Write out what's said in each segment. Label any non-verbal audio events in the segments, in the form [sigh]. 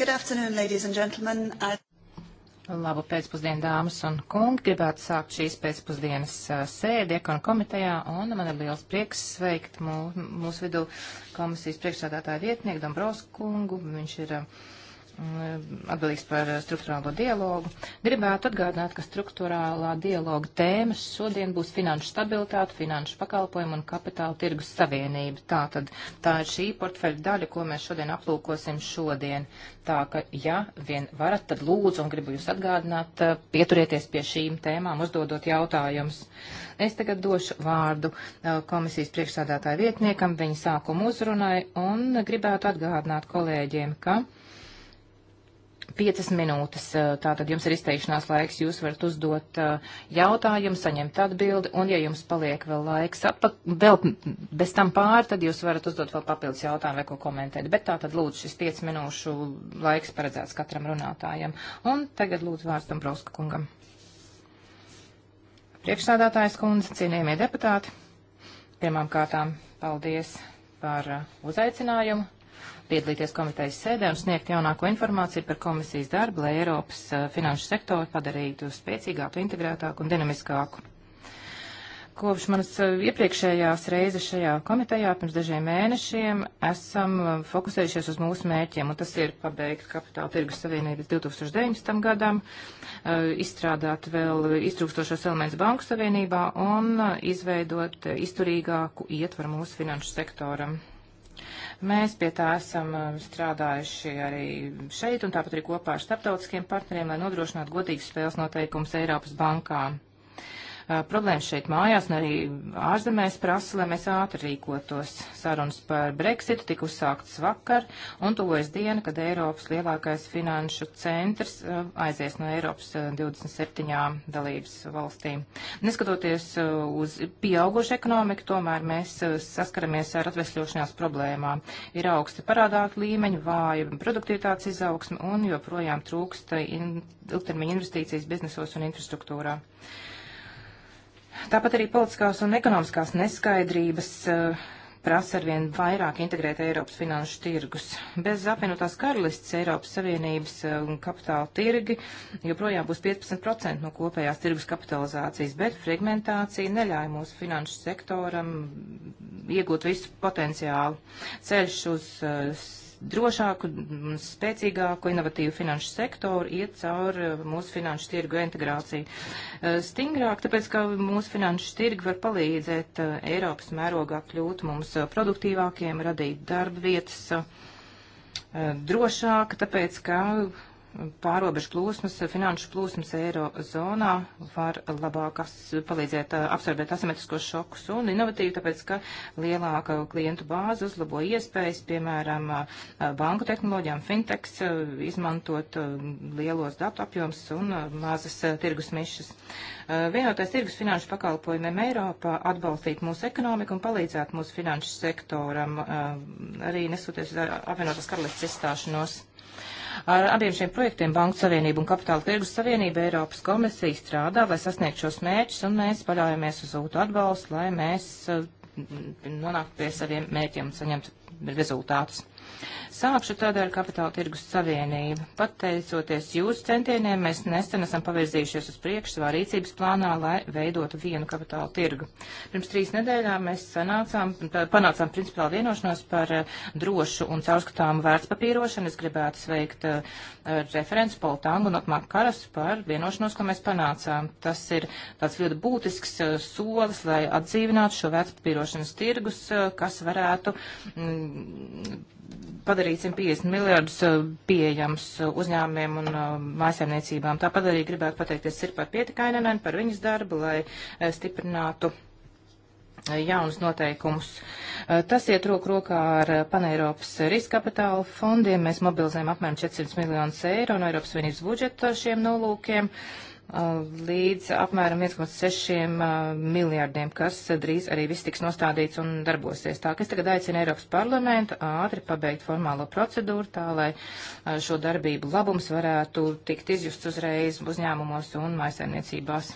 Good afternoon, ladies and gentlemen. I... Labu pēcpusdienu, dāmas un kungi. Gribētu sākt šīs pēcpusdienas sēdi ekonu komitejā, un man ir liels prieks sveikt mū, mūsu vidū komisijas priekšsādātāju vietnieku Dombrovsku kungu. Viņš ir uh, Mm, atbildīgs par eh, struktūrālo dialogu. Gribētu atgādināt, ka struktūrālā dialoga tēmas šodien būs finanšu stabilitāte, finanšu pakalpojumu un kapitāla tirgus savienība. Tā tad tā ir šī portfeļa daļa, ko mēs šodien aplūkosim šodien. Tā ka, ja vien varat, tad lūdzu un gribu jūs atgādināt, eh, pieturieties pie šīm tēmām, uzdodot jautājumus. Es tagad došu vārdu eh, komisijas priekšsādātāja vietniekam, viņa sākumu uzrunai un gribētu atgādināt kolēģiem, ka piecas minūtes. Eh, tātad jums ir izteikšanās laiks, jūs varat uzdot eh, jautājumu, saņemt atbildi, un ja jums paliek vēl laiks atpak, vēl bez tam pāri, tad jūs varat uzdot vēl papildus jautājumu vai ko komentēt. Bet tātad lūdzu šis piec minūšu laiks paredzēts katram runātājam. Un tagad lūdzu vārds tam Brauska kungam. Priekšsādātājs kundze, cienījamie deputāti, pirmām kārtām paldies par eh, uzaicinājumu piedalīties komitejas sēdē un sniegt jaunāko informāciju par komisijas darbu, lai Eiropas uh, finanšu sektoru padarītu spēcīgāku, integrētāku un dinamiskāku. Kopš manas uh, iepriekšējās reizes šajā komitejā pirms dažiem mēnešiem esam uh, fokusējušies uz mūsu mērķiem, un tas ir pabeigt kapitāla tirgus savienības 2019. gadam, izstrādāt vēl iztrūkstošos elementus banku savienībā un izveidot izturīgāku ietvaru mūsu finanšu sektoram. Mēs pie tā esam um, strādājuši arī šeit un tāpat arī kopā ar starptautiskiem partneriem, lai nodrošinātu godīgas spēles noteikumus Eiropas bankām problēmas šeit mājās un arī ārzemēs prasa, lai mēs ātri rīkotos. Sarunas par Brexitu tika uzsāktas vakar un tuvojas diena, kad Eiropas lielākais finanšu centrs aizies no Eiropas 27 dalības valstīm. Neskatoties uz pieaugušu ekonomiku, tomēr mēs saskaramies ar atvesļošanās problēmām. Ir augsti parādātu līmeņi, vāja produktivitātes izaugsme un joprojām trūksta in ilgtermiņa investīcijas biznesos un infrastruktūrā. Uh, Tāpat arī politiskās un ekonomiskās neskaidrības uh, prasa arvien vairāk integrēt Eiropas finanšu tirgus. Bez apvienotās karalists Eiropas Savienības eh, un kapitāla tirgi joprojām būs 15% no kopējās tirgus kapitalizācijas, bet fragmentācija neļāja mūsu finanšu sektoram mm, iegūt visu potenciālu. Ceļš uz uh, drošāku, spēcīgāku, inovatīvu finanšu sektoru iet cauri eh, mūsu finanšu tirgu integrāciju. Eh, stingrāk, tāpēc, ka mūsu finanšu tirgi var palīdzēt eh, Eiropas mērogā kļūt mums produktīvākiem, radīt darba vietas drošāka, tāpēc, ka pārobežu plūsmas, finanšu plūsmas eiro zonā var labāk as, palīdzēt absorbēt asimetriskos šokus un inovatīvi, tāpēc, ka lielāka klientu bāze uzlabo iespējas, piemēram, banku tehnoloģijām, fintechs, izmantot lielos datu apjoms un mazas tirgus mišas. Vienotais tirgus finanšu pakalpojumiem Eiropā atbalstīt mūsu ekonomiku un palīdzēt mūsu finanšu sektoram, arī nesoties apvienotās karalistas izstāšanos. Ar abiem šiem projektiem Banku Savienība un Kapitāla tirgus Savienība Eiropas komisija strādā, lai sasniegtu šos mērķus, un mēs paļaujamies uz jūtu atbalstu, lai mēs eh, nonāktu pie saviem mērķiem un saņemtu rezultātus. Sākšu tādēļ kapitāla tirgus savienību. Pateicoties jūsu centieniem, mēs nesen esam pavirzījušies uz priekšu savā rīcības plānā, lai veidotu vienu kapitāla tirgu. Pirms trīs nedēļām mēs sanācām, panācām principāli vienošanos par eh, drošu un caurskatāmu vērtspapīrošanu. Es gribētu sveikt uh, referents Poltangu un Otmāku Karas par vienošanos, ko mēs panācām. Tas ir tāds ļoti būtisks uh, solis, lai atdzīvinātu šo vērtspapīrošanas tirgus, uh, kas varētu mm, padarīt 150 miljardus uh, pieejams uh, uzņēmumiem un uh, mājasēmniecībām. Tāpat arī gribētu pateikties Sirpat Pietikainenen par viņas darbu, lai stiprinātu jaunus noteikumus. Tas iet roku rokā ar Paneiropas riska kapitāla fondiem. Mēs mobilizējam apmēram 400 miljonus eiro no Eiropas Savienības budžeta šiem nolūkiem. Uh, Uh, līdz apmēram 1,6 uh, miljārdiem, kas drīz arī viss tiks nostādīts un darbosies. Tā ka es tagad aicinu Eiropas parlamentu ātri pabeigt formālo procedūru, tā lai uh, šo darbību labums varētu tikt izjusts uzreiz uzņēmumos un maisaimniecībās.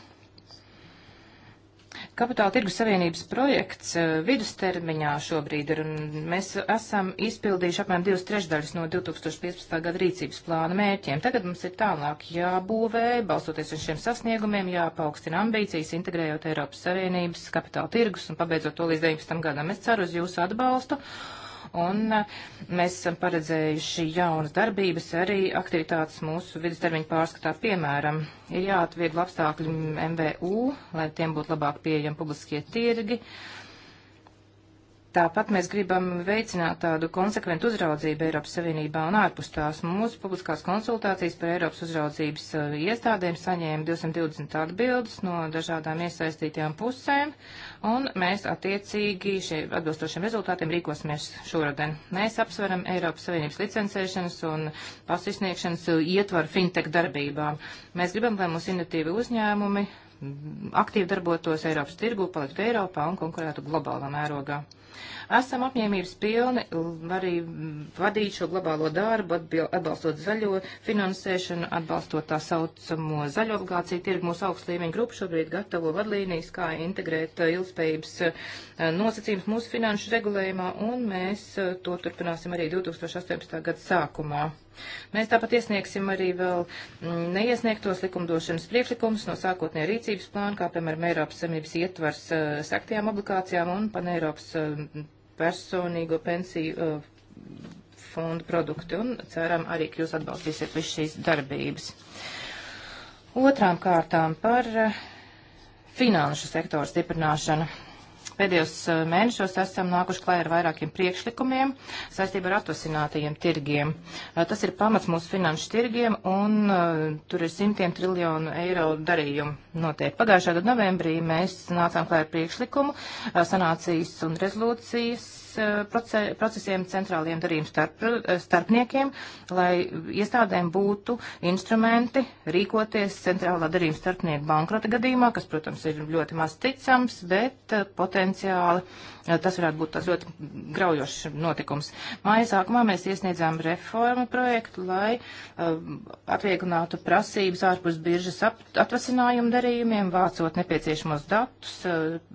Kapitāla tirgus savienības projekts eh, vidustermiņā šobrīd ir, un mēs esam izpildījuši apmēram divas trešdaļas no 2015. gada rīcības plāna mērķiem. Tagad mums ir tālāk jābūvē, balstoties uz šiem sasniegumiem, jāpaukstina ambīcijas, integrējot Eiropas Savienības kapitāla tirgus un pabeidzot to līdz 19. gadam. Es ceru uz jūsu atbalstu un uh, mēs esam paredzējuši jaunas darbības, arī aktivitātes mūsu vidustermiņu pārskatā. Piemēram, ir jāatviegla apstākļi MVU, lai tiem būtu labāk pieejami publiskie tirgi. Uh, Tāpat mēs gribam veicināt tādu konsekventu uzraudzību Eiropas Savienībā un ārpus tās. Mūsu publiskās konsultācijas par Eiropas uzraudzības eh, iestādēm saņēma 220 atbildes no dažādām iesaistītajām pusēm, un mēs attiecīgi šie atbilstošiem rezultātiem rīkosimies šoruden. Mēs apsveram Eiropas Savienības licencēšanas un pasisniegšanas eh, ietvaru fintech darbībām. Mēs gribam, lai mūsu inovatīvi uzņēmumi aktīvi darbotos Eiropas tirgu, paliktu Eiropā un konkurētu globālā mērogā. Esam apņēmības pilni arī vadīt šo globālo darbu, atbalstot zaļo finansēšanu, atbalstot tā saucamo zaļo obligāciju tirgu. Mūsu augstlīmeņa grupa šobrīd gatavo vadlīnijas, kā integrēt ilgspējības nosacījums mūsu finanšu regulējumā, un mēs to turpināsim arī 2018. gada sākumā. Mēs tāpat iesniegsim arī vēl mm, neiesniegtos likumdošanas priekšlikumus no sākotnē rīcības plāna, kā piemēram Eiropas Savienības ietvars sektajām obligācijām un paneiropas personīgo pensiju uh, fondu produkti un ceram arī, ka jūs atbalstīsiet visu šīs darbības. Otrām kārtām par uh, finanšu sektoru stiprināšanu. Pēdējos eh, mēnešos esam nākuši klāj ar vairākiem priekšlikumiem saistībā ar atvasinātajiem tirgiem. Eh, tas ir pamats mūsu finanšu tirgiem, un uh, tur ir simtiem triljonu eiro darījumu notiek. Pagājušā gada novembrī mēs nācām klāj ar priekšlikumu sanācijas un rezolūcijas Eh, procesiem centrāliem darījuma starp, eh, starpniekiem, lai iestādēm būtu instrumenti rīkoties centrālā darījuma starpnieku bankrota gadījumā, kas, protams, ir ļoti maz ticams, bet eh, potenciāli tas varētu būt tas ļoti graujošs notikums. Māja sākumā mēs iesniedzām reformu projektu, lai atvieglinātu prasības ārpus biržas atvasinājumu darījumiem, vācot nepieciešamos datus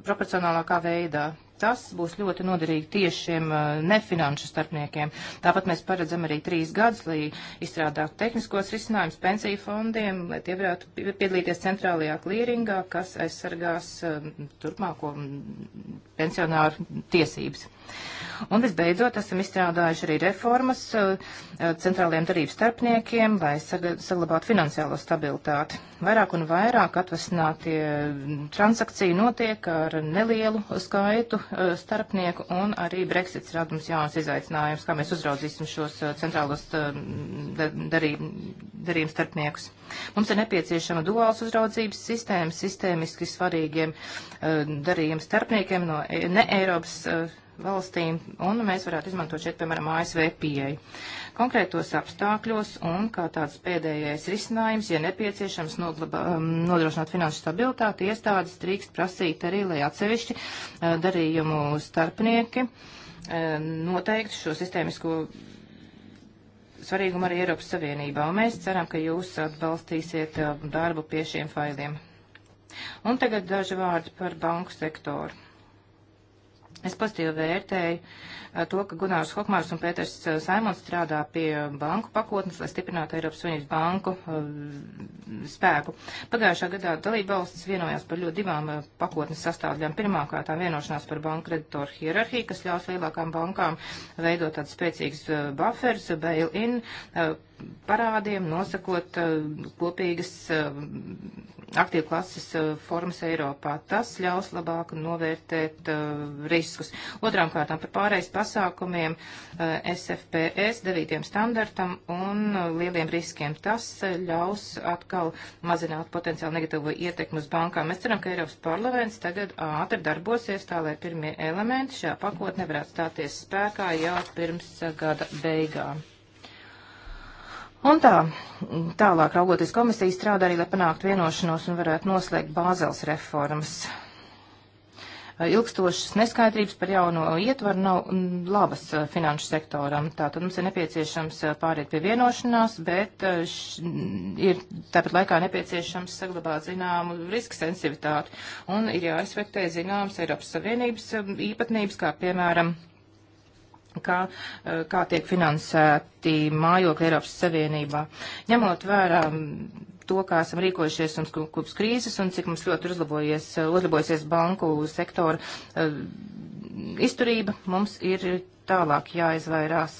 proporcionālākā veidā. Tas būs ļoti noderīgi tieši šiem uh, nefinanšu starpniekiem. Tāpat mēs paredzam arī trīs gadus, lai izstrādātu tehniskos risinājumus pensiju fondiem, lai tie varētu piedalīties centrālajā klīringā, kas aizsargās uh, turpmāko mm, pensionāru tiesības. Un visbeidzot, esam izstrādājuši arī reformas uh, centrāliem darību starpniekiem, lai saglabātu finansiālo stabilitāti. Vairāk un vairāk atvasinātie transakciju notiek ar nelielu skaitu e, starpnieku, un arī Brexits ir mums jauns izaicinājums, kā mēs uzraudzīsim šos e, centrālos e, darījumu starpniekus. Mums ir nepieciešama duāls uzraudzības sistēma sistēmiski svarīgiem darījumu starpniekiem no ne Eiropas valstīm, un mēs varētu izmantot šeit, piemēram, ASV pieeju konkrētos apstākļos un kā tāds pēdējais risinājums, ja nepieciešams noglabā, um, nodrošināt finanšu stabilitāti, iestādes drīkst prasīt arī, lai atsevišķi uh, darījumu starpnieki uh, noteikti šo sistēmisko svarīgumu arī Eiropas Savienībā. Un mēs ceram, ka jūs atbalstīsiet uh, darbu pie šiem failiem. Un tagad daži vārdi par banku sektoru. Es pozitīvi vērtēju eh, to, ka Gunārs Hokmārs un Pēters eh, Saimons strādā pie eh, banku pakotnes, lai stiprinātu Eiropas Savienības banku spēku. Pagājušā gadā dalībvalstis vienojās par ļoti divām pakotnes sastāvdaļām. Pirmkārt, tā vienošanās par banku kreditoru hierarhiju, kas ļaus lielākām bankām veidot tādas spēcīgas buferas, bail-in parādiem, nosakot eh, kopīgas eh, aktīvu klases eh, formas Eiropā. Tas ļaus labāk novērtēt riskus. Otrām kārtām par pārējais pasākumiem SFPS devītiem standartam un lieliem riskiem. Tas ļaus atkal mazināt potenciāli negatīvo ietekmu uz bankām. Mēs ceram, ka Eiropas parlaments tagad ātri darbosies tā, lai pirmie elementi šajā pakotnē varētu stāties spēkā jau pirms gada beigām. Un tā, tālāk raugoties komisija strādā arī, lai panāktu vienošanos un varētu noslēgt bāzels reformas. Ilgstošas neskaidrības par jauno ietvaru nav labas finanšu sektoram. Tātad mums ir nepieciešams pāriet pie vienošanās, bet š, ir tāpat laikā nepieciešams saglabāt zināmu riska sensivitāti. Un ir jārespektē zināmas Eiropas Savienības īpatnības, kā piemēram kā, eh, kā tiek finansēti mājokļi Eiropas Savienībā. Ņemot vērā mm, to, kā esam rīkojušies un kopš krīzes un cik mums ļoti uzlabojies, eh, uzlabojusies banku sektora eh, izturība, mums ir tālāk jāizvairās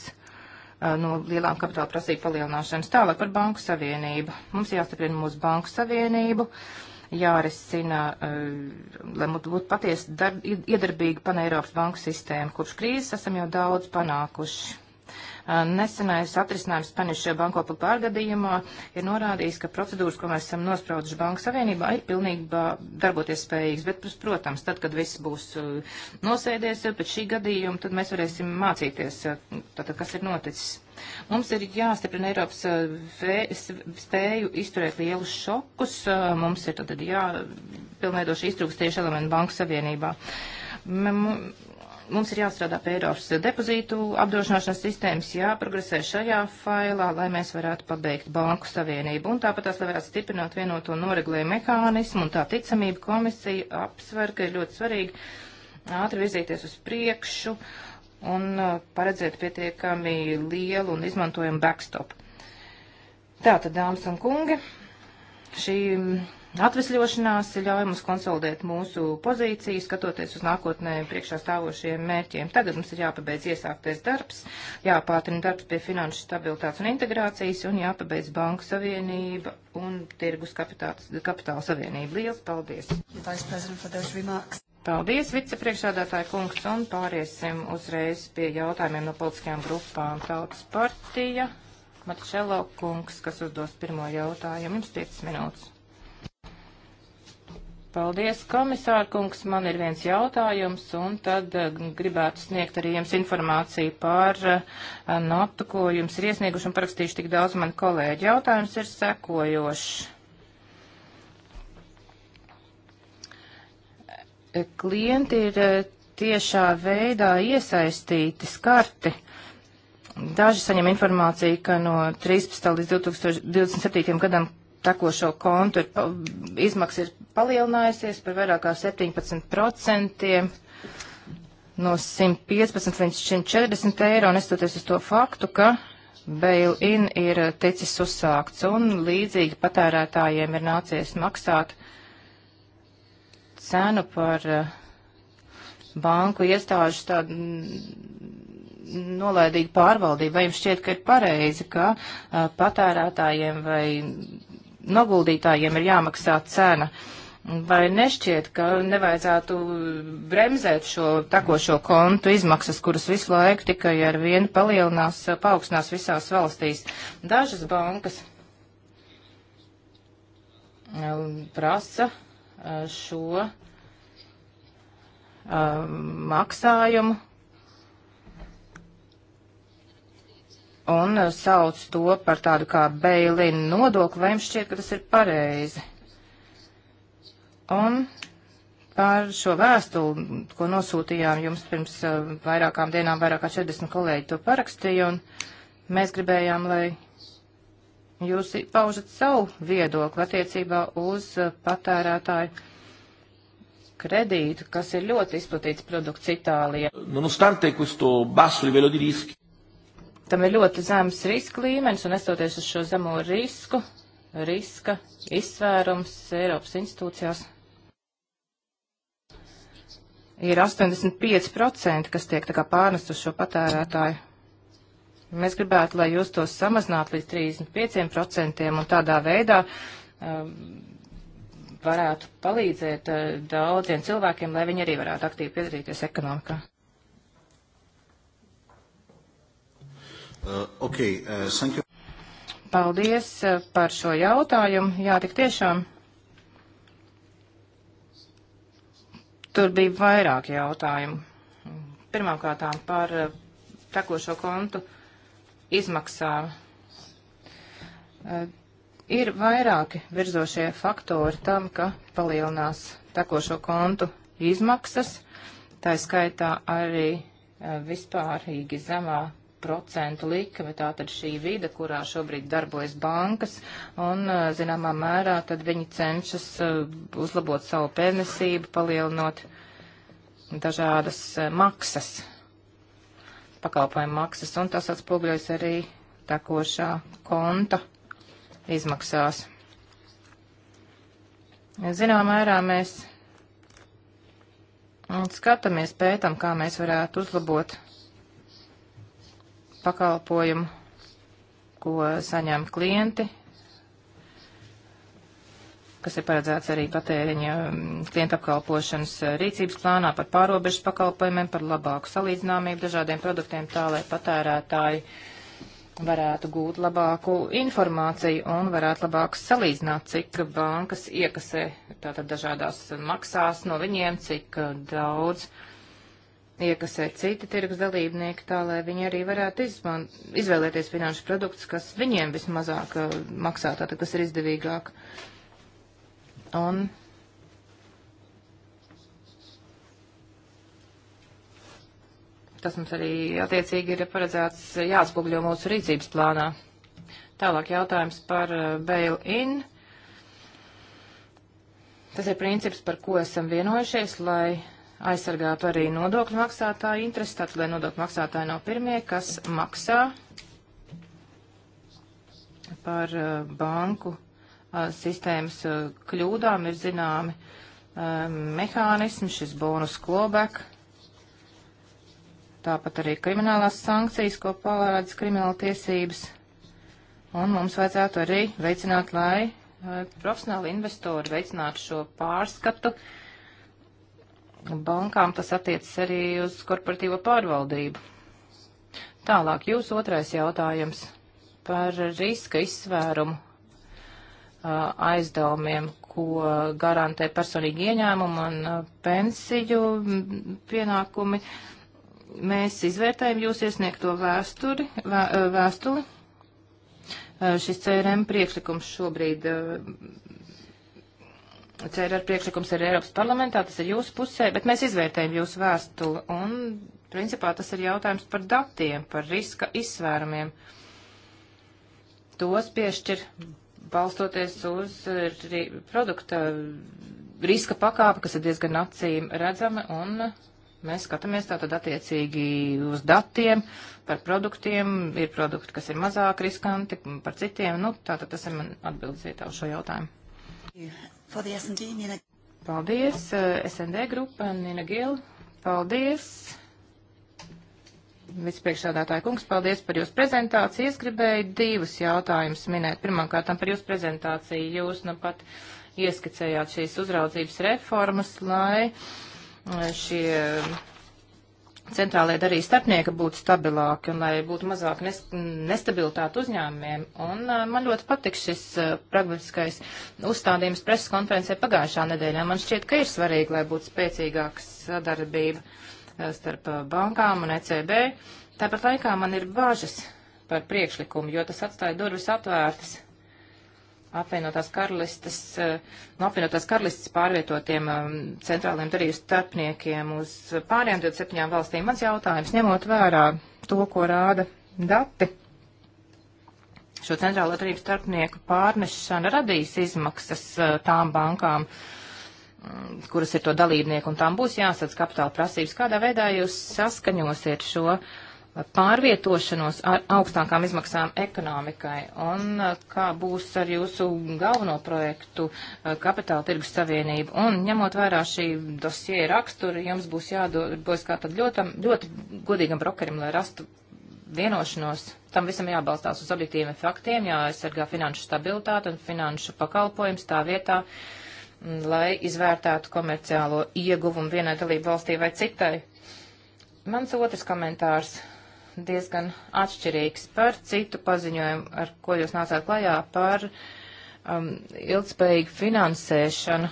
no lielām kapitāla prasību palielināšanas. Tālāk par banku savienību. Mums jāstiprina mūsu banku savienību. Uh, jārisina, eh, lai mums būtu patiesi iedarbīga paneiropas banku sistēma. Kopš krīzes esam jau daudz panākuši. Nesenais atrisinājums Spanišajā bankopu pārgadījumā ir norādījis, ka procedūras, ko mēs esam nosprauduši Banku Savienībā, ir pilnībā darboties spējīgas. Bet, protams, tad, kad viss būs uh, nosēdies uh, pēc šī gadījuma, tad mēs varēsim mācīties, uh, tātad, kas ir noticis. Mums ir jāstiprina Eiropas spēju izturēt lielus šokus, mums ir tad jāpilnveido šī iztrūkstieša elementa Banku Savienībā. M mums ir jāstrādā pie Eiropas depozītu apdrošināšanas sistēmas, jāprogresē šajā failā, lai mēs varētu pabeigt banku savienību. Un tāpat tās, lai varētu stiprināt vienoto noreglēju mehānismu un tā ticamība komisija apsver, ka ir ļoti svarīgi ātri virzīties uz priekšu un uh, paredzēt pietiekami lielu un izmantojumu backstop. Tātad, dāmas un kungi, šī atvesļošanās ļauj mums konsolidēt mūsu pozīciju, skatoties uz nākotnē priekšā stāvošiem mērķiem. Tagad mums ir jāpabeidz iesāktais darbs, jāpātrina darbs pie finanšu stabilitātes un integrācijas un jāpabeidz banku savienība un tirgus kapitāla savienība. Lielas paldies! Paldies, vicepriekšādātāja kungs, un pāriesim uzreiz pie jautājumiem no politiskajām grupām. Tautas partija, Matišelo kungs, kas uzdos pirmo jautājumu. Jums 5 minūtes. Paldies, komisārkungs. Man ir viens jautājums, un tad eh, gribētu sniegt arī jums informāciju par eh, notu, ko jums ir iesnieguši un parakstījuši tik daudz mani kolēģi. Jautājums ir sekojošs. Klienti ir eh, tiešā veidā iesaistīti skarti. Daži saņem informāciju, ka no 13. līdz 2027. gadam tekošo kontu ir, izmaksas ir palielinājusies par vairāk kā 17% no 115 līdz 140 eiro, nestoties uz to faktu, ka bail-in ir ticis uzsākts un līdzīgi patērētājiem ir nācies maksāt cenu par eh, banku iestāžu tādu nolaidīgu pārvaldību. Vai jums šķiet, ka ir pareizi, ka eh, patērētājiem vai noguldītājiem ir jāmaksā cena. Vai nešķiet, ka nevajadzētu bremzēt šo takošo kontu izmaksas, kuras visu laiku tikai ar vienu palielinās, paaugstinās visās valstīs? Dažas bankas um, prasa uh, šo um, maksājumu un uh, sauc to par tādu kā bailinu nodokli, vai jums šķiet, ka tas ir pareizi? Un par šo vēstuli, ko nosūtījām jums pirms uh, vairākām dienām, vairāk kā 40 kolēģi to parakstīja, un mēs gribējām, lai jūs paužat savu viedokli attiecībā uz uh, patērētāju kredītu, kas ir ļoti izplatīts produkts Itālijā. Nonostante questo basso livello di rischi tam ir ļoti zems riska līmenis, un estoties uz šo zemo risku, riska izsvērums Eiropas institūcijās ir 85%, kas tiek tā kā pārnest uz šo patērētāju. Mēs gribētu, lai jūs tos samazinātu līdz 35% un tādā veidā um, varētu palīdzēt uh, daudziem cilvēkiem, lai viņi arī varētu aktīvi piedalīties ekonomikā. Uh, okay, uh, Paldies uh, par šo jautājumu. Jā, tik tiešām. Tur bija vairāk jautājumu. Pirmkārt, par uh, tekošo kontu izmaksām. Uh, ir vairāki virzošie faktori tam, ka palielinās tekošo kontu izmaksas, tā skaitā arī vispārīgi zemā procentu likme, tā tad šī vide, kurā šobrīd darbojas bankas, un, zināmā mērā, tad viņi cenšas uzlabot savu pelnesību, palielinot dažādas maksas, pakalpojumu maksas, un tas atspoguļojas arī tekošā konta izmaksās. Zinām, mērā mēs skatāmies, pētam, kā mēs varētu uzlabot pakalpojumu, ko saņem klienti, kas ir paredzēts arī patēriņa mm, klienta apkalpošanas rīcības plānā par pārobežas pakalpojumiem, par labāku salīdzināmību dažādiem produktiem, tā lai patērētāji varētu gūt labāku informāciju un varētu labāk salīdzināt, cik bankas iekasē tātad dažādās maksās no viņiem, cik daudz uh, iekasē citi tirgus dalībnieki, tā lai viņi arī varētu izman, izvēlēties finanšu produktus, kas viņiem vismazāk uh, maksā, tātad kas ir izdevīgāk. Un tas mums arī attiecīgi ir paredzēts jāatspogļo mūsu rīcības plānā. Tālāk jautājums par uh, bail-in. Tas ir princips, par ko esam vienojušies, lai aizsargātu arī nodokļu maksātāju interesi, tātad, lai nodokļu maksātāji nav pirmie, kas maksā par uh, banku uh, sistēmas uh, kļūdām, ir zināmi um, mehānismi, šis bonus klobek, tāpat arī kriminālās sankcijas, ko palārādas krimināla tiesības, un mums vajadzētu arī veicināt, lai uh, profesionāli investori veicinātu šo pārskatu, uh, bankām, tas attiecas arī uz korporatīvo pārvaldību. Tālāk jūsu otrais jautājums par riska izsvērumu aizdevumiem, ko garantē personīgi ieņēmumu un pensiju pienākumi. Mēs izvērtējam jūs iesniegto vēsturi, vē, vēstuli. Šis CRM priekšlikums šobrīd CRR priekšlikums ir Eiropas parlamentā, tas ir jūsu pusē, bet mēs izvērtējam jūsu vēstuli un, principā, tas ir jautājums par datiem, par riska izsvērumiem. Tos piešķir balstoties uz eh, produkta eh, riska pakāpe, kas ir diezgan acīm redzama, un mēs skatāmies tātad attiecīgi uz datiem par produktiem, ir produkti, kas ir mazāk riskanti par citiem, nu tātad tas ir man atbildes vietā uz šo jautājumu. Paldies, eh, SND grupa, Nina Gil. Paldies. Vicepriekšsādātāja kungs, paldies par jūsu prezentāciju. Es gribēju divus jautājumus minēt. Pirmkārt, par jūsu prezentāciju. Jūs nu pat ieskicējāt šīs uzraudzības reformas, lai eh, šie centrālajie darīja starpnieki būtu stabilāki un lai būtu mazāk nestabilitāte uzņēmumiem. Un man ļoti patīk šis pragmatiskais uzstādījums preses konferencē pagājušā nedēļā. Man šķiet, ka ir svarīgi, lai būtu spēcīgāka sadarbība starp bankām un ECB. Tāpat laikā man ir bažas par priekšlikumu, jo tas atstāja durvis atvērtas apvienotās karalistas, no apvienotās karalistas pārvietotiem um, centrāliem darījus starpniekiem uz pārējām 27 valstīm. Mans jautājums, ņemot vērā to, ko rāda dati, šo centrālo darījumu starpnieku pārnešana radīs izmaksas uh, tām bankām, um, kuras ir to dalībnieku, un tām būs jāsadz kapitāla prasības. Kādā veidā jūs saskaņosiet šo uh, pārvietošanos ar augstākām izmaksām ekonomikai un uh, kā būs ar jūsu galveno projektu uh, kapitāla tirgus savienību. Un ņemot vērā šī dosie raksturi, jums būs jādodas kā tad ļoti, ļoti godīgam brokerim, lai rastu vienošanos. Tam visam jābalstās uz objektīviem faktiem, jāaizsargā finanšu stabilitāte un finanšu pakalpojums tā vietā, mm, lai izvērtētu komerciālo ieguvumu vienai dalību valstī vai citai. Mans otrs komentārs diezgan atšķirīgs par citu paziņojumu, ar ko jūs nācāt klajā par um, ilgspējīgu finansēšanu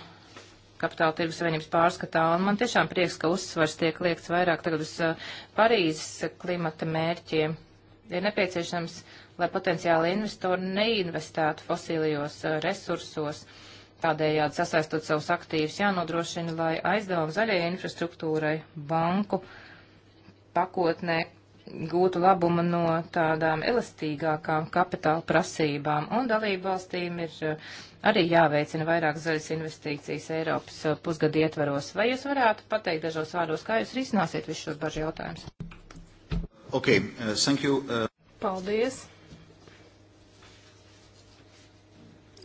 kapitāla tirgus savienības pārskatā. Un man tiešām prieks, ka uzsvars tiek liekts vairāk tagad uz uh, Parīzes klimata mērķiem. Ir nepieciešams, lai potenciāli investori neinvestētu fosīlijos uh, resursos. Tādējādi sasaistot savus aktīvus jānodrošina, lai aizdevumu zaļajai infrastruktūrai banku pakotnē gūtu labumu no tādām elastīgākām kapitāla prasībām, un dalību valstīm ir eh, arī jāveicina vairāk zaļas investīcijas Eiropas eh, pusgadu ietvaros. Vai jūs varētu pateikt dažos vārdos, kā jūs risināsiet visus šos bažu jautājumus? Okay, uh, thank you. Uh... Paldies.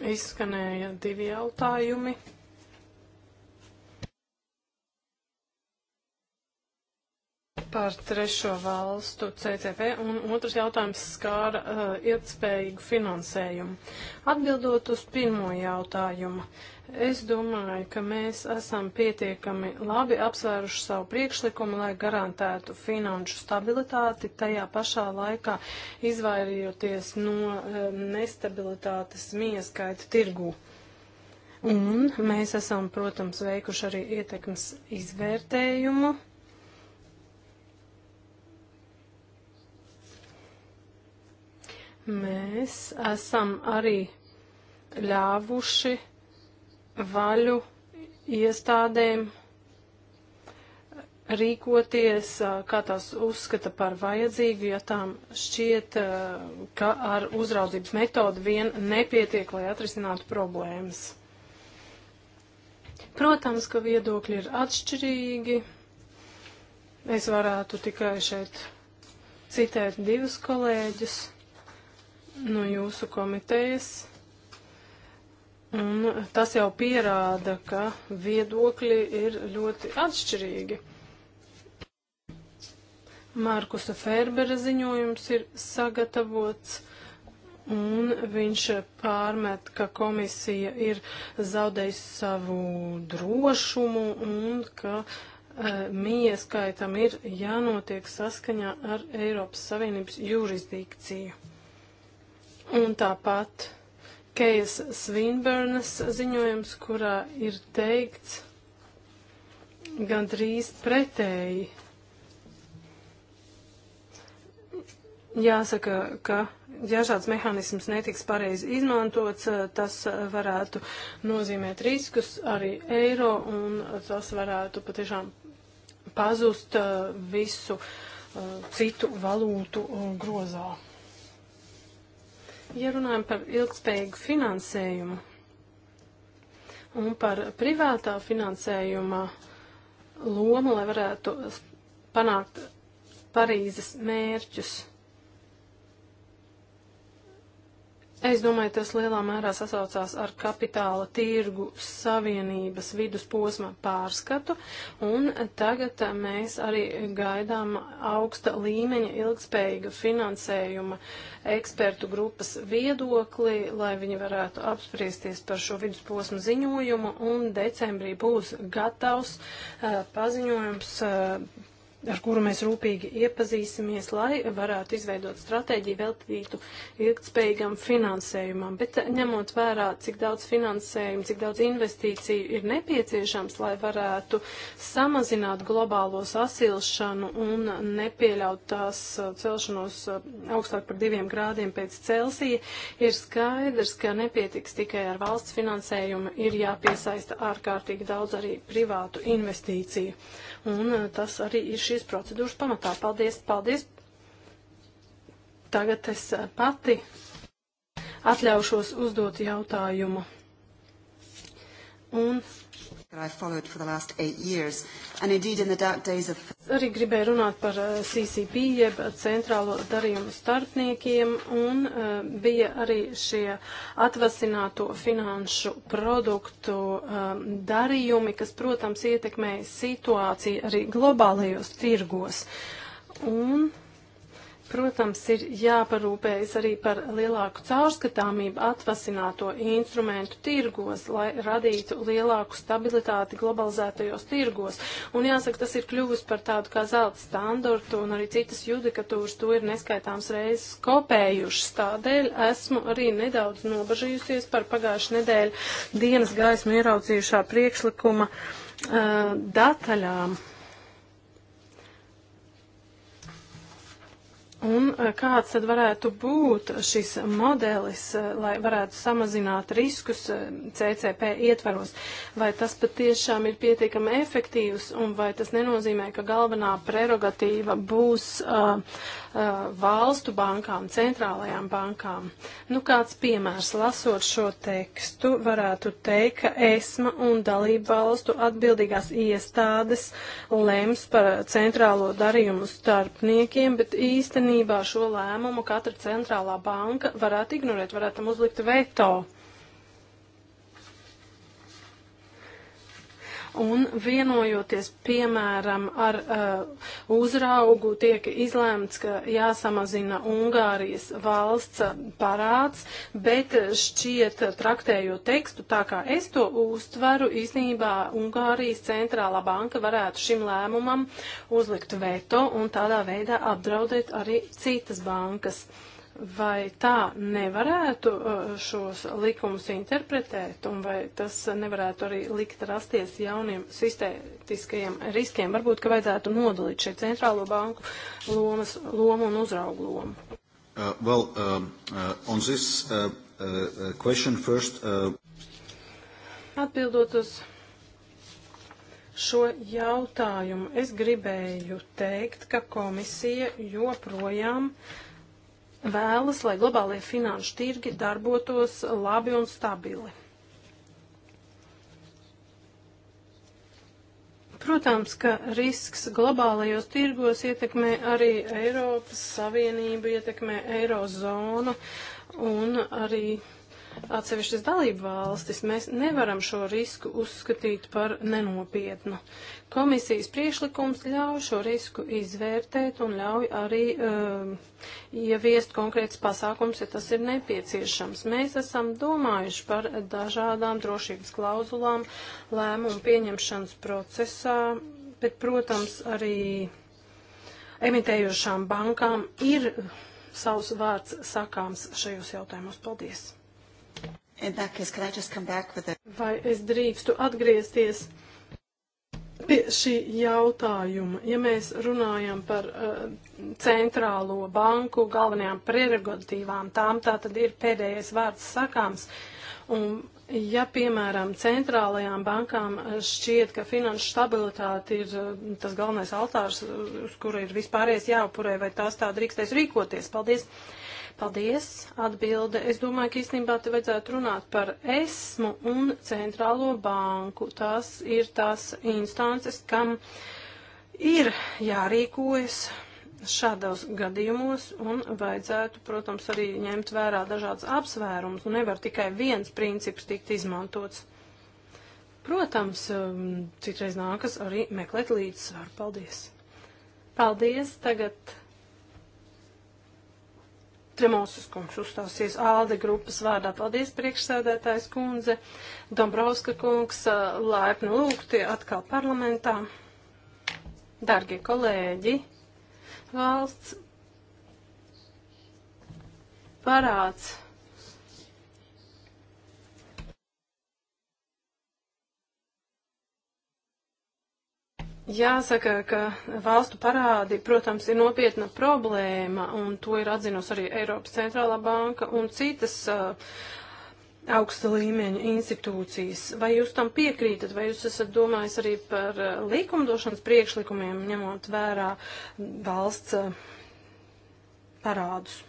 Izskanēja divi jautājumi. par trešo valstu CCP, un otrs jautājums skāra uh, ilgspējīgu finansējumu. Atbildot uz pirmo jautājumu, es domāju, ka mēs esam pietiekami labi apsvēruši savu priekšlikumu, lai garantētu finanšu stabilitāti, tajā pašā laikā izvairījoties no uh, nestabilitātes mieskaita tirgū. Un mēs esam, protams, veikuši arī ietekmes izvērtējumu mēs esam arī ļāvuši vaļu iestādēm rīkoties, kā tās uzskata par vajadzīgu, ja tām šķiet, ka ar uzraudzības metodu vien nepietiek, lai atrisinātu problēmas. Protams, ka viedokļi ir atšķirīgi. Es varētu tikai šeit citēt divus kolēģus no jūsu komitejas. Un tas jau pierāda, ka viedokļi ir ļoti atšķirīgi. Mārkusa Ferbera ziņojums ir sagatavots, un viņš pārmet, ka komisija ir zaudējusi savu drošumu un ka e, mīieskaitam ir jānotiek saskaņā ar Eiropas Savienības jurisdikciju. Un tāpat Kejas Svinburnas ziņojums, kurā ir teikts gandrīz pretēji. Jāsaka, ka ja šāds mehānisms netiks pareizi izmantots, tas varētu nozīmēt riskus arī eiro un tas varētu patiešām pazust visu citu valūtu grozā. Ja runājam par ilgspējīgu finansējumu un par privātā finansējuma lomu, lai varētu panākt Parīzes mērķus. Es domāju, tas lielā mērā sasaucās ar kapitāla tirgu savienības vidusposma pārskatu, un tagad mēs arī gaidām augsta līmeņa ilgspējīga finansējuma ekspertu grupas viedokli, lai viņi varētu apspriesties par šo vidusposmu ziņojumu, un decembrī būs gatavs uh, paziņojums uh, ar kuru mēs rūpīgi iepazīsimies, lai varētu izveidot stratēģiju veltītu ilgtspējīgam finansējumam. Bet ņemot vērā, cik daudz finansējumu, cik daudz investīciju ir nepieciešams, lai varētu samazināt globālo sasilšanu un nepieļaut tās celšanos augstāk par diviem grādiem pēc Celsija, ir skaidrs, ka nepietiks tikai ar valsts finansējumu, ir jāpiesaista ārkārtīgi daudz arī privātu investīciju. Un tas arī ir šī šīs procedūras pamatā. Paldies, paldies. Tagad es eh, pati atļaušos uzdot jautājumu. Un Of... Arī gribēju runāt par uh, CCP, jeb centrālo darījumu starpniekiem, un uh, bija arī šie atvasināto finanšu produktu um, darījumi, kas, protams, ietekmēja situāciju arī globālajos tirgos. Un Protams, ir jāparūpējas arī par lielāku caurskatāmību atvasināto instrumentu tirgos, lai radītu lielāku stabilitāti globalizētajos tirgos. Un jāsaka, tas ir kļuvis par tādu kā zelta standartu, un arī citas judikatūras to ir neskaitāms reizes kopējušas. Tādēļ esmu arī nedaudz nobažījusies par pagājušu nedēļu dienas gaismu ieraudzījušā priekšlikuma uh, dataļām. Un e, kāds tad varētu būt šis modelis, e, lai varētu samazināt riskus e, CCP ietvaros? Vai tas patiešām ir pietiekami efektīvs un vai tas nenozīmē, ka galvenā prerogatīva būs uh, uh, valstu bankām, centrālajām bankām? Nu, kāds piemērs, lasot šo tekstu, varētu teikt, ka ESMA un dalību valstu atbildīgās iestādes lems par centrālo darījumu starpniekiem, bet īstenībā Īstenībā šo lēmumu katra centrālā banka varētu ignorēt, varētu tam uzlikt veto. Uh, un vienojoties, piemēram, ar uh, uzraugu tiek izlēmts, ka jāsamazina Ungārijas valsts parāds, bet šķiet traktējot tekstu, tā kā es to uztveru, īstenībā Ungārijas centrālā banka varētu šim lēmumam uzlikt veto un tādā veidā apdraudēt arī citas bankas. Uh, Vai tā nevarētu uh, šos likumus interpretēt, un vai tas nevarētu arī likt rasties jauniem sistētiskajiem riskiem? Varbūt, ka vajadzētu nodalīt šeit centrālo banku lomas, lomu un uzraugu lomu. Uh, well, um, uh, on this uh, uh, uh question first. Uh... Atbildot uz šo jautājumu, es gribēju teikt, ka komisija joprojām uh, vēlas, lai globālie finanšu tirgi darbotos labi un stabili. Protams, ka risks globālajos tirgos ietekmē arī Eiropas Savienību, ietekmē Eirozonu un arī atsevišķas dalību valstis, mēs nevaram šo risku uzskatīt par nenopietnu. Komisijas priešlikums ļauj šo risku izvērtēt un ļauj arī uh, ieviest konkrēts pasākums, ja tas ir nepieciešams. Mēs esam domājuši par dažādām drošības klauzulām lēmumu pieņemšanas procesā, bet, protams, arī emitējošām bankām ir savs vārds sakāms šajos jautājumos. Paldies! Vai es drīkstu atgriezties pie šī jautājuma? Ja mēs runājam par uh, centrālo banku galvenajām prerogatīvām, tām tā tad ir pēdējais vārds sakāms. Un Ja, piemēram, centrālajām bankām eh, šķiet, ka finanšu stabilitāte ir eh, tas galvenais altārs, uz kuru ir vispārējais jāupurē, vai tās tā drīkstēs rīkoties? Paldies! Uh, Paldies, atbilde. Es domāju, ka īstenībā te vajadzētu runāt par esmu un centrālo banku. Tās ir tās instances, kam ir jārīkojas šādos gadījumos un vajadzētu, protams, arī ņemt vērā dažādas apsvērumus. Nu, nevar tikai viens princips tikt izmantots. Protams, um, citreiz nākas arī meklēt līdzsvaru. Paldies! Paldies! Tagad Tremosas kungs uzstāsies ALDE grupas vārdā. Paldies, priekšsēdētājs kundze, Dombrovska kungs, laipni lūgti atkal parlamentā. Dargie kolēģi, valsts parāds Jāsaka, ka valstu parādi, protams, ir nopietna problēma, un to ir atzinusi arī Eiropas centrālā banka un citas uh, augsta līmeņa institūcijas. Vai jūs tam piekrītat, vai jūs esat domājis arī par uh, likumdošanas priekšlikumiem, ņemot vērā valsts uh, parādus?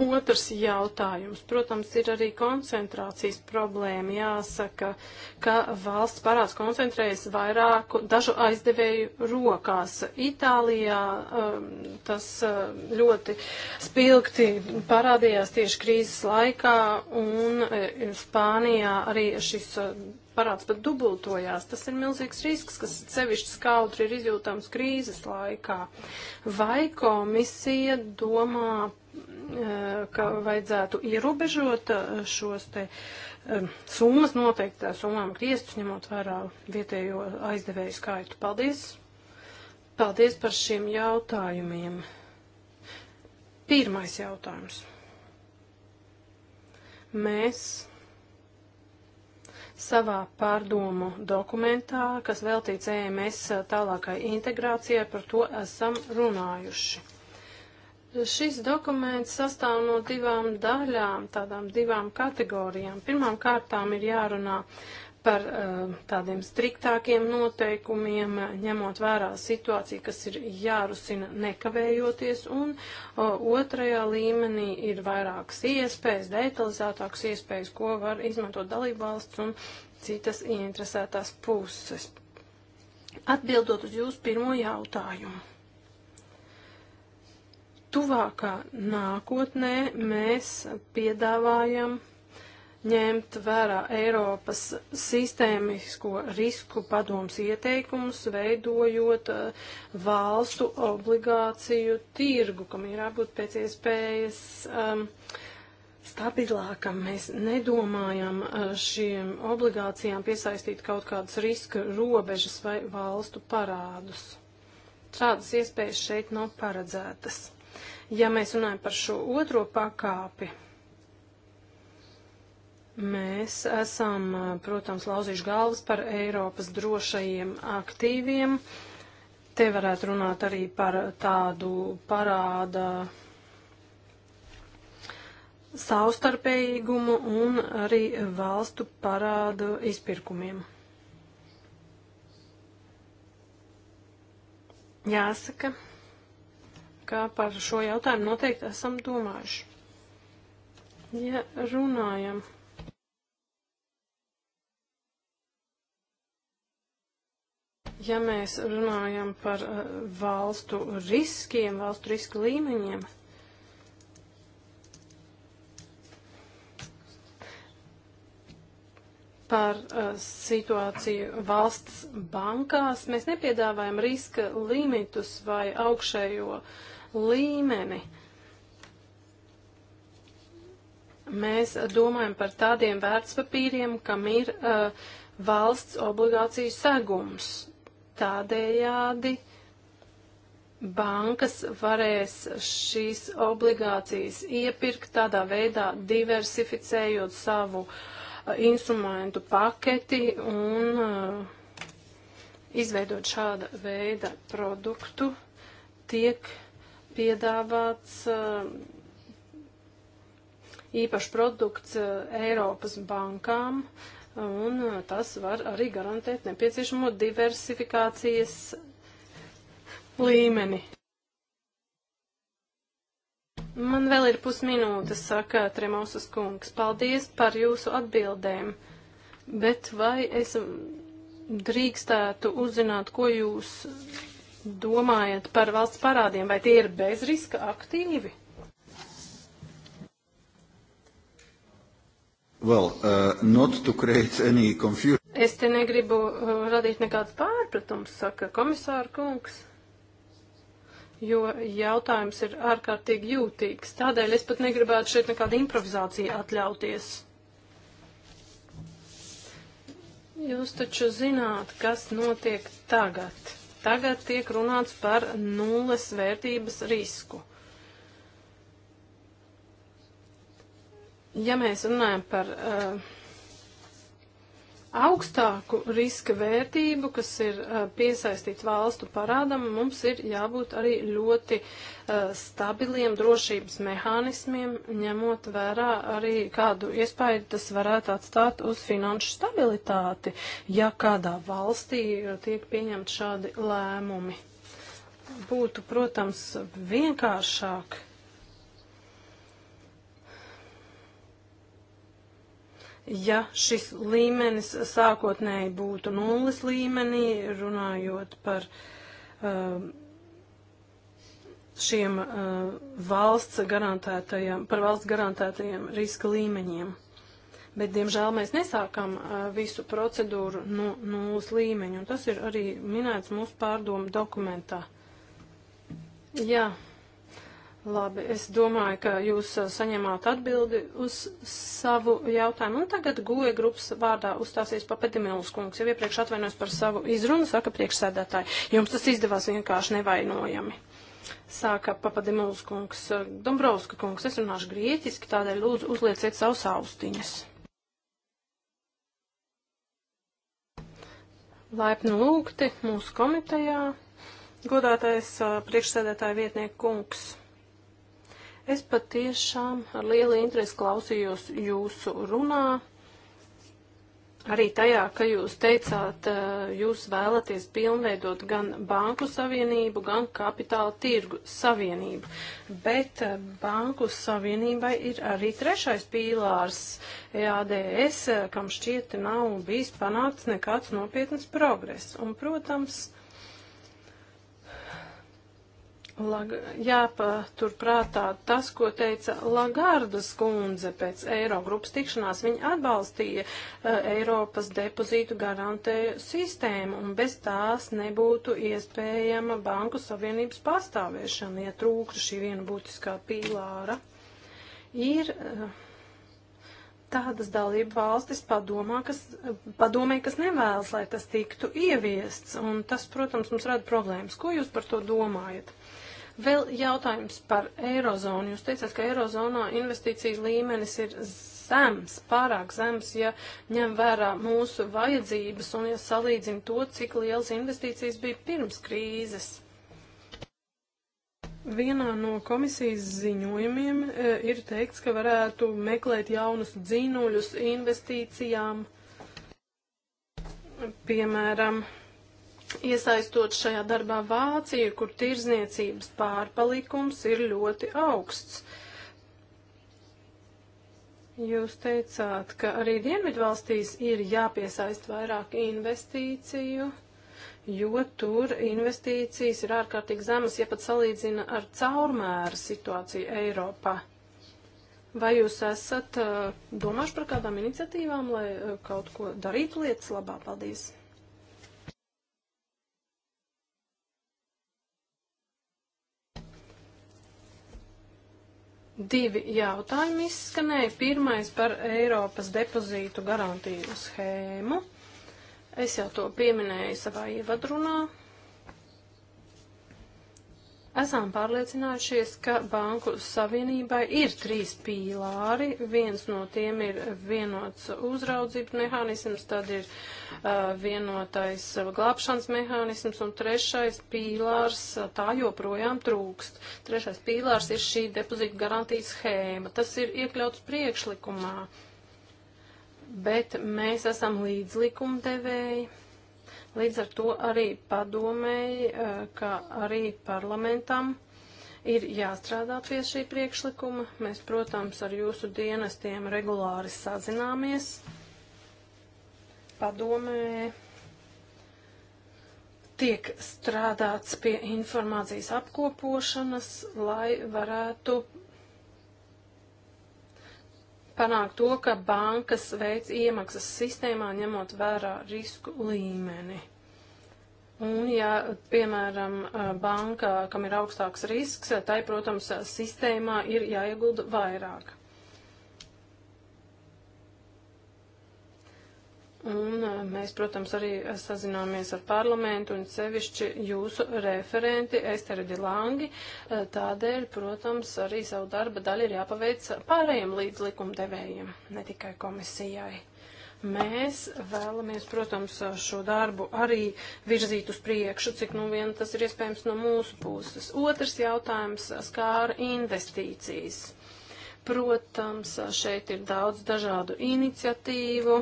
Otrs jautājums, protams, ir arī koncentrācijas problēma. Jāsaka, ka valsts parāds koncentrējas vairāku dažu aizdevēju rokās. Itālijā um, tas uh, ļoti spilgti parādījās tieši krīzes laikā, un uh, Spānijā arī šis uh, parāds pat dubultojās. Tas ir milzīgs risks, kas sevišķi skautri ir izjūtams krīzes laikā. Vai komisija domā, eh, ka vajadzētu ierobežot eh, šos te eh, summas noteiktā summām griestus, ņemot vērā vietējo aizdevēju skaitu? Paldies! Paldies par šiem jautājumiem. Pirmais jautājums. Mēs savā pārdomu dokumentā, kas veltīts EMS tālākai integrācijai, par to esam runājuši. Šis dokuments sastāv no divām daļām, tādām divām kategorijām. Pirmām kārtām ir jārunā par eh, tādiem striktākiem noteikumiem, ņemot vērā situāciju, kas ir jārusina nekavējoties, un eh, otrajā līmenī ir vairākas iespējas, detalizētākas iespējas, ko var izmantot dalībvalsts un citas ieinteresētās puses. Atbildot uz jūsu pirmo jautājumu tuvākā nākotnē mēs piedāvājam ņemt vērā Eiropas sistēmisko risku padoms ieteikumus, veidojot eh, valstu obligāciju tirgu, kam ir jābūt pēc iespējas um, stabilākam. Mēs nedomājam eh, šiem obligācijām piesaistīt kaut kādas riska robežas vai valstu parādus. Šādas iespējas šeit nav paredzētas. Ja mēs runājam par šo otro pakāpi, Mēs esam, protams, lauzījuši galvas par Eiropas drošajiem aktīviem. Te varētu runāt arī par tādu parāda savstarpējīgumu un arī valstu parādu izpirkumiem. Jāsaka, ka par šo jautājumu noteikti esam domājuši. Ja runājam Ja mēs runājam par eh, valstu riskiem, valstu riska līmeņiem, par uh, situāciju valsts bankās. Mēs nepiedāvājam riska limitus vai augšējo līmeni. Mēs domājam par tādiem vērtspapīriem, kam ir uh, valsts obligāciju segums. Tādējādi bankas varēs šīs obligācijas iepirkt tādā veidā, diversificējot savu uh, instrumentu paketi un uh, izveidot šāda veida produktu, tiek piedāvāts uh, īpašs produkts Eiropas bankām, uh, un uh, tas var arī garantēt nepieciešamo diversifikācijas līmeni. Man vēl ir pusminūtes, saka Tremausas kungs. Paldies par jūsu atbildēm, bet vai es drīkstētu uzzināt, ko jūs domājat par valsts parādiem, vai tie ir bez riska aktīvi? Well, uh, not to create any confusion. Es te negribu uh, radīt nekādas pārpratums, saka komisāra kungs, jo jautājums ir ārkārtīgi jūtīgs. Tādēļ es pat negribētu šeit nekādu improvizāciju atļauties. Jūs taču zināt, kas notiek tagad. Tagad tiek runāts par nulles vērtības risku. ja mēs runājam par uh, augstāku riska vērtību, kas ir uh, piesaistīta valstu parādam, mums ir jābūt arī ļoti uh, stabiliem drošības mehānismiem, ņemot vērā arī kādu iespēju tas varētu atstāt uz finanšu stabilitāti, ja kādā valstī uh, tiek pieņemt šādi lēmumi. Būtu, protams, vienkāršāk ja šis līmenis sākotnēji būtu nulles līmenī, runājot par um, šiem uh, valsts garantētajiem, par valsts garantētajiem riska līmeņiem. Bet, diemžēl, mēs nesākam uh, visu procedūru no nu, nulles līmeņa, un tas ir arī minēts mūsu pārdomu dokumentā. Jā. Yeah. Labi, es domāju, ka jūs uh, saņemāt atbildi uz savu jautājumu. Un tagad guļa e grupas vārdā uzstāsies papedimēlus kungs. Jau iepriekš atvainojos par savu izrunu, saka priekšsēdētāji. Jums tas izdevās vienkārši nevainojami. Sāka papedimēlus kungs. Uh, Dombrovska kungs, es runāšu grieķiski, tādēļ lūdzu uzlieciet savus austiņas. Laipni lūgti mūsu komitejā. Godātais uh, priekšsēdētāja vietnieku kungs. Es patiešām ar lielu interesi klausījos jūsu runā. Arī tajā, ka jūs teicāt, eh, jūs vēlaties pilnveidot gan banku savienību, gan kapitāla tirgu savienību. Bet eh, banku savienībai ir arī trešais pīlārs EADS, eh, kam šķiet nav bijis panākts nekāds nopietnas progress. Un, protams, Lag, jāpatur prātā tas, ko teica Lagardas kundze pēc Eirogrupas tikšanās. Viņa atbalstīja uh, Eiropas depozītu garantēju sistēmu, un bez tās nebūtu iespējama Banku Savienības pastāvēšana, ja trūktu šī viena būtiskā pīlāra. Ir uh, tādas dalību valstis padomā, kas, padomē, kas nevēlas, lai tas tiktu ieviests, un tas, protams, mums rada problēmas. Ko jūs par to domājat? Uh, Vēl jautājums par Eirozonu. Jūs teicāt, ka Eirozonā investīcija līmenis ir zems, pārāk zems, ja ņem vērā mūsu vajadzības un ja salīdzina to, cik liels investīcijas bija pirms krīzes. Vienā no komisijas ziņojumiem e, ir teikts, ka varētu meklēt jaunus dzinuļus investīcijām, piemēram, Iesaistot šajā darbā Vāciju, kur tirzniecības pārpalikums ir ļoti augsts. Jūs teicāt, ka arī Dienvidvalstīs ir jāpiesaist vairāk investīciju, jo tur investīcijas ir ārkārtīgi zemas, ja pat salīdzina ar caurmēra situāciju Eiropā. Vai jūs esat uh, domājuši par kādām iniciatīvām, lai uh, kaut ko darītu lietas labā? Paldies! Divi jautājumi izskanēja. Pirmais par Eiropas depozītu garantiju schēmu. Es jau to pieminēju savā ievadrunā esam pārliecinājušies, ka Banku Savienībai ir trīs pīlāri. Viens no tiem ir vienots uzraudzības mehānisms, tad ir uh, vienotais glābšanas mehānisms un trešais pīlārs, tā joprojām trūkst. Trešais pīlārs ir šī depozīta garantijas schēma. Tas ir iekļauts priekšlikumā, bet mēs esam līdzlikumdevēji Līdz ar to arī padomēji, eh, kā arī parlamentam ir jāstrādā pie šī priekšlikuma. Mēs, protams, ar jūsu dienestiem regulāri sazināmies, padomē, tiek strādāts pie informācijas apkopošanas, lai varētu panākt to, ka bankas veids iemaksas sistēmā, ņemot vērā risku līmeni. Un, ja, piemēram, banka, kam ir augstāks risks, tai, protams, sistēmā ir jāiegulda vairāk. Un eh, mēs, protams, arī eh, sazināmies ar parlamentu un sevišķi jūsu referenti Esteri Dilangi. Eh, tādēļ, protams, arī savu darba daļu ir jāpaveic pārējiem līdz likumdevējiem, ne tikai komisijai. Mēs vēlamies, protams, šo darbu arī virzīt uz priekšu, cik nu vien tas ir iespējams no mūsu puses. Otrs jautājums skāra investīcijas. Protams, šeit ir daudz dažādu iniciatīvu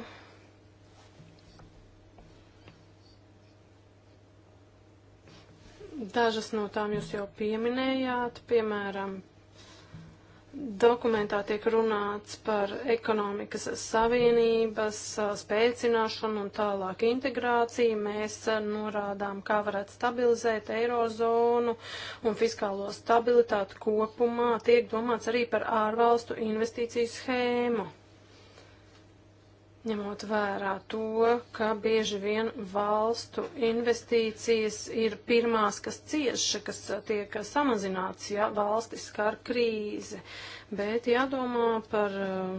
Dažas no tām jūs jau pieminējāt, piemēram, dokumentā tiek runāts par ekonomikas savienības spēcināšanu un tālāk integrāciju. Mēs norādām, kā varētu stabilizēt eirozonu un fiskālo stabilitāti kopumā. Tiek domāts arī par ārvalstu investīciju schēmu ņemot vērā to, ka bieži vien valstu investīcijas ir pirmās, kas cieši, kas uh, tiek samazināts, ja valstis skar krīze, bet jādomā par uh,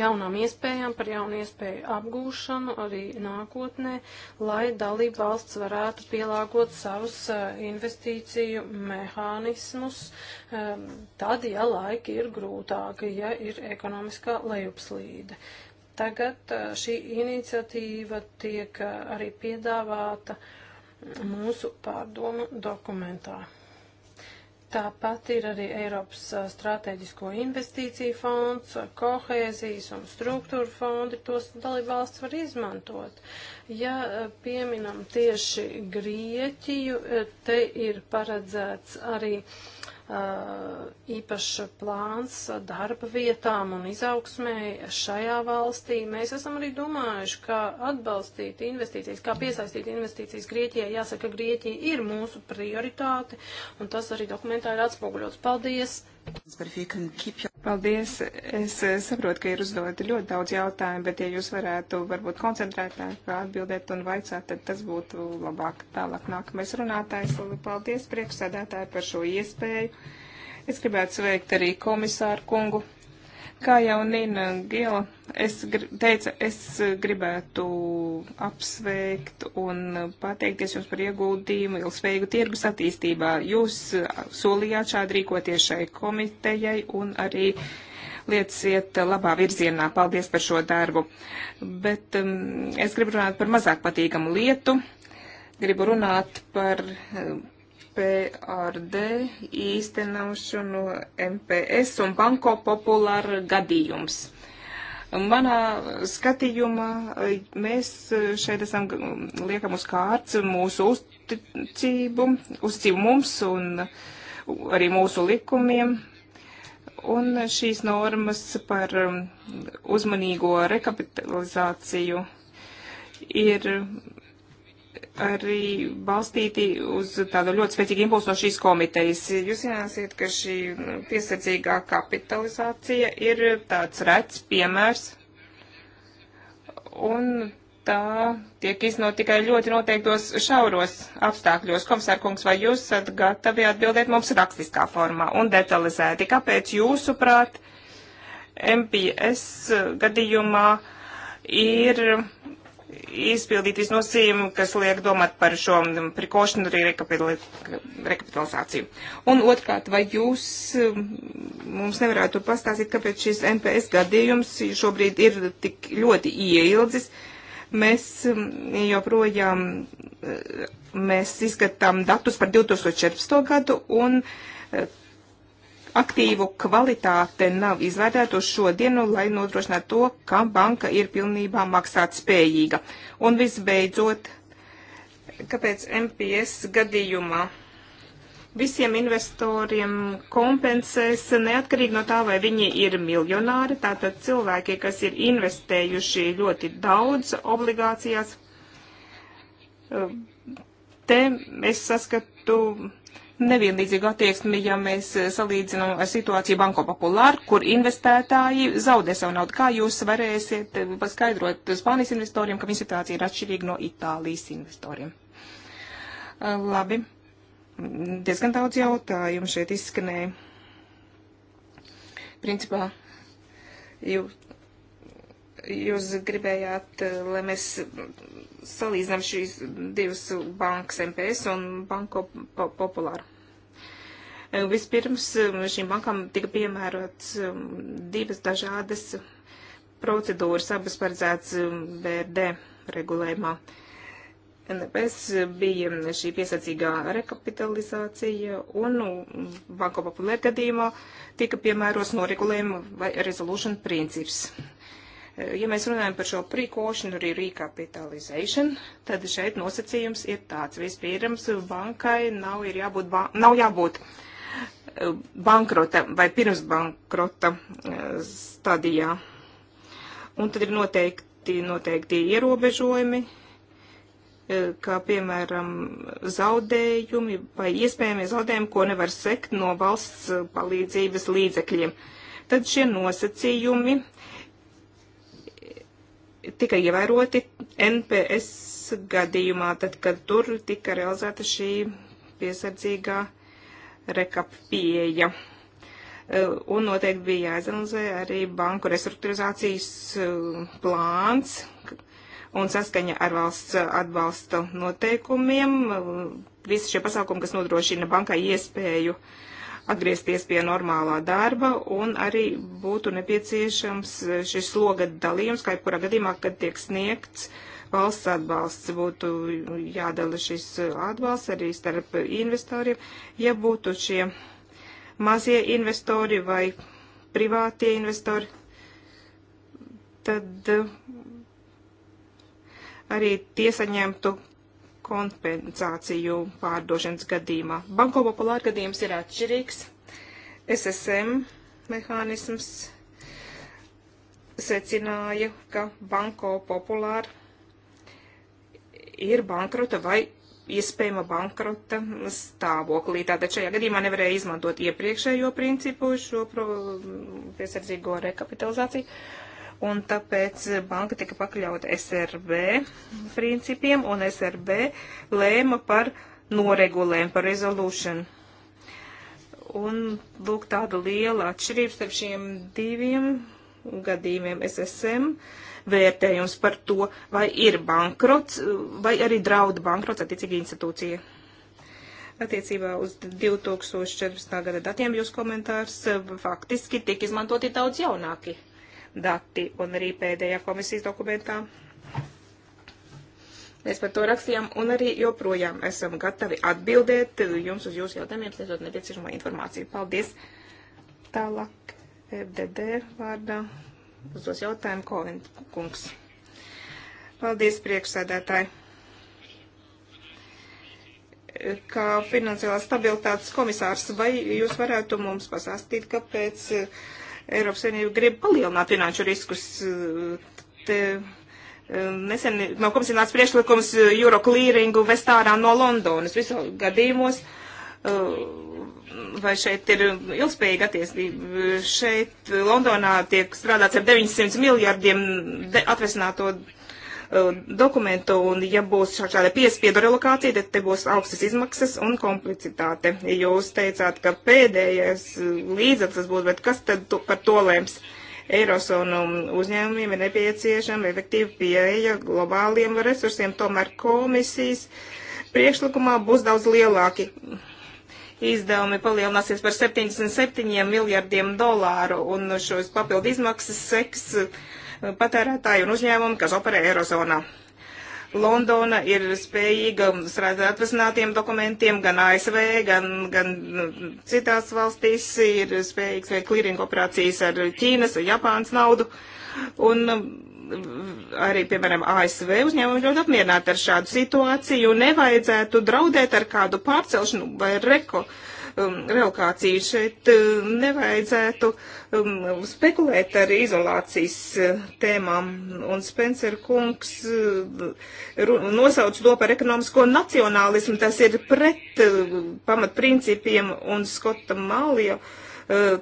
jaunām iespējām, par jaunu iespēju apgūšanu arī nākotnē, lai dalība valsts varētu pielāgot savus uh, investīciju mehānismus, um, tad, ja laiki ir grūtāki, ja ir ekonomiskā lejupslīde. Tagad šī iniciatīva tiek arī piedāvāta mūsu pārdomu dokumentā. Tāpat ir arī Eiropas strateģisko investīciju fonds, kohēzijas un struktūra fondi, tos dalībvalsts var izmantot. Ja pieminam tieši Grieķiju, te ir paredzēts arī uh, Uh, īpašs plāns darba vietām un izaugsmēji šajā valstī. Mēs esam arī domājuši, kā atbalstīt investīcijas, kā piesaistīt investīcijas Grieķijai. Jāsaka, Grieķija ir mūsu prioritāte, un tas arī dokumentā ir atspoguļots. Paldies! Paldies. Es eh, saprotu, ka ir uzdoti ļoti daudz jautājumu, bet ja jūs varētu varbūt koncentrētāk atbildēt un vaicāt, tad tas būtu labāk. Tālāk nākamais runātājs. Paldies priekšsēdētāji par šo iespēju. Es gribētu sveikt arī komisāru kungu. Kā jau Nina Gila es teica, es gribētu apsveikt un pateikties jums par ieguldījumu ilgspējīgu tirgus attīstībā. Jūs solījāt šādi rīkoties šai komitejai un arī lietas iet labā virzienā. Paldies par šo darbu. Bet um, es gribu runāt par mazāk patīkamu lietu. Gribu runāt par um, PRD īstenošanu MPS un banko populāra gadījums. Manā skatījumā eh, mēs eh, šeit esam liekam uz kārts mūsu uzticību, uzticību mums un arī mūsu likumiem. Un šīs normas par uzmanīgo rekapitalizāciju ir arī balstīti uz tādu ļoti spēcīgu impulsu no šīs komitejas. Jūs zināsiet, ka šī piesardzīgā kapitalizācija ir tāds rets piemērs, un tā tiek iznot tikai ļoti noteiktos šauros apstākļos. Komisārkungs, vai jūs esat gatavi atbildēt mums rakstiskā formā un detalizēti? Kāpēc jūsuprāt MPS gadījumā ir izpildīt visu nosacījumu, kas liek domāt par šo prikošanu arī rekapitalizāciju. Un otrkārt, vai jūs um, mums nevarētu pastāstīt, kāpēc šis MPS gadījums šobrīd ir tik ļoti ieildzis? Mēs um, joprojām uh, mēs izskatām datus par 2014. gadu un uh, aktīvu kvalitāte nav izvērtēta uz šodienu, lai nodrošinātu to, ka banka ir pilnībā maksāt spējīga. Un visbeidzot, kāpēc MPS gadījumā visiem investoriem kompensēs neatkarīgi no tā, vai viņi ir miljonāri. Tātad cilvēki, kas ir investējuši ļoti daudz obligācijās, te es saskatu nevienlīdzīgu attieksmi, ja mēs eh, salīdzinām ar situāciju Banko Populāru, kur investētāji zaudē savu naudu. Kā jūs varēsiet eh, paskaidrot Spānijas investoriem, ka viņa situācija ir atšķirīga no Itālijas investoriem? Eh, labi. Diezgan daudz jautājumu šeit izskanēja. Principā, jūs, jūs gribējāt, lai mēs salīdzinām šīs divas bankas, MPS un Banko Populāru. E, vispirms e, šīm bankām tika piemērots e, divas dažādas procedūras, abas paredzētas BRD regulējumā. NPS bija šī piesacīgā rekapitalizācija, un nu, banko populēra gadījumā tika piemēros noregulējuma vai resolution princips. Eh, ja mēs runājam par šo pre-caution, arī recapitalization, tad šeit nosacījums ir tāds. Vispirms bankai nav, jābūt, ba nav jābūt eh, bankrota vai pirms bankrota eh, stadijā. Un tad ir noteikti, noteikti ierobežojumi, kā piemēram zaudējumi vai iespējamie zaudējumi, ko nevar sekt no valsts palīdzības līdzekļiem. Tad šie nosacījumi tika ievēroti NPS gadījumā, tad, kad tur tika realizēta šī piesardzīgā rekap pieeja. E, un noteikti bija jāizanalizē arī banku restruktūrizācijas e, plāns, un saskaņa ar valsts atbalsta noteikumiem. E, visi šie pasākumi, kas nodrošina bankai iespēju uh, atgriezties pie normālā darba un arī būtu nepieciešams šis sloga dalījums, kā jebkurā gadījumā, kad tiek sniegts valsts atbalsts, būtu jādala šis atbalsts arī starp investoriem. Ja būtu šie mazie investori vai privātie investori, tad eh, arī tie saņemtu kompensāciju pārdošanas gadījumā. Banko populāra gadījums ir atšķirīgs. SSM mehānisms secināja, ka banko populāra ir bankrota vai iespējama bankrota stāvoklī. Tātad šajā gadījumā nevarēja izmantot iepriekšējo principu, šo piesardzīgo rekapitalizāciju. Uh, un tāpēc banka tika pakļauta SRB principiem, un SRB lēma par noregulēm, par resolution. Un, lūk, tāda liela atšķirība starp šiem diviem gadījumiem SSM vērtējums par to, vai ir bankrots, vai arī draud bankrots attiecīgi institūcija. Attiecībā uz 2014. gada datiem jūs komentārs faktiski tika izmantoti daudz jaunāki dati un arī pēdējā komisijas dokumentā. Mēs par to rakstījām un arī joprojām esam gatavi atbildēt jums uz jūsu jautājumiem, sniedzot nepieciešamo informāciju. Paldies! Tālāk FDD vārdā uzdos jautājumu Kovin kungs. Paldies, priekšsēdētāji! Kā finansiālās stabilitātes komisārs, vai jūs varētu mums pasāstīt, kāpēc uh, Eiropas Savienība grib palielināt finanšu riskus. Te, um, nesen nav komisināts priešlikums euro klīringu vest ārā no Londonas visos gadījumos. Uh, vai šeit ir ilgspējīga attiestība? Šeit Londonā tiek strādāts ar 900 miljardiem atvesināto Uh, dokumentu, un ja būs šāda piespiedu relokācija, tad te būs augstas izmaksas un komplicitāte. Jūs teicāt, ka pēdējais uh, līdzeklis būs, bet kas tad tu, par to lēms? Eirozonu um, uzņēmumiem ir nepieciešama efektīva pieeja globāliem resursiem, tomēr komisijas priekšlikumā būs daudz lielāki izdevumi palielināsies par 77 miljardiem dolāru, un šos papildu izmaksas seks patērētāji un uzņēmumi, kas operē Eirozonā. Londona ir spējīga strādāt atvesinātiem dokumentiem, gan ASV, gan, gan nu, citās valstīs ir spējīgs veikt klīringa operācijas ar Ķīnas un Japānas naudu. Un um, arī, piemēram, ASV uzņēmumi ļoti apmierināti ar šādu situāciju, nevajadzētu draudēt ar kādu pārcelšanu vai reko um, relokāciju. Šeit um, nevajadzētu um, spekulēt ar izolācijas uh, tēmām. Un Spencer kungs uh, nosauc to par ekonomisko nacionālismu. Tas ir pret uh, pamatprincipiem un Skota Malio. Uh,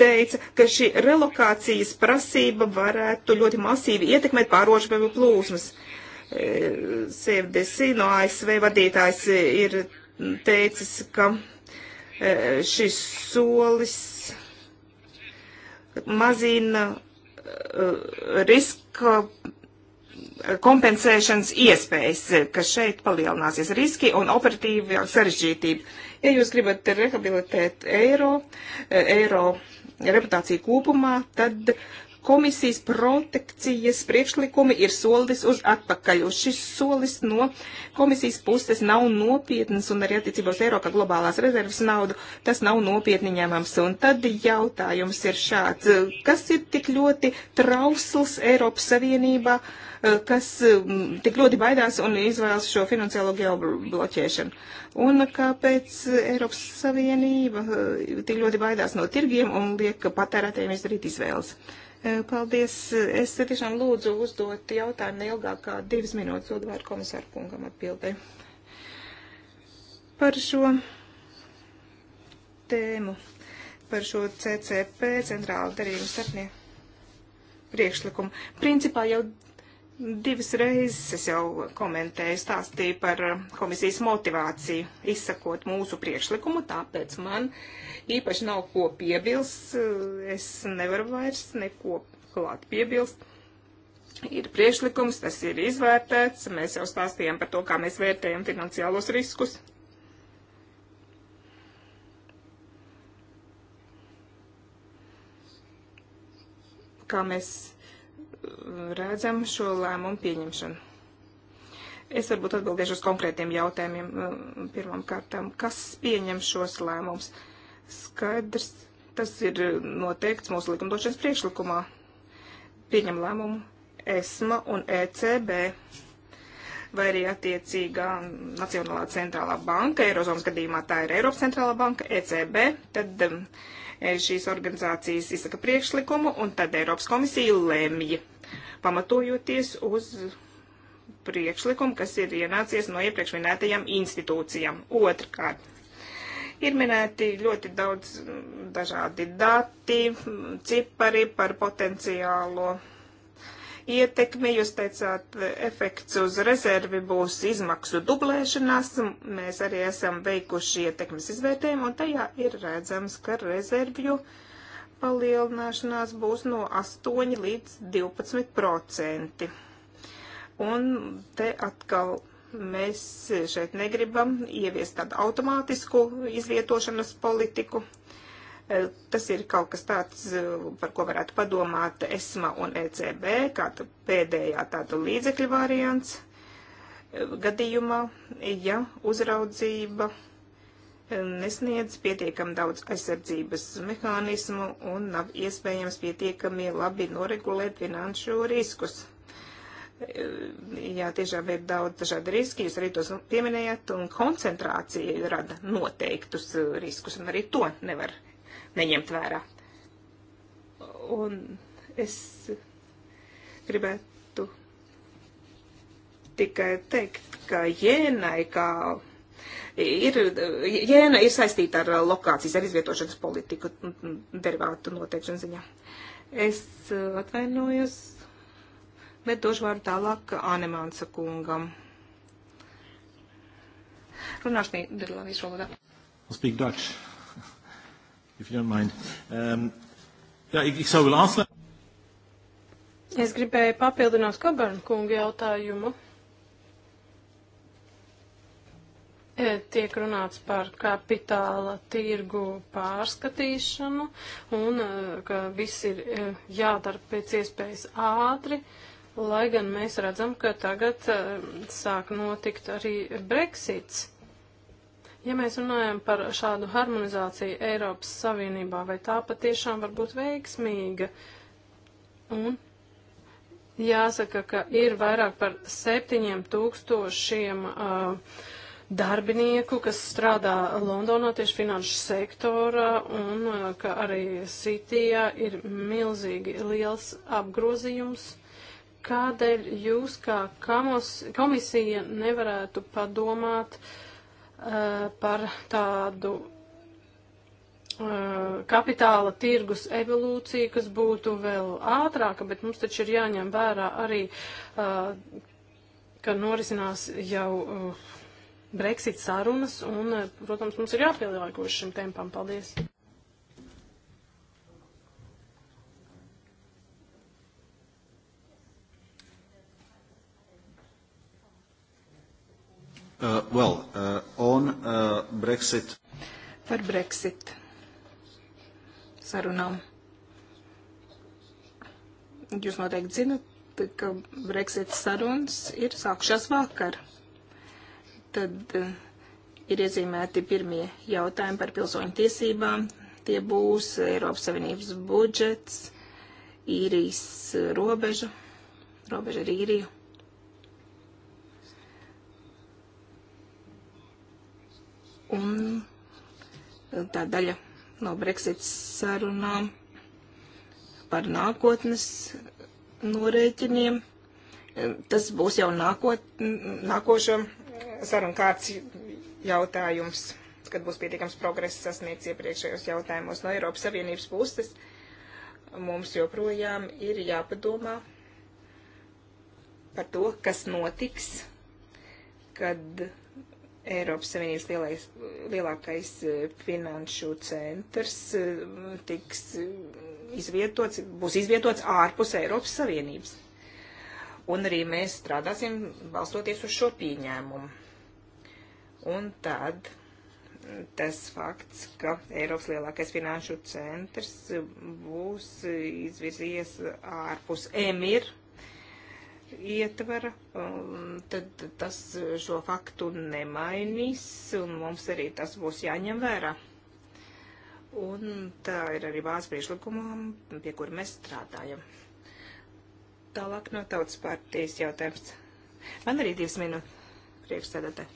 teica, ka šī relokācijas prasība varētu ļoti masīvi ietekmēt pārožbēvu plūsmas. Uh, Sevdesi no ASV vadītājs ir teicis, ka šis solis mazina eh, riska kompensēšanas iespējas, ka šeit palielināsies riski un operatīvi sarežģītība. Ja jūs gribat rehabilitēt eiro, eh, eiro reputāciju kopumā, tad Komisijas protekcijas priekšlikumi ir solis uz atpakaļ. Šis solis no komisijas puses nav nopietnas un arī attiecībā uz eiro kā globālās rezerves naudu tas nav nopietni ņemams. Un tad jautājums ir šāds. Kas ir tik ļoti trausls Eiropas Savienībā, kas mm, tik ļoti baidās un izvēlas šo finansiālo geobloķēšanu? Un kāpēc Eiropas Savienība eh, tik ļoti baidās no tirgiem un liek patērētējiem izdarīt izvēles? Eh, paldies. Es tiešām lūdzu uzdot jautājumu neilgāk kā divas minūtes, dod vārdu komisāru kungam atbildē. Par šo tēmu, par šo CCP, centrāla darījuma starpnie priekšlikumu. Principā jau divas reizes es jau komentēju, stāstīju par eh, komisijas motivāciju, izsakot mūsu priekšlikumu, tāpēc man uh, īpaši nav ko piebilst, es nevaru vairs neko klāt piebilst. Ir priešlikums, tas ir izvērtēts, mēs jau stāstījām par to, kā mēs vērtējam finansiālos riskus. Kā mēs uh, redzam šo lēmumu pieņemšanu. Es varbūt atbildēšu uz konkrētiem jautājumiem uh, pirmam kārtam. Kas pieņem šos lēmumus? Uh, skaidrs. Tas ir noteikts mūsu likumdošanas priekšlikumā. Pieņem lēmumu ESMA un ECB vai arī attiecīgā Nacionālā centrālā banka, Eirozonas gadījumā tā ir Eiropas centrālā banka, ECB, tad um, e, šīs organizācijas izsaka priekšlikumu un tad Eiropas komisija lemj, pamatojoties uz priekšlikumu, kas ir ienācies no iepriekš minētajām institūcijām. Otrkārt, Ir minēti ļoti daudz mm, dažādi dati, mm, cipari par potenciālo ietekmi. Jūs teicāt, efekts uz rezervi būs izmaksu dublēšanās. Mēs arī esam veikuši ietekmes izvērtējumu, un tajā ir redzams, ka rezervju palielināšanās būs no 8 līdz 12 procenti. Un te atkal Mēs šeit negribam ieviest tādu automātisku izvietošanas politiku. Eh, tas ir kaut kas tāds, eh, par ko varētu padomāt ESMA un ECB, kā pēdējā tāda līdzekļu variants eh, gadījumā, ja uzraudzība nesniedz pietiekam daudz aizsardzības mehānismu un nav iespējams pietiekami labi noregulēt finanšu riskus jā, tiešām ir daudz dažādi riski, jūs arī tos pieminējat, un koncentrācija rada noteiktus uh, riskus, un arī to nevar neņemt vērā. Un es gribētu tikai teikt, ka jēnai, kā ir, jēna ir saistīta ar lokācijas, ar izvietošanas politiku derivātu noteikšanu ziņā. Es uh, atvainojos, bet došu vārdu tālāk Anemānsa kungam. Runāšu Nīderlandijas valodā. I'll speak Dutch, if you don't mind. Um, ja, ik, ik zou willen aansluiten. Es gribēju papildināt Kabarnu kungu jautājumu. E, tiek runāts par kapitāla tirgu pārskatīšanu un e, ka viss ir e, jādara pēc iespējas ātri. Uh, lai gan mēs redzam, ka tagad eh, sāk notikt arī Brexits. Ja mēs runājam par šādu harmonizāciju Eiropas Savienībā, vai tā patiešām var būt veiksmīga? Un jāsaka, ka ir vairāk par septiņiem tūkstošiem uh, darbinieku, kas strādā Londonā tieši finanšu sektorā, un uh, ka arī Cityjā ir milzīgi liels apgrozījums. Kādēļ jūs kā kamos, komisija nevarētu padomāt uh, par tādu uh, kapitāla tirgus evolūcija, kas būtu vēl ātrāka, bet mums taču ir jāņem vērā arī, uh, ka norisinās jau uh, Brexit sarunas, un, protams, mums ir jāpielāgojas šim tempam. Paldies! Uh, well, uh, on uh, Brexit. Par Brexit sarunām. Jūs noteikti zinat, ka Brexit sarunas ir sākušās vakar. Tad uh, ir iezīmēti pirmie jautājumi par pilsoņu tiesībām. Tie būs Eiropas Savienības budžets, īrijas robeža, robeža ar īriju Un tā daļa no Brexit sarunām par nākotnes norēķiniem. Tas būs jau nākot, nākošo sarunu kārts jautājums, kad būs pietiekams progress sasniegts iepriekšējos jautājumos no Eiropas Savienības puses. Mums joprojām ir jāpadomā par to, kas notiks, kad Eiropas Savienības lielais, lielākais e, finanšu centrs e, tiks izvietots, būs izvietots ārpus Eiropas Savienības. Un arī mēs strādāsim balstoties uz šo pieņēmumu. Un tad tas fakts, ka Eiropas lielākais finanšu centrs būs izvirzījies ārpus EMIR ietvara, um, tad tas šo faktu nemainīs, un mums arī tas būs jāņem vērā. Un tā ir arī bāzes priekšlikumam, pie kura mēs strādājam. Tālāk no tautas partijas jautājums. Man arī divas minūtes priekšsēdētē.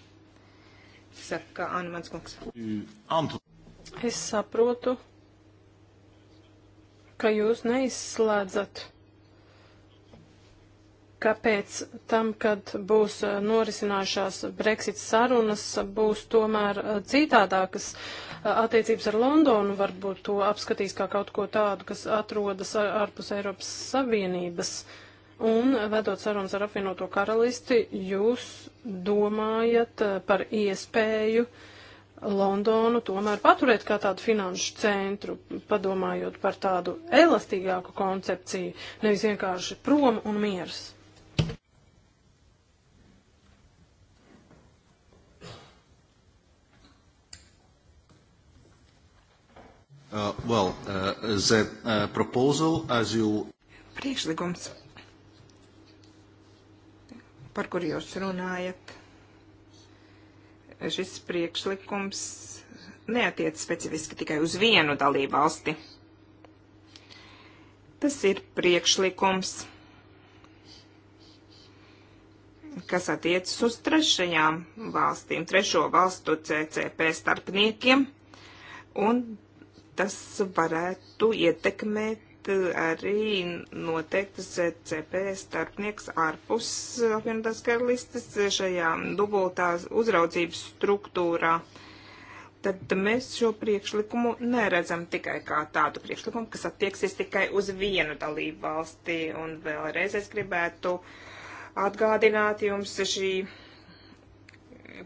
Saka Anumans kungs. Antu. Es saprotu, ka jūs neizslēdzat ka pēc tam, kad būs eh, norisinājušās Brexit sarunas, būs tomēr eh, citādākas eh, attiecības ar Londonu, varbūt to apskatīs kā kaut ko tādu, kas atrodas ārpus Eiropas Savienības. Un vedot sarunas ar apvienoto karalisti, jūs domājat par iespēju Londonu tomēr paturēt kā tādu finanšu centru, padomājot par tādu elastīgāku koncepciju, nevis vienkārši prom un miers. Uh, well, uh, the uh, proposal, as you... Priekšlikums, par kur jūs runājat, šis priekšlikums neatiec specifiski tikai uz vienu dalību valsti. Tas ir priekšlikums, kas attiecas uz trešajām valstīm, trešo valstu CCP starpniekiem, un tas varētu ietekmēt eh, arī noteiktas eh, CP starpnieks ārpus eh, apvienotās karalistes šajā dubultā uzraudzības struktūrā. Tad mēs šo priekšlikumu neredzam tikai kā tādu priekšlikumu, kas attieksies tikai uz vienu dalību valsti. Un vēlreiz es gribētu atgādināt jums šī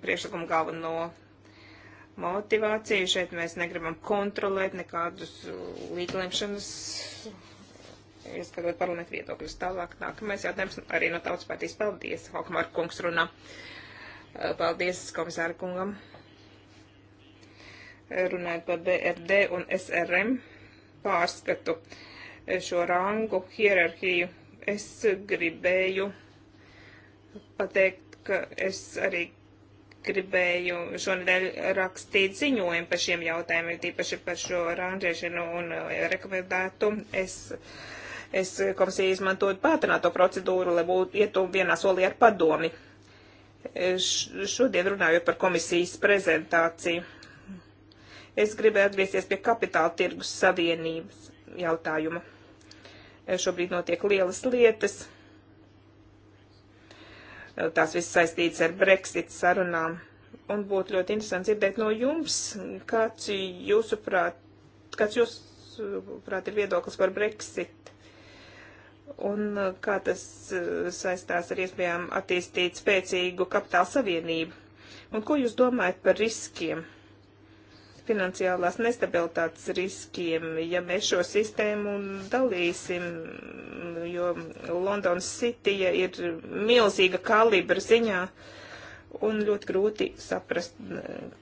priekšlikuma galveno motivāciju. Šeit mēs negribam kontrolēt nekādus līdzlemšanas, ieskatot parlamentu viedokļus. Tālāk nākamais jautājums arī no tautas partijas. Paldies, Hokmāra kungs runā. Paldies komisāra kungam. Runājot par BRD un SRM pārskatu šo rangu hierarhiju, es gribēju pateikt, ka es arī gribēju šonadēļ rakstīt ziņojumu par šiem jautājumiem, tīpaši par šo ranžēšanu un eh, rekomendētu. Es, es komisiju izmantotu pātrināto procedūru, lai būtu ietu vienā solī ar padomi. Eh, šodien runājot par komisijas prezentāciju, es gribēju atgriezties pie kapitāla tirgus savienības jautājuma. Eh, šobrīd notiek lielas lietas tās viss saistīts ar Brexit sarunām. Un būtu ļoti interesanti dzirdēt no jums, kāds jūsuprāt, kāds jūs prāt ir viedoklis par Brexit un uh, kā tas uh, saistās ar iespējām attīstīt spēcīgu kapitāla savienību. Un ko jūs domājat par riskiem? finansiālās nestabilitātes riskiem, ja mēs šo sistēmu dalīsim, jo Londonas Cityja ir milzīga kalibra ziņā un ļoti grūti saprast,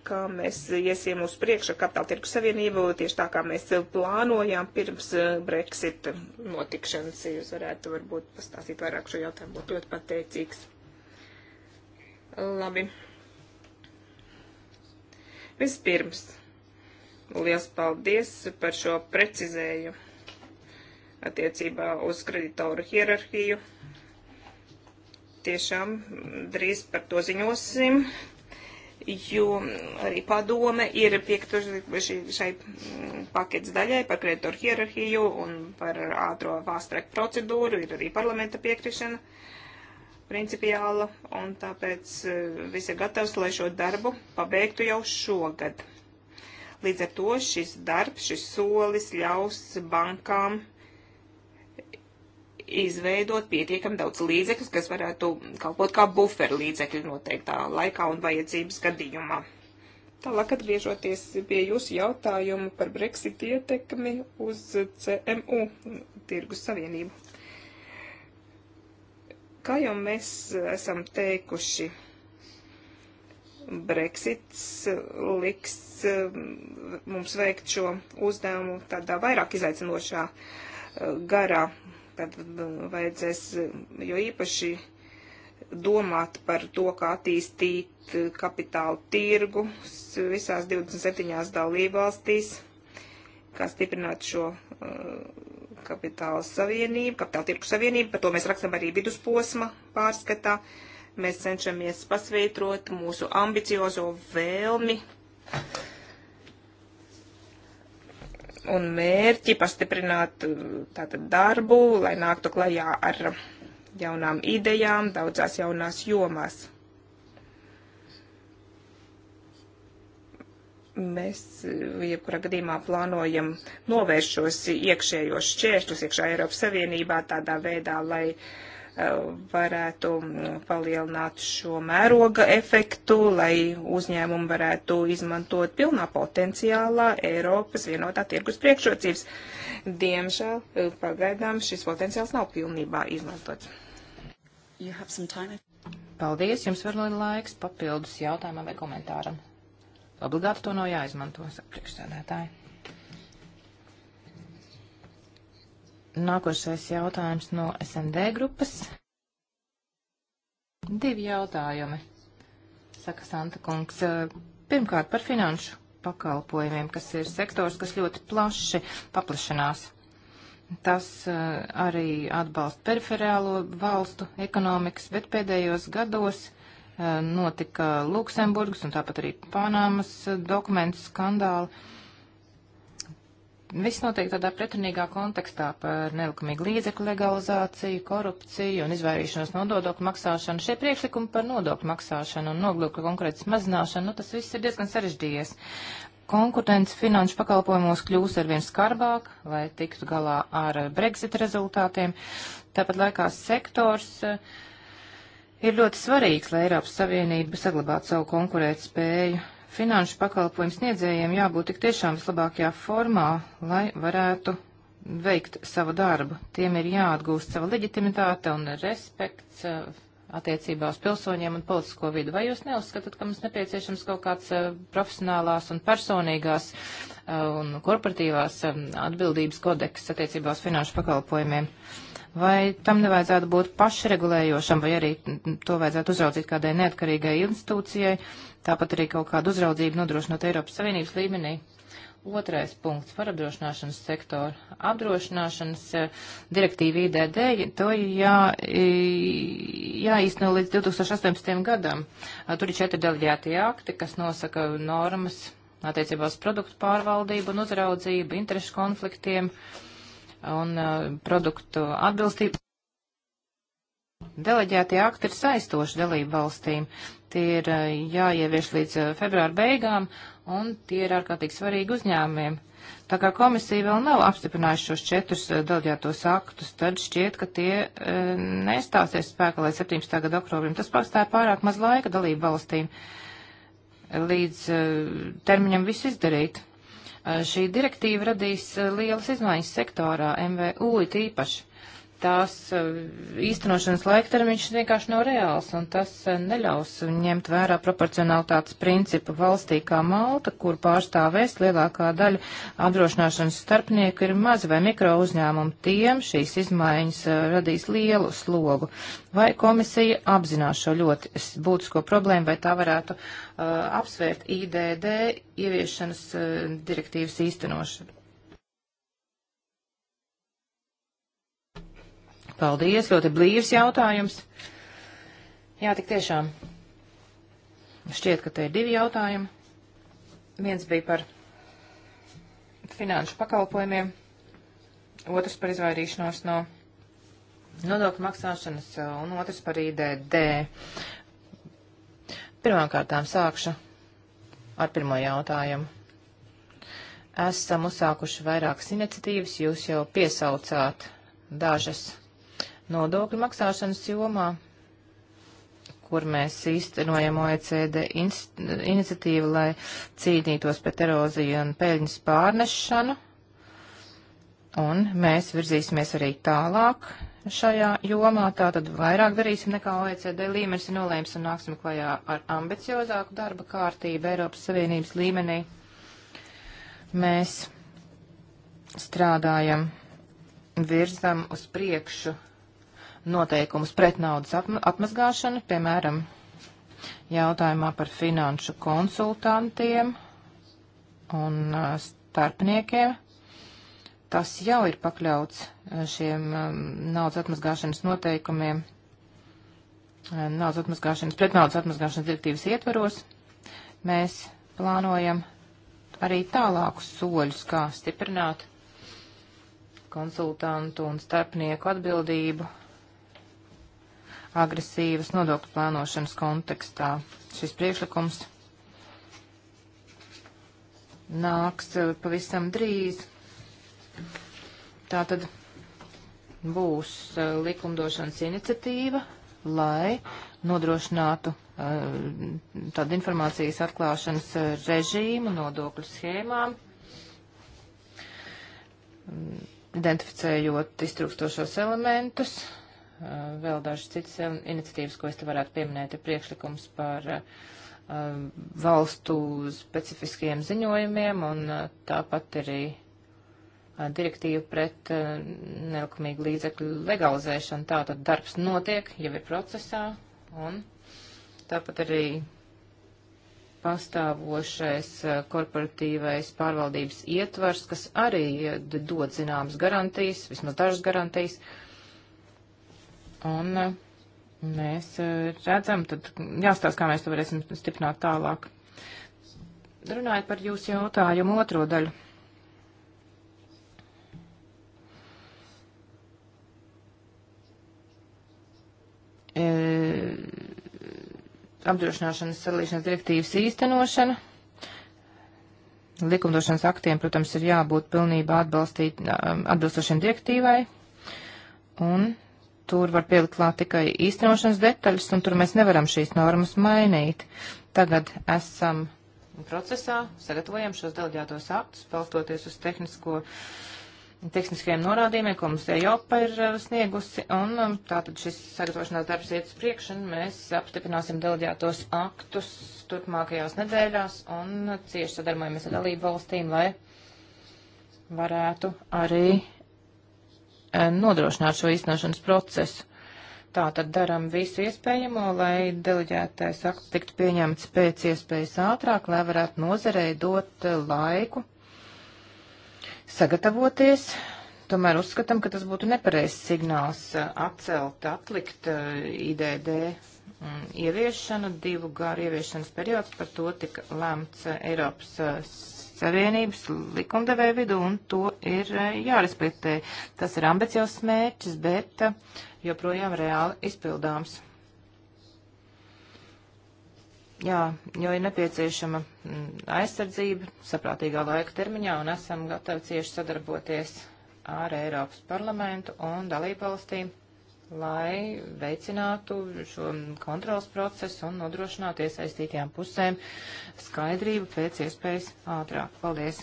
kā mēs iesim uz priekšu ar kapitāla tirku savienību, tieši tā kā mēs plānojām pirms eh, Brexit notikšanas. Ja jūs varētu varbūt pastāstīt vairāk šo jautājumu, būtu ļoti pateicīgs. Labi. Vispirms Liels paldies par šo precizējumu attiecībā uz kreditoru hierarhiju. Tiešām drīz par to ziņosim, jo arī padome ir piektuši šai paketes daļai par kreditoru hierarhiju un par ātro fast-track procedūru, ir arī parlamenta piekrišana principiāla, un tāpēc eh, viss ir gatavs, lai šo darbu pabeigtu jau šogad. Līdz ar to šis darbs, šis solis ļaus bankām izveidot pietiekam daudz līdzekļus, kas varētu kalpot kā buferu līdzekļi noteiktā laikā un vajadzības gadījumā. Tālāk atgriežoties pie jūsu jautājumu par Brexit ietekmi uz CMU tirgus savienību. Kā jau mēs esam teikuši, Brexits liks Um, mums veikt šo uzdevumu tādā vairāk izaicinošā uh, garā. Tad um, vajadzēs um, jo īpaši domāt par to, kā attīstīt uh, kapitālu tirgus visās 27 dalībvalstīs, kā stiprināt šo uh, kapitāla savienību, kapitāla tirku savienību, par to mēs rakstam arī vidusposma pārskatā. Mēs cenšamies pasveitrot mūsu ambiciozo vēlmi un mērķi pastiprināt uh, tātad darbu, lai nāktu klajā ar jaunām idejām daudzās jaunās jomās. Mēs uh, jebkurā gadījumā plānojam novērst šos iekšējos šķēršļus iekšā Eiropas Savienībā tādā veidā, lai uh, varētu palielināt šo mēroga efektu, lai uzņēmumi varētu izmantot pilnā potenciālā Eiropas vienotā tirgus priekšrocības. Diemžēl pagaidām šis potenciāls nav pilnībā izmantots. Paldies, jums vēl ir laiks papildus jautājumam vai komentāram. Obligāti to nav jāizmanto, saka priekšsēdētāji. Nākošais jautājums no SND grupas. Divi jautājumi, saka Santa kungs. Pirmkārt par finanšu pakalpojumiem, kas ir sektors, kas ļoti plaši paplašanās. Tas eh, arī atbalsta periferālo valstu ekonomikas, bet pēdējos gados eh, notika Luksemburgas un tāpat arī Panamas eh, dokumentu skandāli Viss notiek tādā pretrunīgā kontekstā par nelikumīgu līdzekļu legalizāciju, korupciju un izvairīšanos no nodokļu maksāšanu. Šie priekšlikumi par nodokļu maksāšanu un nodokļu konkurences mazināšanu, nu tas viss ir diezgan sarežģījies. Konkurence finanšu pakalpojumos kļūs arvien skarbāk, lai tiktu galā ar Brexit rezultātiem. Tāpat laikā sektors eh, ir ļoti svarīgs, lai Eiropas Savienība saglabātu savu konkurētspēju finanšu pakalpojumu sniedzējiem jābūt tik tiešām vislabākajā formā, lai varētu veikt savu darbu. Tiem ir jāatgūst sava leģitimitāte un respekts eh, attiecībā uz pilsoņiem un politisko vidu. Vai jūs neuzskatāt, ka mums nepieciešams kaut kāds eh, profesionālās un personīgās eh, un korporatīvās atbildības kodeks attiecībā uz finanšu pakalpojumiem? Vai tam nevajadzētu būt pašregulējošam, vai arī mm, to vajadzētu uzraudzīt kādai neatkarīgai institūcijai, tāpat arī kaut kādu uzraudzību nodrošinot Eiropas Savienības līmenī. Otrais punkts par apdrošināšanas sektoru. Apdrošināšanas eh, direktīva IDD, to jā, jāīsteno līdz 2018. gadam. Tur ir četri deleģētie akti, kas nosaka normas attiecībā uz produktu pārvaldību un uzraudzību, interešu konfliktiem un produktu atbilstību. Deleģētie akti ir saistoši dalību valstīm. Tie ir eh, jāievieš līdz eh, februāra beigām, un tie ir ārkārtīgi svarīgi uzņēmumiem. Tā kā komisija vēl nav apstiprinājusi šos četrus eh, delģētos aktus, tad šķiet, ka tie e, nestāsies spēkā līdz 17. gada oktobrim. Tas pastāja pārāk maz laika dalību valstīm līdz e, termiņam visu izdarīt. E, šī direktīva radīs lielas izmaiņas sektorā MVU it īpaši tās eh, īstenošanas laiktermiņš vienkārši nav reāls, un tas eh, neļaus ņemt vērā proporcionalitātes principu valstī kā Malta, kur pārstāvēs lielākā daļa apdrošināšanas starpnieku ir mazi vai mikro uzņēmumi. Tiem šīs izmaiņas eh, radīs lielu slogu. Vai komisija apzinās šo ļoti būtisko problēmu, vai tā varētu uh, apsvērt IDD ieviešanas uh, direktīvas īstenošanu? Paldies, ļoti blīvs jautājums. Jā, tik tiešām. Šķiet, ka te ir divi jautājumi. Viens bija par finanšu pakalpojumiem, otrs par izvairīšanos no nodokļu maksāšanas un otrs par IDD. Pirmkārtām sākšu ar pirmo jautājumu. Esam uzsākuši vairākas iniciatīvas, jūs jau piesaucāt dažas nodokļu maksāšanas jomā, kur mēs īstenojam OECD in iniciatīvu, lai cīnītos pret eroziju un peļņas pārnešanu. Un mēs virzīsimies arī tālāk šajā jomā, tātad vairāk darīsim nekā OECD līmenis nolēms un nāksim klajā ar ambiciozāku darba kārtību Eiropas Savienības līmenī. Mēs strādājam, virzam uz priekšu noteikumus pret naudas atmazgāšanu, piemēram, jautājumā par finanšu konsultantiem un starpniekiem. Tas jau ir pakļauts šiem naudas atmazgāšanas noteikumiem, naudas atmazgāšanas, pret naudas atmazgāšanas direktīvas ietvaros. Mēs plānojam arī tālākus soļus, kā stiprināt konsultantu un starpnieku atbildību agresīvas nodokļu plānošanas kontekstā. Šis priekšlikums nāks eh, pavisam drīz. Tā tad būs eh, likumdošanas iniciatīva, lai nodrošinātu eh, tādu informācijas atklāšanas režīmu nodokļu schēmām, mm, identificējot iztrūkstošos elementus, Eh, vēl dažas citas iniciatīvas, ko es te varētu pieminēt, ir priekšlikums par eh, valstu specifiskajiem ziņojumiem un eh, tāpat arī direktīva pret nelikumīgu līdzekļu legalizēšanu. Tātad darbs notiek, jau ir procesā un tāpat arī pastāvošais korporatīvais pārvaldības ietvars, kas arī dod zināmas garantijas, vismaz dažas garantijas. Uh, Un uh, mēs uh, redzam, tad jāstāsta, kā mēs to varēsim stiprināt tālāk. Runājot par jūsu jautājumu otro daļu. E, apdrošināšanas sadalīšanas direktīvas īstenošana. Likumdošanas aktiem, protams, ir jābūt pilnībā um, atbilstošiem direktīvai. Un tur var pielikt klāt tikai īstenošanas detaļas, un tur mēs nevaram šīs normas mainīt. Tagad esam procesā, sagatavojam šos delģētos aktus, palstoties uz tehnisko, tehniskajiem norādījumiem, ko mums Eiropa ir eh, sniegusi, un um, tātad šis sagatavošanās darbs iet uz priekšu, un mēs apstiprināsim delģētos aktus turpmākajās nedēļās, un cieši sadarbojamies ar dalību valstīm, lai varētu arī Eh, nodrošināt šo īstenošanas procesu. Tā tad daram visu iespējamo, lai deleģētais akts tiktu pieņemts pēc iespējas ātrāk, lai varētu nozarei dot eh, laiku sagatavoties. Tomēr uzskatām, ka tas būtu nepareizs signāls eh, atcelt, atlikt IDD mm, ieviešanu, divu gāru ieviešanas periods, par to tika lemts Eiropas Savienības likumdevēja vidu, un to ir eh, jārespektē. Tas ir ambiciozs mērķis, bet eh, joprojām reāli izpildāms. Jā, jo ir nepieciešama mm, aizsardzība saprātīgā laika termiņā, un esam gatavi cieši sadarboties ar Eiropas parlamentu un dalībvalstīm lai veicinātu šo kontrols procesu un nodrošinātu iesaistītajām pusēm skaidrību pēc iespējas ātrāk. Paldies!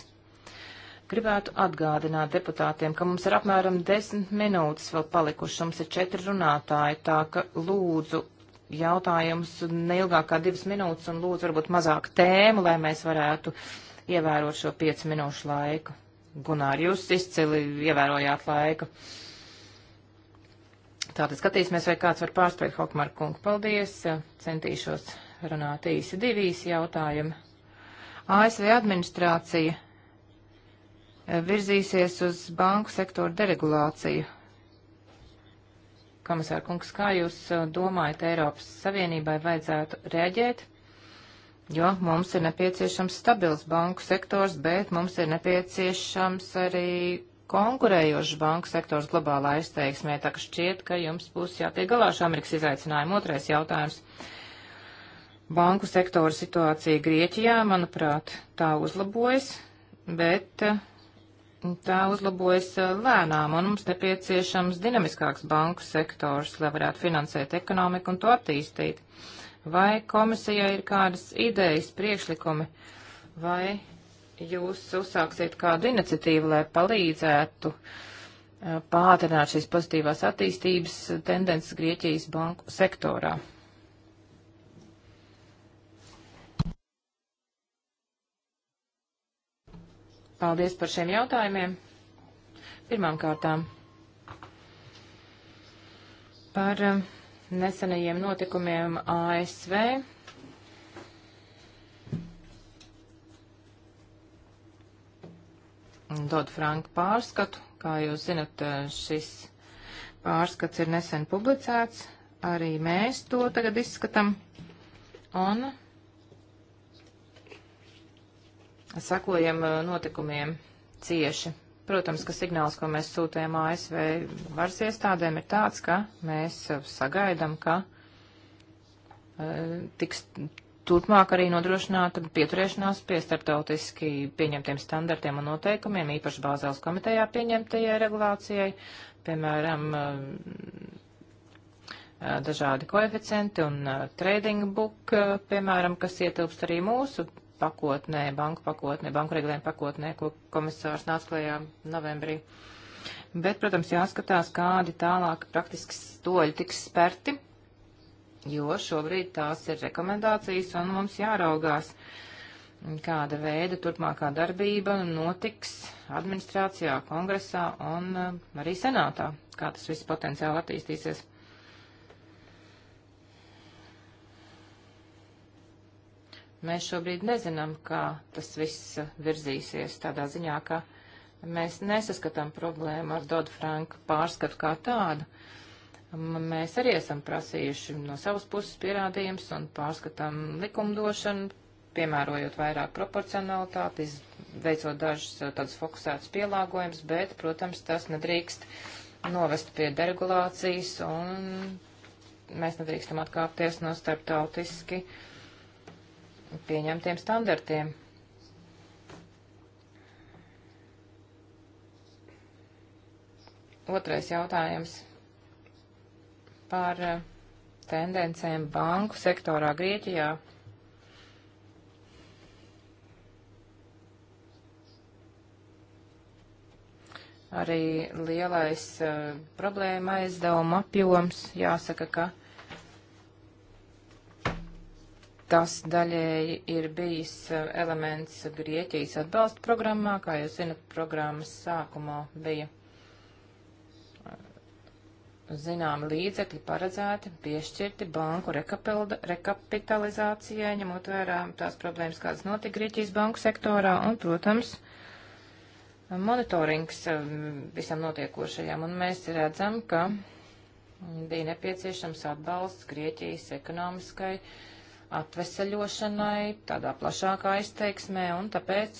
Gribētu atgādināt deputātiem, ka mums ir apmēram desmit minūtes vēl palikušas, mums ir četri runātāji, tā ka lūdzu jautājumus neilgāk kā divas minūtes un lūdzu varbūt mazāk tēmu, lai mēs varētu ievērot šo piecu minūšu laiku. Gunār, jūs izcili ievērojāt laiku. Uh, Tātad skatīsimies, vai kāds var pārspēt Hokmar kungu. Paldies, centīšos runāt īsi divīs jautājumi. ASV administrācija virzīsies uz banku sektoru deregulāciju. Komisāra kungs, kā jūs uh, domājat, Eiropas Savienībai vajadzētu reaģēt? Jo mums ir nepieciešams stabils banku sektors, bet mums ir nepieciešams arī konkurējošs banku sektors globālā izteiksmē, tā ka šķiet, ka jums būs jātiek galā ar Amerikas izaicinājumu. Otrais jautājums. Banku sektora situācija Grieķijā, manuprāt, tā uzlabojas, bet eh, tā uzlabojas eh, lēnām, un mums nepieciešams dinamiskāks banku sektors, lai varētu finansēt ekonomiku un to attīstīt. Vai komisijai ir kādas idejas, priekšlikumi, vai jūs uzsāksiet kādu iniciatīvu, lai palīdzētu pātrināt šīs pozitīvās attīstības tendences Grieķijas banku sektorā? Paldies par šiem jautājumiem. Pirmām kārtām par nesenajiem notikumiem ASV Dodu Franku pārskatu. Kā jūs zinat, eh, šis pārskats ir nesen publicēts. Arī mēs to tagad izskatam. Un sakojam eh, notikumiem cieši. Protams, ka signāls, ko mēs sūtējam ASV varas iestādēm, ir tāds, ka mēs eh, sagaidam, ka tiks turpmāk arī nodrošināt pieturēšanās pie starptautiski pieņemtiem standartiem un noteikumiem, īpaši Bāzēlas komitejā pieņemtajai regulācijai, piemēram, eh, eh, dažādi koeficienti un eh, trading book, piemēram, kas ietilpst arī mūsu pakotnē, banku pakotnē, banku regulējuma pakotnē, ko komisārs nāca klajā novembrī. Bet, protams, jāskatās, kādi tālāk praktiski stoļi tiks sperti jo šobrīd tās ir rekomendācijas un mums jāraugās, kāda veida turpmākā darbība notiks administrācijā, kongresā un eh, arī senātā, kā tas viss potenciāli attīstīsies. Mēs šobrīd nezinām, kā tas viss virzīsies tādā ziņā, ka mēs nesaskatām problēmu ar Dodu Franku pārskatu kā tādu. Uh, Mēs arī esam prasījuši no savas puses pierādījums un pārskatām likumdošanu, piemērojot vairāk proporcionalitāti, veicot dažus eh, tādus fokusētus pielāgojumus, bet, protams, tas nedrīkst novest pie deregulācijas un mēs nedrīkstam atkāpties no starptautiski pieņemtiem standartiem. Otrais jautājums par eh, tendencēm banku sektorā Grieķijā. Arī lielais uh, problēma aizdevuma apjoms, jāsaka, ka tas daļēji ir bijis uh, elements Grieķijas atbalsta programmā, kā jūs zinat, programmas sākumā bija zināmi līdzekļi paredzēti, piešķirti banku rekapitalizācijai, ņemot vērā tās problēmas, kādas notika Grieķijas banku sektorā, un, protams, monitorings um, visam notiekošajam, un mēs redzam, ka bija nepieciešams atbalsts Grieķijas ekonomiskai atveseļošanai tādā plašākā izteiksmē, un tāpēc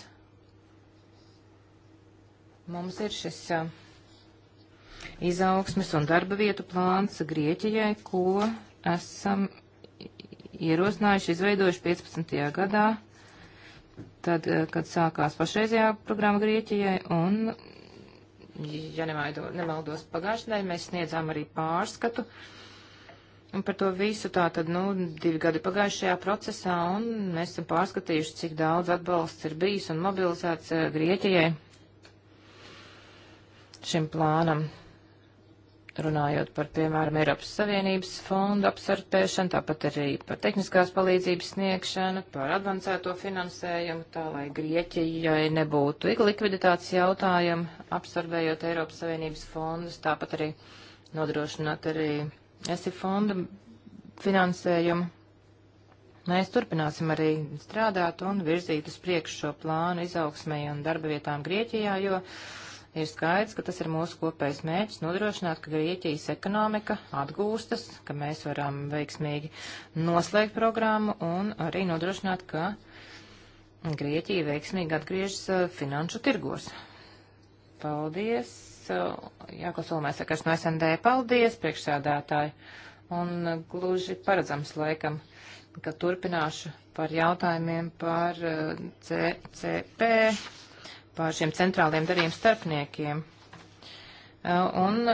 mums ir šis uh, izaugsmes un darba vietu plāns Grieķijai, ko esam ierosinājuši, izveidojuši 15. gadā, tad, eh, kad sākās pašreizējā programma Grieķijai, un, ja nemaidu, nemaldos pagājušajā nedēļā, mēs sniedzām arī pārskatu. Un par to visu tā tad, nu, divi gadi pagājušajā procesā, un mēs esam pārskatījuši, cik daudz atbalsts ir bijis un mobilizēts eh, Grieķijai šim plānam runājot par, piemēram, Eiropas Savienības fondu apsarpēšanu, tāpat arī par tehniskās palīdzības sniegšanu, par advancēto finansējumu, tā lai Grieķijai nebūtu likviditātes jautājumu, apsarpējot Eiropas Savienības fondus, tāpat arī nodrošināt arī esi fondu finansējumu. Mēs turpināsim arī strādāt un virzīt uz priekšu šo plānu izaugsmē un darba vietām Grieķijā, jo uh, Ir skaidrs, ka tas ir mūsu kopējs mērķis nodrošināt, ka Grieķijas ekonomika atgūstas, ka mēs varam veiksmīgi noslēgt programmu un arī nodrošināt, ka Grieķija veiksmīgi atgriežas uh, finanšu tirgos. Paldies! Uh, Jākos Olmēs, sakars no SND, paldies, priekšsēdētāji! Un uh, gluži paredzams laikam, ka turpināšu par jautājumiem par CCP par šiem centrāliem darījuma starpniekiem. Eh, un,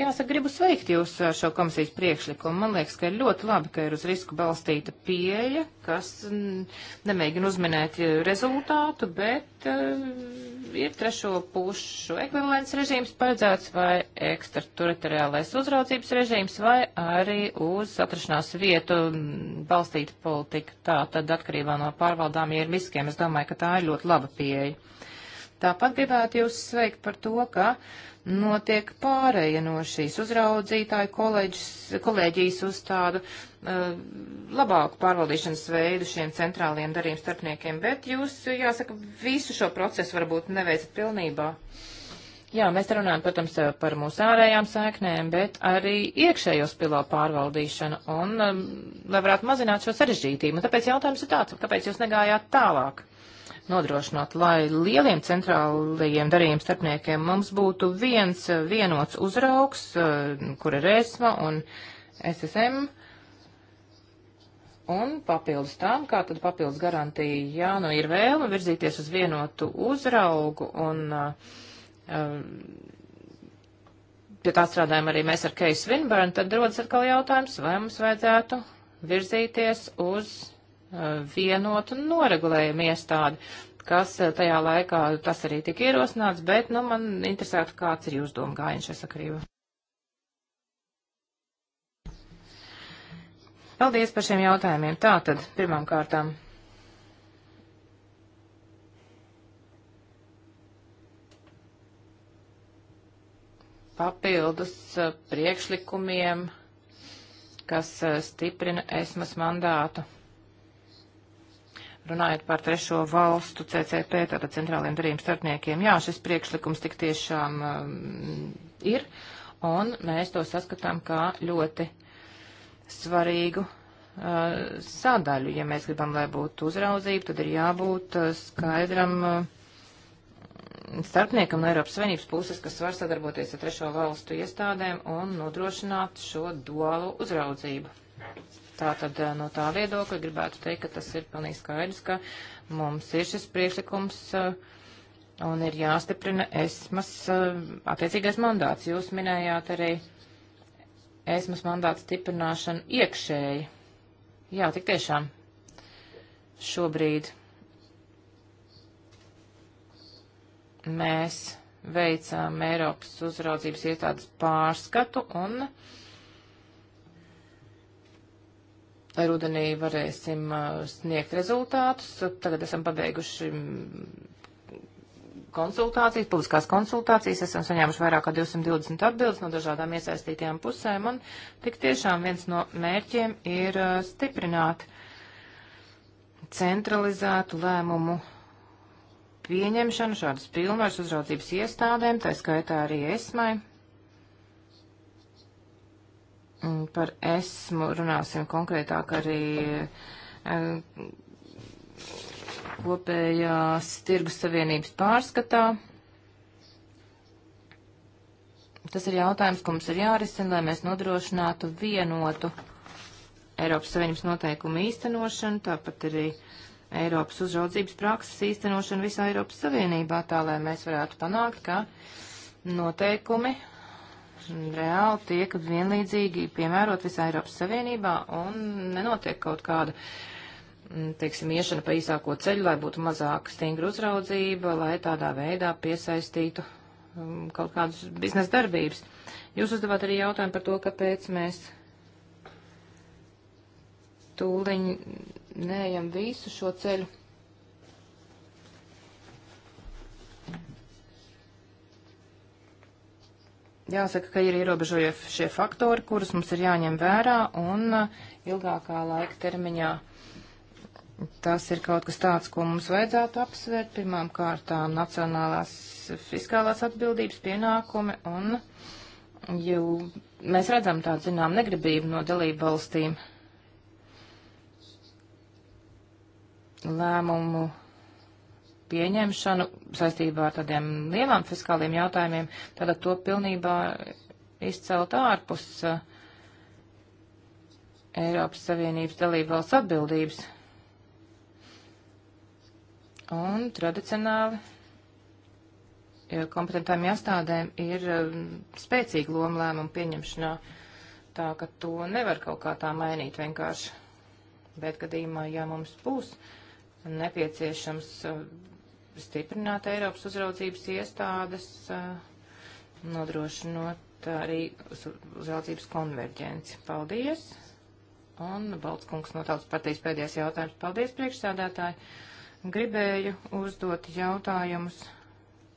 jāsaka, gribu sveikt jūs ar šo komisijas priekšlikumu. Man liekas, ka ir ļoti labi, ka ir uz risku balstīta pieeja, kas nemēģina uzminēt eh, rezultātu, bet uh, ir trešo pušu ekvivalents režīms paredzēts vai ekstrateritoriālais uzraudzības režīms vai arī uz atrašanās vietu balstīta politika. Tā tad atkarībā no pārvaldām ja ir riskiem. Es domāju, ka tā ir ļoti laba pieeja. Tāpat gribētu jūs sveikt par to, ka notiek pārēja no šīs uzraudzītāju koleģis, kolēģijas uz tādu uh, labāku pārvaldīšanas veidu šiem centrāliem darījuma starpniekiem, bet jūs, jāsaka, visu šo procesu varbūt neveicat pilnībā. Jā, mēs runājam, protams, par mūsu ārējām sēknēm, bet arī iekšējos pilotu pārvaldīšanu un, um, lai varētu mazināt šo sarežģītību. Un tāpēc jautājums ir tāds, kāpēc jūs negājāt tālāk? nodrošināt, lai lieliem centrālajiem darījuma starpniekiem mums būtu viens eh, vienots uzraugs, eh, kur ir ESMA un SSM. Un papildus tam, kā tad papildus garantija, jā, nu ir vēlme virzīties uz vienotu uzraugu un uh, pie tā strādājam arī mēs ar Keis Winburn, tad rodas atkal jautājums, vai mums vajadzētu virzīties uz vienotu noregulējumu iestādi, kas eh, tajā laikā tas arī tika ierosināts, bet, nu, man interesētu, kāds ir jūsu doma gājiņš šajā sakarībā. Paldies par šiem jautājumiem. Tātad, pirmām kārtām. Papildus eh, priekšlikumiem, kas eh, stiprina esmas mandātu Runājot par trešo valstu CCP, tātad centrāliem darījuma starpniekiem, jā, šis priekšlikums tik tiešām um, ir, un mēs to saskatām kā ļoti svarīgu uh, sadaļu. Ja mēs gribam, lai būtu uzraudzība, tad ir jābūt uh, skaidram uh, starpniekam no Eiropas Savienības puses, kas var sadarboties ar trešo valstu iestādēm un nodrošināt šo duālu uzraudzību. Tātad eh, no tā viedokļa gribētu teikt, ka tas ir pilnīgi skaidrs, ka mums ir šis priekšlikums eh, un ir jāstiprina esmas eh, attiecīgais mandāts. Jūs minējāt arī esmas mandāta stiprināšanu iekšēji. Jā, tik tiešām šobrīd mēs veicām Eiropas uzraudzības iestādes pārskatu un uh, rudenī varēsim uh, sniegt rezultātus. Tagad esam pabeiguši mm, konsultācijas, publiskās konsultācijas, esam saņēmuši vairāk kā 220 atbildes no dažādām iesaistītajām pusēm, un tik tiešām viens no mērķiem ir uh, stiprināt centralizētu lēmumu pieņemšanu šādas pilnvaras uzraudzības iestādēm, tā skaitā arī esmai. Mm, par esmu runāsim konkrētāk arī e, kopējās tirgus savienības pārskatā. Tas ir jautājums, ko mums ir jārisina, lai mēs nodrošinātu vienotu Eiropas Savienības noteikumu īstenošanu, tāpat arī Eiropas uzraudzības prakses īstenošanu visā Eiropas Savienībā, tā lai mēs varētu panākt, ka noteikumi reāli tiek vienlīdzīgi piemērot visā Eiropas Savienībā un nenotiek kaut kāda, mm, teiksim, iešana pa īsāko ceļu, lai būtu mazāk stingra uzraudzība, lai tādā veidā piesaistītu mm, kaut kādas biznesa darbības. Jūs uzdevāt arī jautājumu par to, kāpēc mēs tūliņ neejam visu šo ceļu. jāsaka, ka ir ierobežojošie faktori, kurus mums ir jāņem vērā, un uh, ilgākā laika termiņā tas ir kaut kas tāds, ko mums vajadzētu apsvērt. Pirmām kārtām nacionālās fiskālās atbildības pienākumi, un jau mēs redzam tādu, zinām, negribību no dalību valstīm lēmumu pieņemšanu saistībā ar tādiem lielām fiskāliem jautājumiem, tad to pilnībā izcelt ārpus uh, Eiropas Savienības dalību valsts atbildības. Un tradicionāli kompetentām iestādēm ir um, spēcīga loma lēmumu pieņemšanā, tā ka to nevar kaut kā tā mainīt vienkārši. Bet gadījumā, ja mums būs nepieciešams uh, stiprināt Eiropas uzraudzības iestādes, eh, nodrošinot arī uzraudzības konverģenci. Paldies! Un Baltskungs no tautas partijas pēdējais jautājums. Paldies, priekšsādātāji! Gribēju uzdot jautājumus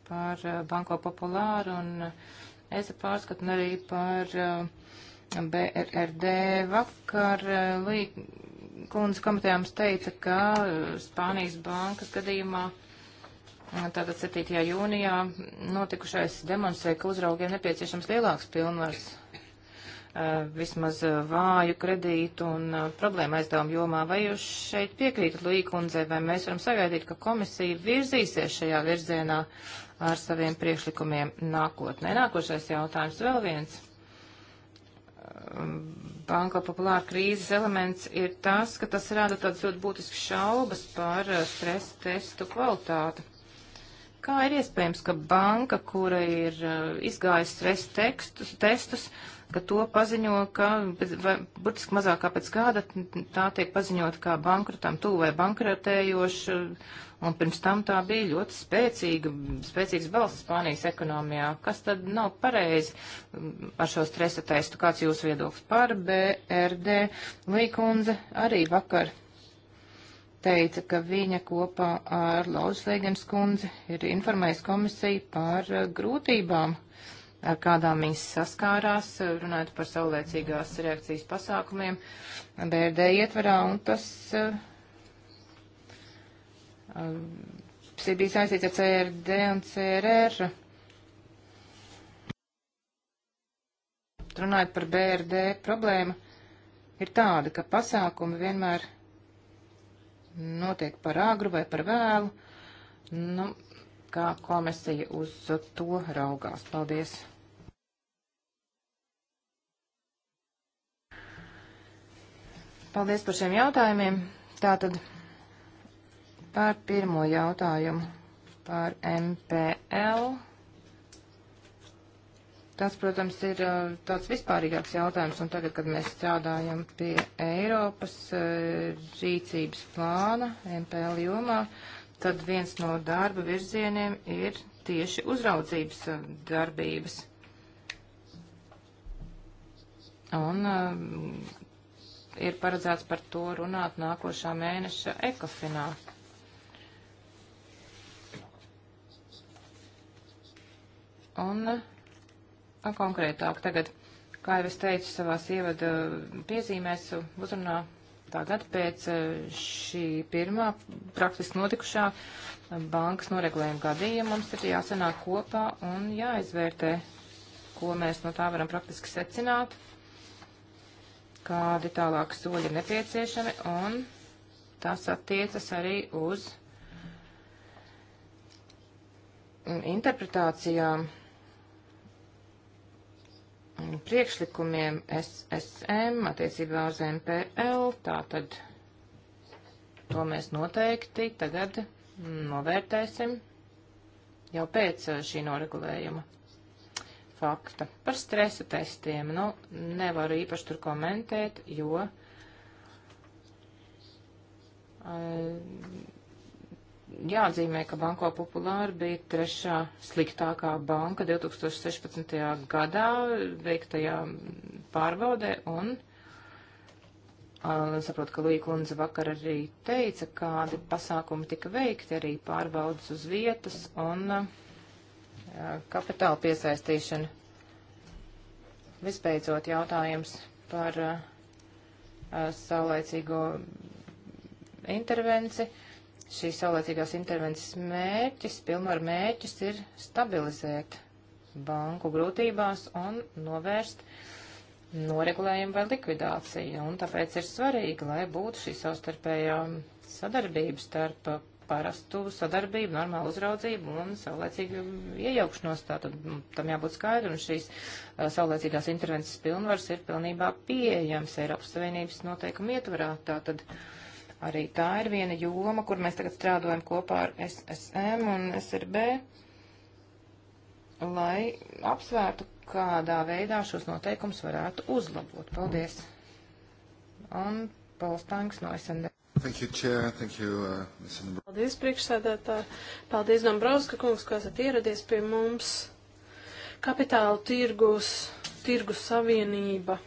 par eh, Banko Populāru un eh, es pārskatu un arī par BRRD vakar. Lī, kundze komitejā mums teica, ka Spānijas bankas gadījumā uh, Tātad 7. jūnijā notikušais demonstrē, ka uzraugiem nepieciešams lielāks pilnvars vismaz vāju kredītu un problēma aizdevumu jomā. Vai jūs šeit piekrītat Līkundze, vai mēs varam sagaidīt, ka komisija virzīsies šajā virzienā ar saviem priekšlikumiem nākotnē? Nākošais jautājums vēl viens. Banko populāra krīzes elements ir tas, ka tas rada tādas ļoti būtiskas šaubas par stresa testu kvalitāti. Kā ir iespējams, ka banka, kura ir uh, izgājusi stresa tekstus, testus, ka to paziņo, ka vai, burtiski mazāk kā pēc gada tā tiek paziņota kā bankrotam tuvu vai bankrotējoša, un pirms tam tā bija ļoti spēcīga, spēcīgs balsts Spānijas ekonomijā. Kas tad nav pareizi um, ar šo stresa testu? Kāds jūs viedoklis par BRD? Līkundze arī vakar teica, ka viņa kopā ar Lauslēgens kundzi ir informējusi komisiju par eh, grūtībām, ar kādām viņas saskārās, runājot par saulēcīgās reakcijas pasākumiem BRD ietvarā, un tas uh, uh, bija saistīts ar CRD un CRR. Runājot par BRD problēmu, ir tāda, ka pasākumi vienmēr notiek par āgru vai par vēlu. Nu, kā komisija uz to raugās? Paldies! Paldies par šiem jautājumiem. Tātad par pirmo jautājumu par MPL. Tas, protams, ir uh, tāds vispārīgāks jautājums, un tagad, kad mēs strādājam pie Eiropas uh, rīcības plāna MPL jomā, tad viens no darba virzieniem ir tieši uzraudzības uh, darbības. Un ir paredzēts par to runāt nākošā mēneša ekofinā. Un uh, konkrētāk tagad, kā jau es teicu savās ievada piezīmēs uzrunā, tagad pēc e, šī pirmā praktiski notikušā e, bankas noregulējuma gadījuma mums ir jāsanāk kopā un jāizvērtē, ko mēs no tā varam praktiski secināt, kādi tālāk soļi ir nepieciešami un tas attiecas arī uz interpretācijām priekšlikumiem SSM attiecībā uz MPL, tātad to mēs noteikti tagad novērtēsim jau pēc eh, šī noregulējuma fakta. Par stresa testiem, nu, nevaru īpaši tur komentēt, jo uh, jāatzīmē, ka Banko Populāra bija trešā sliktākā banka 2016. gadā veiktajā pārbaudē, un uh, saprotu, ka Līja Kundze vakar arī teica, kādi pasākumi tika veikti, arī pārbaudas uz vietas un uh, kapitāla piesaistīšana. Visbeidzot jautājums par uh, saulēcīgo intervenci. Uh, šīs saulēcīgās intervences mērķis, pilnvar mērķis ir stabilizēt banku grūtībās un novērst noregulējumu vai likvidāciju. Un tāpēc ir svarīgi, lai būtu šī savstarpējā sadarbība starp parastu sadarbību, normālu uzraudzību un saulēcīgu iejaukšanos. Tātad tam jābūt skaidru, un šīs uh, saulēcīgās intervences pilnvars ir pilnībā pieejams Eiropas Savienības noteikumu ietvarā. Tātad uh, Arī tā ir viena joma, kur mēs tagad strādājam kopā ar SSM un SRB, lai apsvērtu, kādā veidā šos noteikumus varētu uzlabot. Paldies! Un Pauls Tanks no SND. Thank you, Chair. Thank you, uh, Mr. Paldies, priekšsēdētāji. Paldies, Dombrovska kungs, ka esat ieradies pie mums. Kapitāla tirgus, tirgus savienība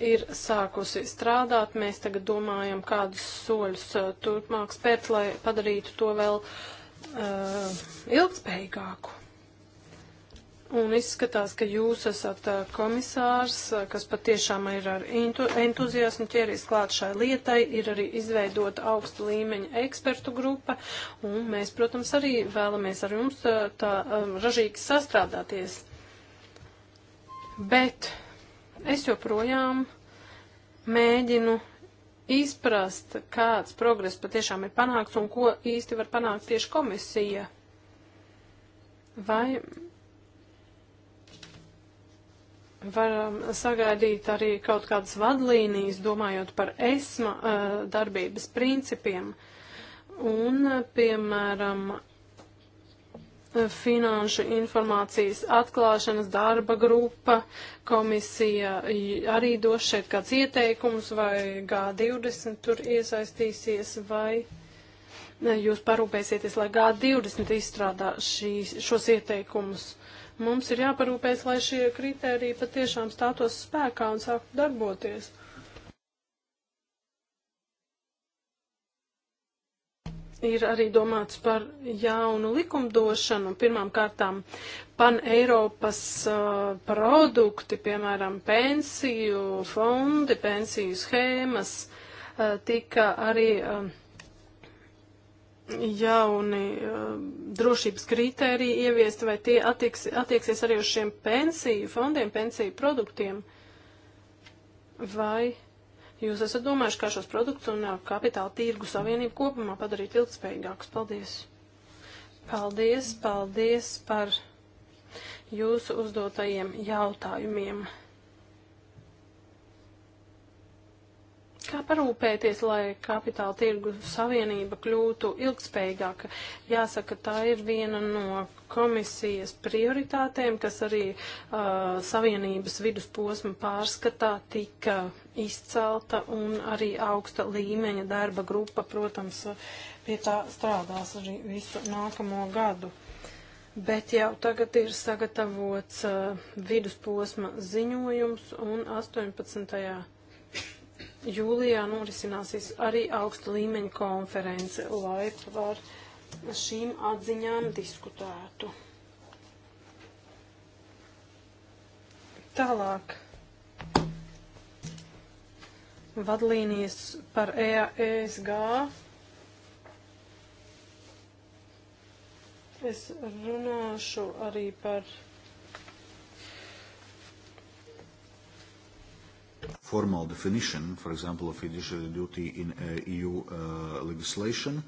ir sākusi strādāt. Mēs tagad domājam, kādus soļus eh, turpmāk spērt, lai padarītu to vēl uh, ilgspējīgāku. Un izskatās, ka jūs esat eh, komisārs, kas patiešām ir ar entuziasmu ķeries klāt šai lietai, ir arī izveidota augsta līmeņa ekspertu grupa, un mēs, protams, arī vēlamies ar jums tā, tā ražīgi sastrādāties. Bet Es joprojām mēģinu izprast, kāds progress patiešām ir panākts un ko īsti var panākt tieši komisija. Vai varam sagaidīt arī kaut kādas vadlīnijas, domājot par esma eh, darbības principiem? Un, piemēram, Eh, finanšu informācijas atklāšanas darba grupa, komisija arī dos šeit kāds ieteikums, vai G20 tur iesaistīsies, vai jūs parūpēsieties, lai G20 izstrādā šīs, šos ieteikumus. Mums ir jāparūpēs, lai šie kriteriji patiešām stātos spēkā un sāktu darboties. ir arī domāts par jaunu likumdošanu. Pirmām kārtām pan-Eiropas uh, produkti, piemēram, pensiju fondi, pensiju schēmas, uh, tika arī uh, jauni uh, drošības kritēriji ieviesti, vai tie attieks, attieksies arī uz šiem pensiju fondiem, pensiju produktiem, vai Jūs esat domājuši, kā šos produktus un uh, kapitāla tirgu savienību kopumā padarīt ilgspējīgākus. Paldies! Paldies, paldies par jūsu uzdotajiem jautājumiem. Kā parūpēties, lai kapitāla tirgu savienība kļūtu ilgspējīgāka? Jāsaka, tā ir viena no komisijas prioritātēm, kas arī uh, savienības vidusposma pārskatā tika izcelta un arī augsta līmeņa darba grupa, protams, pie tā strādās arī visu nākamo gadu. Bet jau tagad ir sagatavots uh, vidusposma ziņojums un 18. Jūlijā norisināsies arī augsta līmeņa konference, lai par šīm atziņām diskutētu. Tālāk. Vadlīnijas par EASG. E es runāšu arī par formal definition, for example, of fiduciary duty in uh, EU uh, legislation.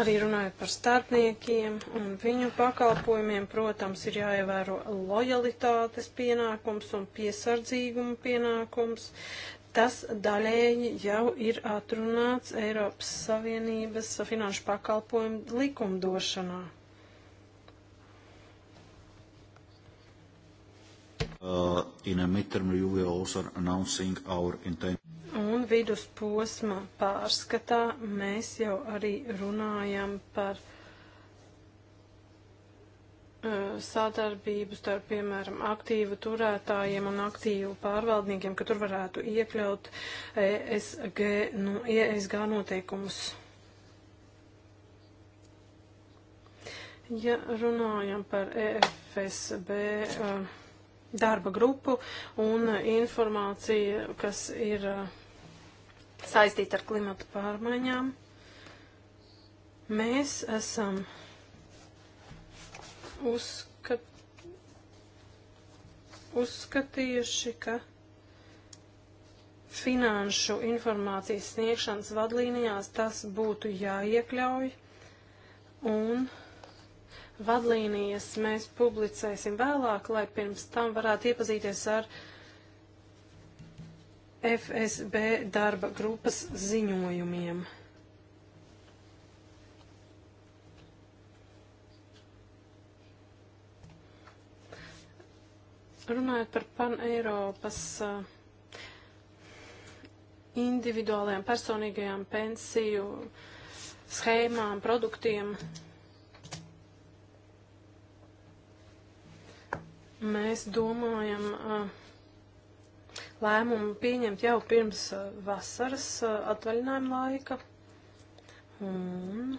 Arī runājot par starpniekiem un viņu pakalpojumiem, protams, ir jāievēro lojalitātes pienākums un piesardzīguma pienākums. Tas daļēji jau ir atrunāts Eiropas Savienības finanšu pakalpojumu likumdošanā. Uh, Un vidusposma pārskatā mēs jau arī runājam par uh, sadarbību starp, piemēram, aktīvu turētājiem un aktīvu pārvaldniekiem, ka tur varētu iekļaut ESG, nu, ESG noteikumus. Ja runājam par EFSB. Uh, darba grupu un informācija, kas ir uh, saistīta ar klimatu pārmaiņām. Mēs esam uzskat, uzskatījuši, ka finanšu informācijas sniegšanas vadlīnijās tas būtu jāiekļauj un vadlīnijas mēs publicēsim vēlāk, lai pirms tam varētu iepazīties ar FSB darba grupas ziņojumiem. Runājot par paneiropas uh, individuālajām personīgajām pensiju schēmām, produktiem, mēs domājam lēmumu pieņemt jau pirms vasaras atvaļinājuma laika. Un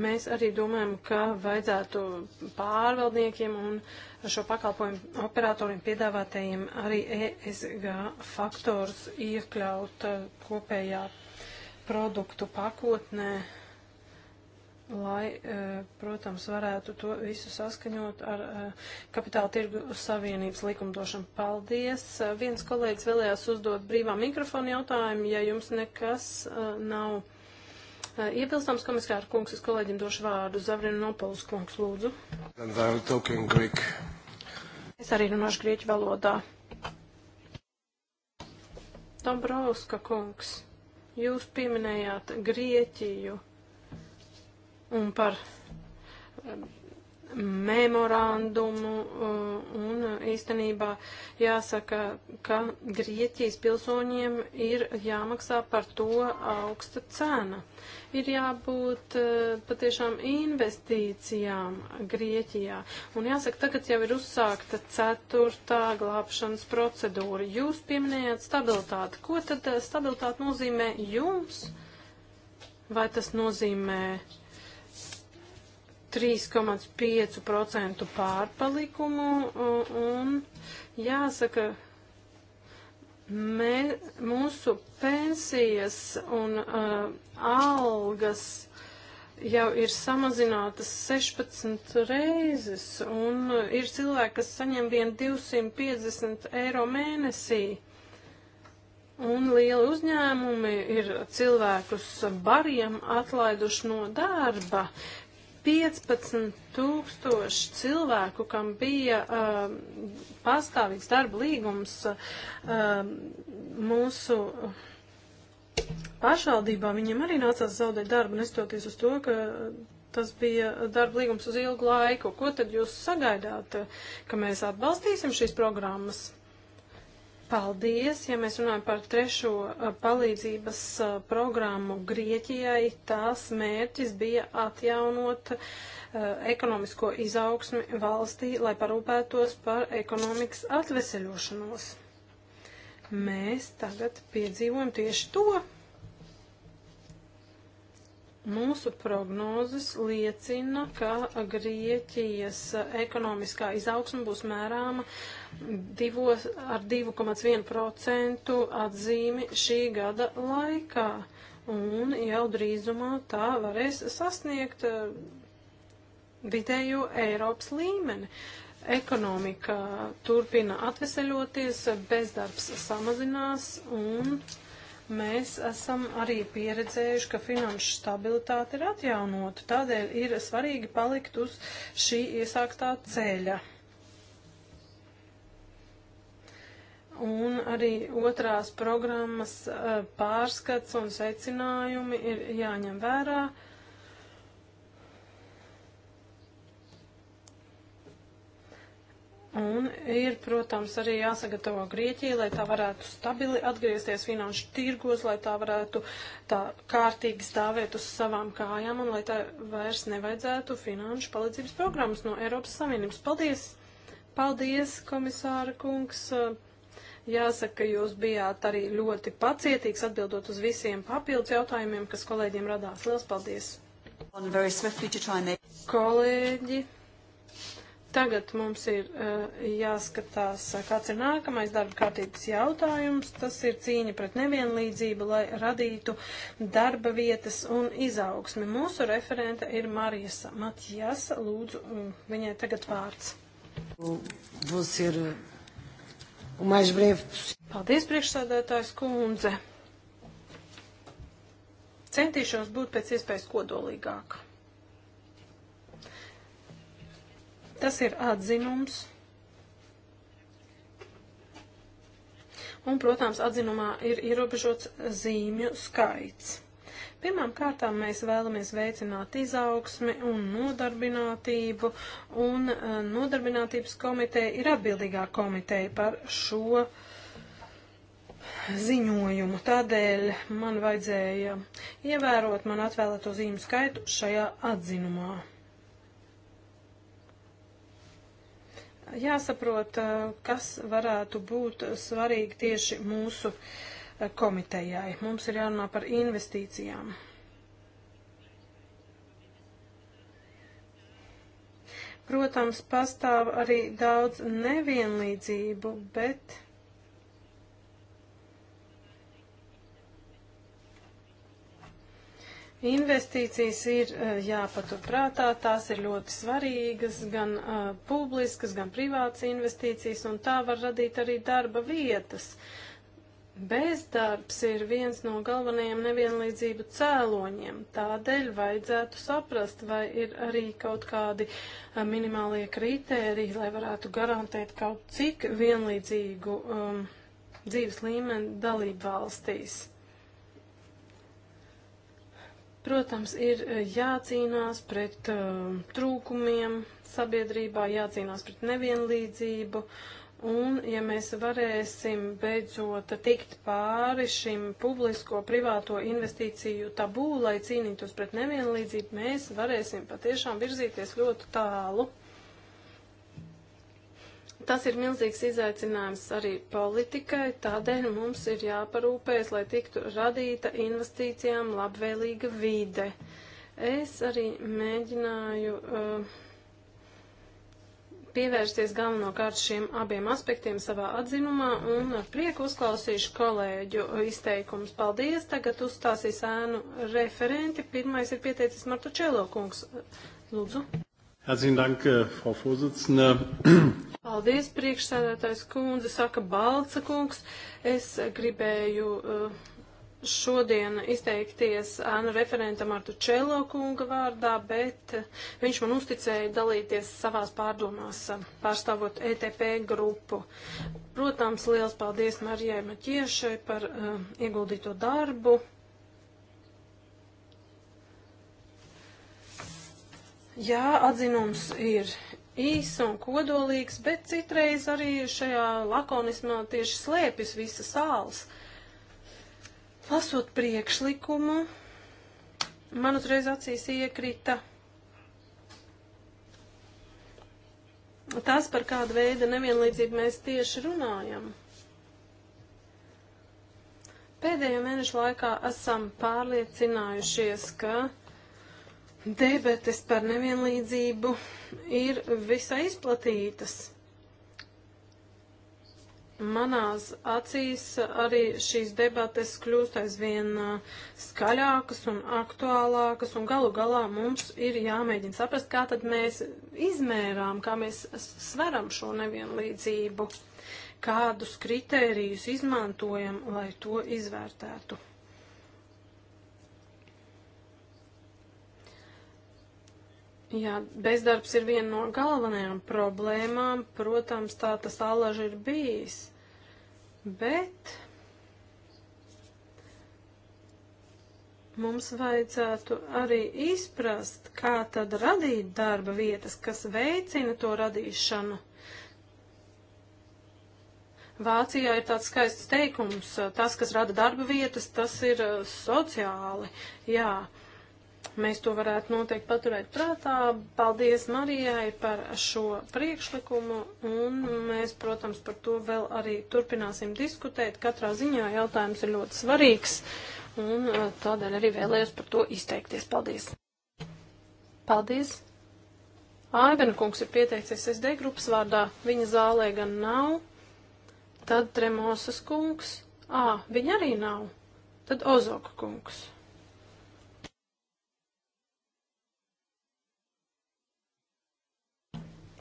mēs arī domājam, ka vajadzētu pārvaldniekiem un šo pakalpojumu operatoriem piedāvātajiem arī ESG faktors iekļaut kopējā produktu pakotnē. Uh, lai, e, protams, varētu to visu saskaņot ar e, kapitāla tirgu savienības likumdošanu. Paldies! E, viens kolēģis vēlējās uzdot brīvā mikrofona jautājumu, ja jums nekas nav iebilstams, komiskāra kungs, es kolēģim došu vārdu. Zavrinopoulos kungs, lūdzu. Es arī runāšu grieķu valodā. Dombrovska kungs, jūs pieminējāt Grieķiju un par um, memorandumu, uh, un īstenībā jāsaka, ka Grieķijas pilsoņiem ir jāmaksā par to augsta cena. Ir jābūt uh, patiešām investīcijām Grieķijā. Un jāsaka, tagad jau ir uzsākta ceturtā glābšanas procedūra. Jūs pieminējāt stabilitāti. Ko tad uh, stabilitāte nozīmē jums? Vai tas nozīmē 3,5% pārpalikumu un jāsaka, mē, mūsu pensijas un uh, algas jau ir samazinātas 16 reizes un uh, ir cilvēki, kas saņem vien 250 eiro mēnesī. Un lieli uzņēmumi ir cilvēkus bariem atlaiduši no darba. 15 tūkstoši cilvēku, kam bija uh, pastāvīgs darba līgums uh, mūsu pašvaldībā, viņiem arī nācās zaudēt darbu, nestoties uz to, ka tas bija darba līgums uz ilgu laiku. Ko tad jūs sagaidāt, ka mēs atbalstīsim šīs programmas? Paldies! Ja mēs runājam par trešo eh, palīdzības eh, programmu Grieķijai, tās mērķis bija atjaunot uh, ekonomisko izaugsmi valstī, lai parūpētos par ekonomikas atveseļošanos. Mēs tagad piedzīvojam tieši to. Mūsu prognozes liecina, ka Grieķijas ekonomiskā izaugsme būs mērāma uh, divos, ar 2,1% atzīmi šī gada laikā. Un jau drīzumā tā varēs sasniegt eh, vidējo Eiropas līmeni. Ekonomika turpina atveseļoties, bezdarbs samazinās un mēs esam arī pieredzējuši, ka finanšu stabilitāte ir atjaunota. Tādēļ ir svarīgi palikt uz šī iesāktā ceļa. Un arī otrās programmas eh, pārskats un secinājumi ir jāņem vērā. Un ir, protams, arī jāsagatavo Grieķija, lai tā varētu stabili atgriezties finanšu tirgos, lai tā varētu tā kārtīgi stāvēt uz savām kājām un lai tā vairs nevajadzētu finanšu palīdzības programmas no Eiropas Savienības. Paldies! Paldies, komisāra kungs! Jāsaka, jūs bijāt arī ļoti pacietīgs atbildot uz visiem papildus jautājumiem, kas kolēģiem radās. Lielas paldies! Kolēģi, tagad mums ir uh, jāskatās, eh, kāds ir nākamais darba kārtības jautājums. Tas ir cīņa pret nevienlīdzību, lai radītu darba vietas un izaugsmi. Mūsu referenta ir Marijas Matijas. Lūdzu, mm, viņai tagad vārds. Būs ir o mais breve possível. Paldies, priekšsādātājs kundze. Centīšos būt pēc iespējas kodolīgāka. Tas ir atzinums. Un, protams, atzinumā ir ierobežots zīmju skaits. Pirmām kārtām mēs vēlamies veicināt izaugsmi un nodarbinātību, un eh, nodarbinātības komiteja ir atbildīgā komiteja par šo ziņojumu. Tādēļ man vajadzēja ievērot man atvēlēto zīmju skaitu šajā atzinumā. jāsaprot, eh, kas varētu būt svarīgi tieši mūsu komitejai. Mums ir jārunā par investīcijām. Protams, pastāv arī daudz nevienlīdzību, bet investīcijas ir eh, jāpaturprātā, tās ir ļoti svarīgas, gan uh, publiskas, gan privātas investīcijas, un tā var radīt arī darba vietas. Uh, Bezdarbs ir viens no galvenajiem nevienlīdzību cēloņiem, tādēļ vajadzētu saprast, vai ir arī kaut kādi eh, minimālie kritēriji, lai varētu garantēt kaut cik vienlīdzīgu um, dzīves līmeni dalību valstīs. Protams, ir eh, jācīnās pret um, trūkumiem sabiedrībā, jācīnās pret nevienlīdzību. Uh, Un, ja mēs varēsim beidzot tikt pāri šim publisko-privāto investīciju tabū, lai cīnītos pret nevienlīdzību, mēs varēsim patiešām virzīties ļoti tālu. Tas ir milzīgs izaicinājums arī politikai, tādēļ mums ir jāparūpējas, lai tiktu radīta investīcijām labvēlīga vide. Es arī mēģināju. Uh, pievērsties galvenokārt šiem abiem aspektiem savā atzinumā un ar prieku uzklausīšu kolēģu izteikums. Paldies! Tagad uzstāsīs ēnu referenti. Pirmais ir pieteicis Martu Čelo kungs. Lūdzu. Herzlichen Dank, äh, Frau Vorsitzende. [clears throat] Paldies, priekšsēdētājs kundze, saka Balca kungs. Es gribēju uh, šodien izteikties ēnu referentam Artu Čelo kunga vārdā, bet viņš man uzticēja dalīties savās pārdomās, pārstāvot ETP grupu. Protams, liels paldies Marijai Maķiešai par uh, ieguldīto darbu. Jā, atzinums ir īs un kodolīgs, bet citreiz arī šajā lakonismā tieši slēpjas visas sāls. Uh, Lasot priekšlikumu, man uzreiz acīs iekrita tas, par kādu veidu nevienlīdzību mēs tieši runājam. Pēdējo mēnešu laikā esam pārliecinājušies, ka debetes par nevienlīdzību ir visai izplatītas manās acīs arī šīs debates kļūst aizvien uh, skaļākas un aktuālākas, un galu galā mums ir jāmēģina saprast, kā tad mēs izmērām, kā mēs sveram šo nevienlīdzību, kādus kritērijus izmantojam, lai to izvērtētu. Jā, bezdarbs ir viena no galvenajām problēmām, protams, tā tas allaž ir bijis bet mums vajadzētu arī izprast, kā tad radīt darba vietas, kas veicina to radīšanu. Vācijā ir tāds skaists teikums, tas, kas rada darba vietas, tas ir eh, sociāli, jā. Uh, Mēs to varētu noteikti paturēt prātā. Paldies Marijai par šo priekšlikumu, un mēs, protams, par to vēl arī turpināsim diskutēt. Katrā ziņā jautājums ir ļoti svarīgs, un uh, tādēļ arī vēlējos par to izteikties. Paldies! Paldies! Aivena kungs ir pieteicies SD grupas vārdā, viņa zālē gan nav. Tad Tremosas kungs, ā, viņa arī nav. Tad Ozoka kungs.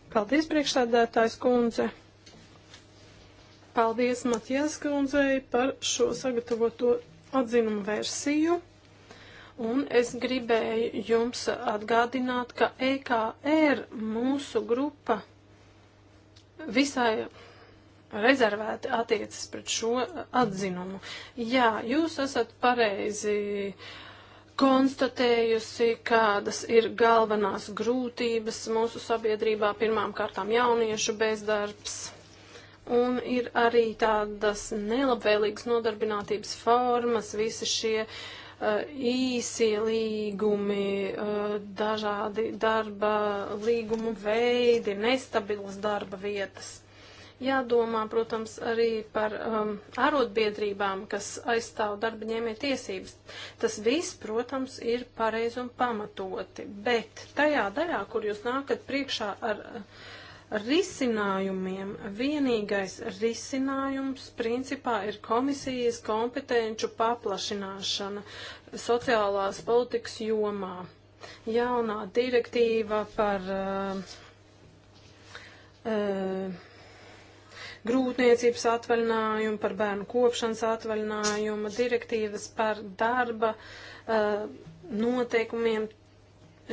Paldies, priekšsēdētājs kundze. Paldies Matijas kundzei par šo sagatavoto atzinumu versiju. Un es gribēju jums atgādināt, ka EKR mūsu grupa visai rezervēti attiecas pret šo atzinumu. Jā, jūs esat pareizi uh, konstatējusi, kādas ir galvenās grūtības mūsu sabiedrībā, pirmām kārtām jauniešu bezdarbs. Un ir arī tādas nelabvēlīgas nodarbinātības formas, visi šie uh, īsie līgumi, eh, dažādi darba līgumu veidi, nestabilas darba vietas. Jādomā, protams, arī par um, arotbiedrībām, kas aizstāv darba ņēmē tiesības. Tas viss, protams, ir pareizi un pamatoti, bet tajā daļā, kur jūs nākat priekšā ar risinājumiem, vienīgais risinājums principā ir komisijas kompetenču paplašināšana sociālās politikas jomā. Jaunā direktīva par uh, uh, grūtniecības atvaļinājumu, par bērnu kopšanas atvaļinājumu, direktīvas par darba uh, noteikumiem.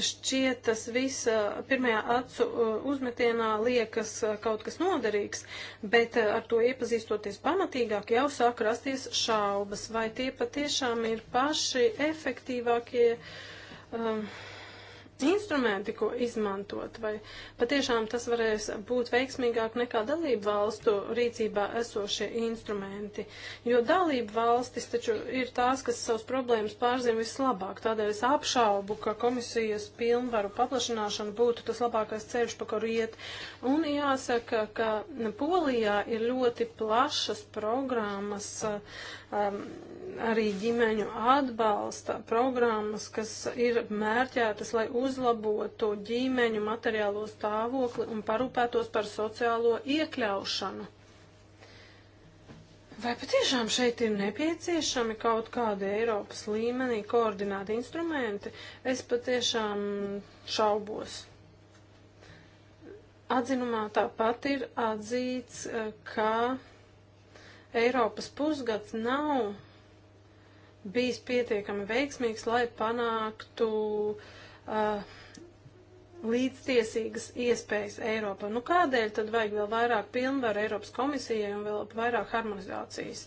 Šķiet, tas viss uh, pirmajā acu uh, uzmetienā liekas uh, kaut kas noderīgs, bet ar to iepazīstoties pamatīgāk jau sāk rasties šaubas, vai tie patiešām ir paši efektīvākie. Um, uh, instrumenti, ko izmantot, vai patiešām tas varēs būt veiksmīgāk nekā dalību valstu rīcībā esošie instrumenti, jo dalību valstis taču ir tās, kas savus problēmas pārzina vislabāk, tādēļ es apšaubu, ka komisijas pilnvaru paplašināšana būtu tas labākais ceļš, pa kuru iet, un jāsaka, ka Polijā ir ļoti plašas programmas, uh, um, arī ģimeņu atbalsta programmas, kas ir mērķētas, lai uzlabotu ģimeņu materiālo stāvokli un parūpētos par sociālo iekļaušanu. Vai patiešām šeit ir nepieciešami kaut kādi Eiropas līmenī koordinēti instrumenti? Es patiešām šaubos. Atzinumā tāpat ir atzīts, ka Eiropas pusgads nav bijis pietiekami veiksmīgs, lai panāktu uh, līdztiesīgas iespējas Eiropā. Nu kādēļ tad vajag vēl vairāk pilnvaru Eiropas komisijai un vēl vairāk harmonizācijas?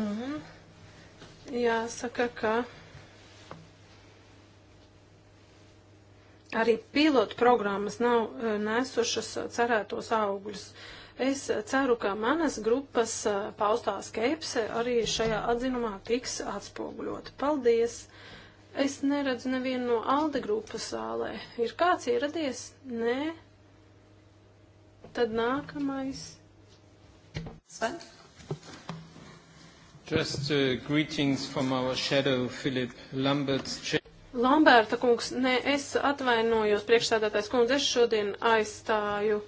Un jāsaka, ka arī pilotu programmas nav e, nesušas e, cerētos augļus. Es e, ceru, ka manas grupas paustā skepse arī šajā atzinumā tiks atspoguļota. Paldies! Es neredzu nevienu no Alde grupas zālē. Ir kāds ieradies? Nē. Tad nākamais. Sven? Just uh, greetings from our shadow, Philip Lamberts. Lamberta kungs, ne, es atvainojos priekšsēdētājs kundze, es šodien aizstāju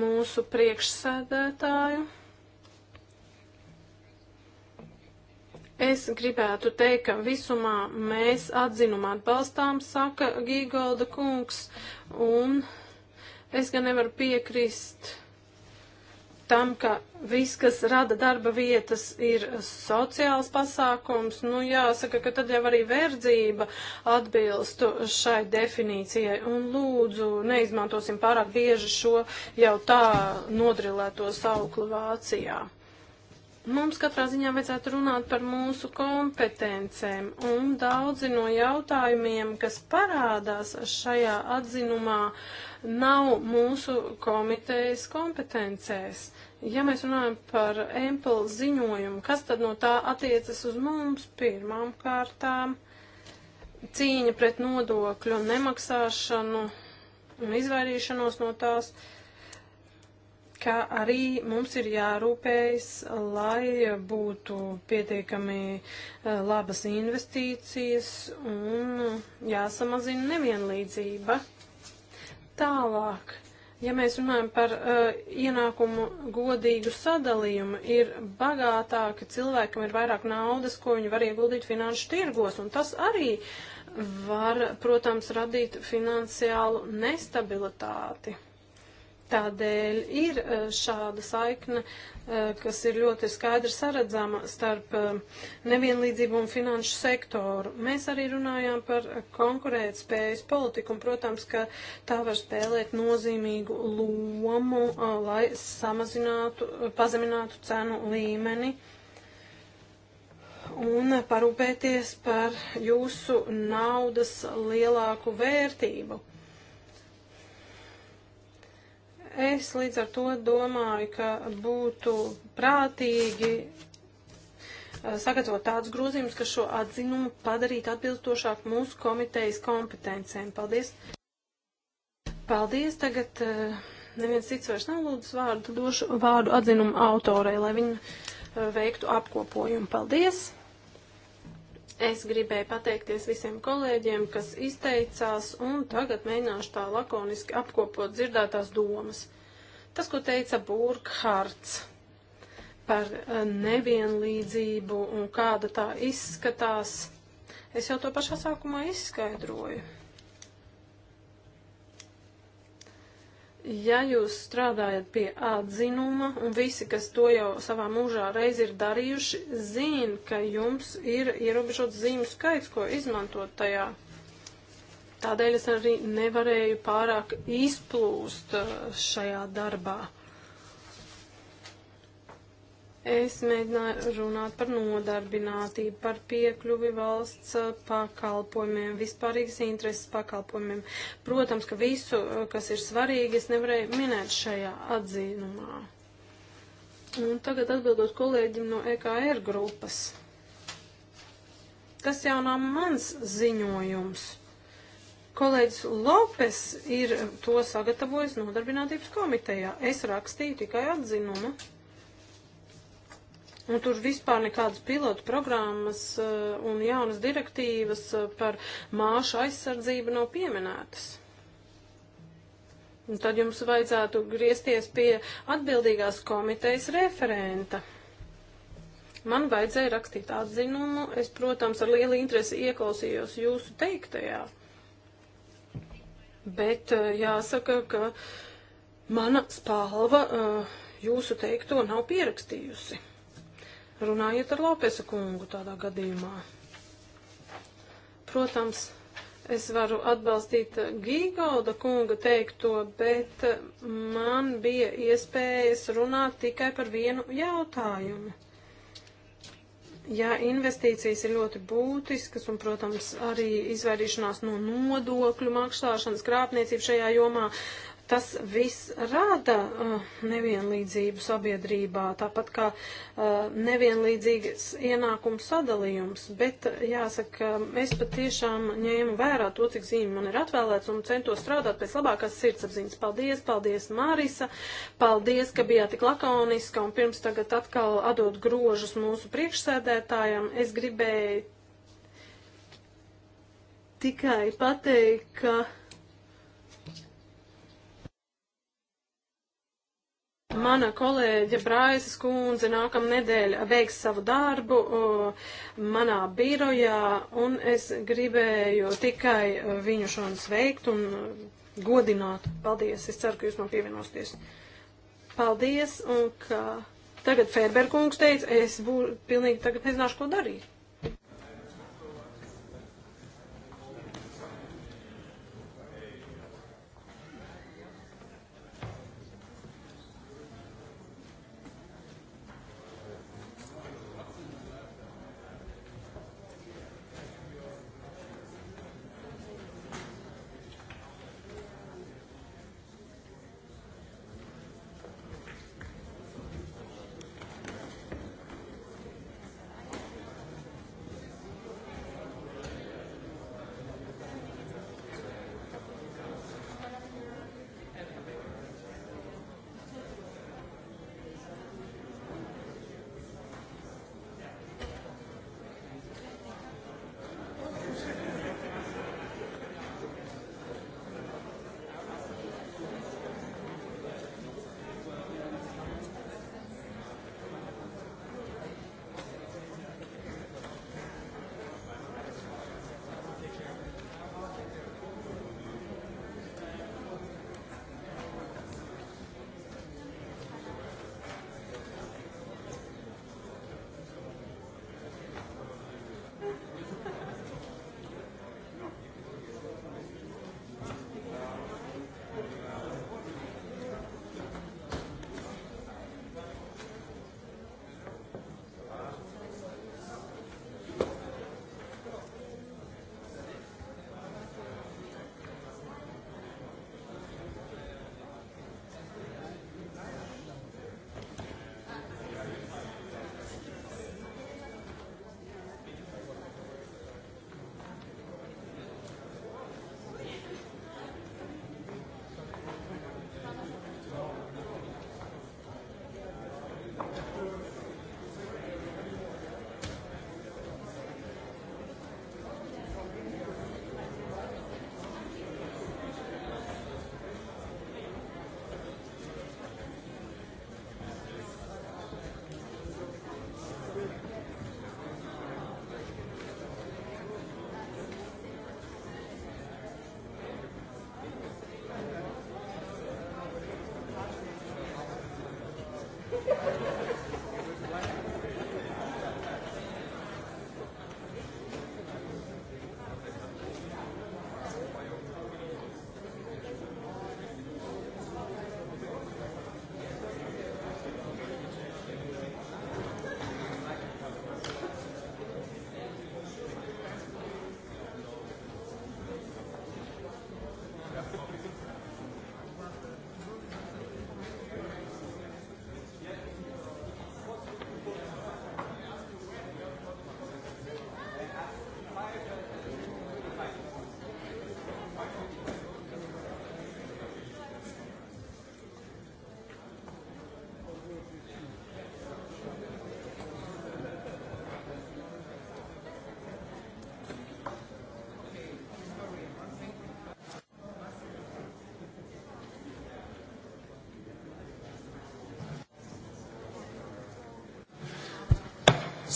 mūsu priekšsēdētāju. Es gribētu teikt, ka visumā mēs atzinumā atbalstām, saka Gīgolda kungs, un es gan nevaru piekrist uh, tam, ka viss, kas rada darba vietas, ir sociāls pasākums, nu jāsaka, ka tad jau arī verdzība atbilstu šai definīcijai. Un lūdzu, neizmantosim pārāk bieži šo jau tā nodrilēto sauklu Vācijā. Mums katrā ziņā vajadzētu runāt par mūsu kompetencēm, un daudzi no jautājumiem, kas parādās šajā atzinumā, nav mūsu komitejas kompetencēs. Ja mēs runājam par Ample ziņojumu, kas tad no tā attiecas uz mums pirmām kārtām? Cīņa pret nodokļu nemaksāšanu un izvairīšanos no tās, kā arī mums ir jārūpējas, lai būtu pietiekami eh, labas investīcijas un jāsamazina nevienlīdzība. Tālāk Ja mēs runājam par uh, ienākumu godīgu sadalījumu, ir bagātāki cilvēkam ir vairāk naudas, ko viņi var ieguldīt finanšu tirgos, un tas arī var, protams, radīt finansiālu nestabilitāti. Tādēļ ir e, šāda saikne, e, kas ir ļoti skaidri saredzama starp e, nevienlīdzību un finanšu sektoru. Mēs arī runājām par konkurētspējas politiku, un, protams, ka tā var spēlēt nozīmīgu lomu, lai samazinātu, pazeminātu cenu līmeni un parūpēties par jūsu naudas lielāku vērtību Es līdz ar to domāju, ka būtu prātīgi eh, sagatavot tādus grozījumus, kas šo atzinumu padarītu atbilstošāk mūsu komitejas kompetencēm. Paldies! Paldies! Tagad eh, neviens cits vairs nav lūdzis vārdu, došu vārdu atzinumu autorei, lai viņa eh, veiktu apkopojumu. Paldies! Es gribēju pateikties visiem kolēģiem, kas izteicās, un tagad mēģināšu tā lakoniski apkopot dzirdētās domas. Tas, ko teica Burkhards par eh, nevienlīdzību un kāda tā izskatās, es jau to pašā sākumā izskaidroju. Ja jūs strādājat pie atzinuma, un visi, kas to jau savā mūžā reiz ir darījuši, zina, ka jums ir ierobežots zīmju skaits, ko izmantot tajā. Tādēļ es arī nevarēju pārāk izplūst eh, šajā darbā. Es mēģināju runāt par nodarbinātību, par piekļuvi valsts uh, pakalpojumiem, vispārīgas intereses pakalpojumiem. Protams, ka visu, uh, kas ir svarīgi, es nevarēju minēt šajā atzīmumā. Un tagad atbildot kolēģim no EKR grupas. Tas jau nav mans ziņojums. Kolēģis Lopes ir to sagatavojis nodarbinātības komitejā. Es rakstīju tikai atzinumu. Un tur vispār nekādas pilotu programmas eh, un jaunas direktīvas eh, par māšu aizsardzību nav pieminētas. Un tad jums vajadzētu griezties pie atbildīgās komitejas referenta. Man vajadzēja rakstīt atzinumu, es, protams, ar lielu interesi ieklausījos jūsu teiktajā. Bet eh, jāsaka, ka mana spalva jūsu teikto nav pierakstījusi runājiet ar Lopesa kungu tādā gadījumā. Protams, es varu atbalstīt Gīgauda kunga teikto, bet man bija iespējas runāt tikai par vienu jautājumu. Jā, investīcijas ir ļoti būtiskas un, protams, arī izvairīšanās no nodokļu maksāšanas, krāpniecība šajā jomā tas viss rada uh, nevienlīdzību sabiedrībā, tāpat kā uh, nevienlīdzīgas ienākums sadalījums, bet uh, jāsaka, es patiešām ņēmu vērā to, cik zīmi man ir atvēlēts un centos strādāt pēc labākās sirdsapziņas. Paldies, paldies, Mārisa, paldies, ka bijāt tik lakoniska un pirms tagad atkal atdot grožus mūsu priekšsēdētājam. Es gribēju tikai pateikt, ka Mana kolēģe Braisa skundze nākam nedēļ veiks savu darbu uh, manā birojā, un es gribēju tikai viņu šodien sveikt un godināt. Paldies, es ceru, ka jūs man pievienosties. Paldies, un ka tagad Fērberkungs teica, es bū, pilnīgi tagad nezināšu, ko darīt.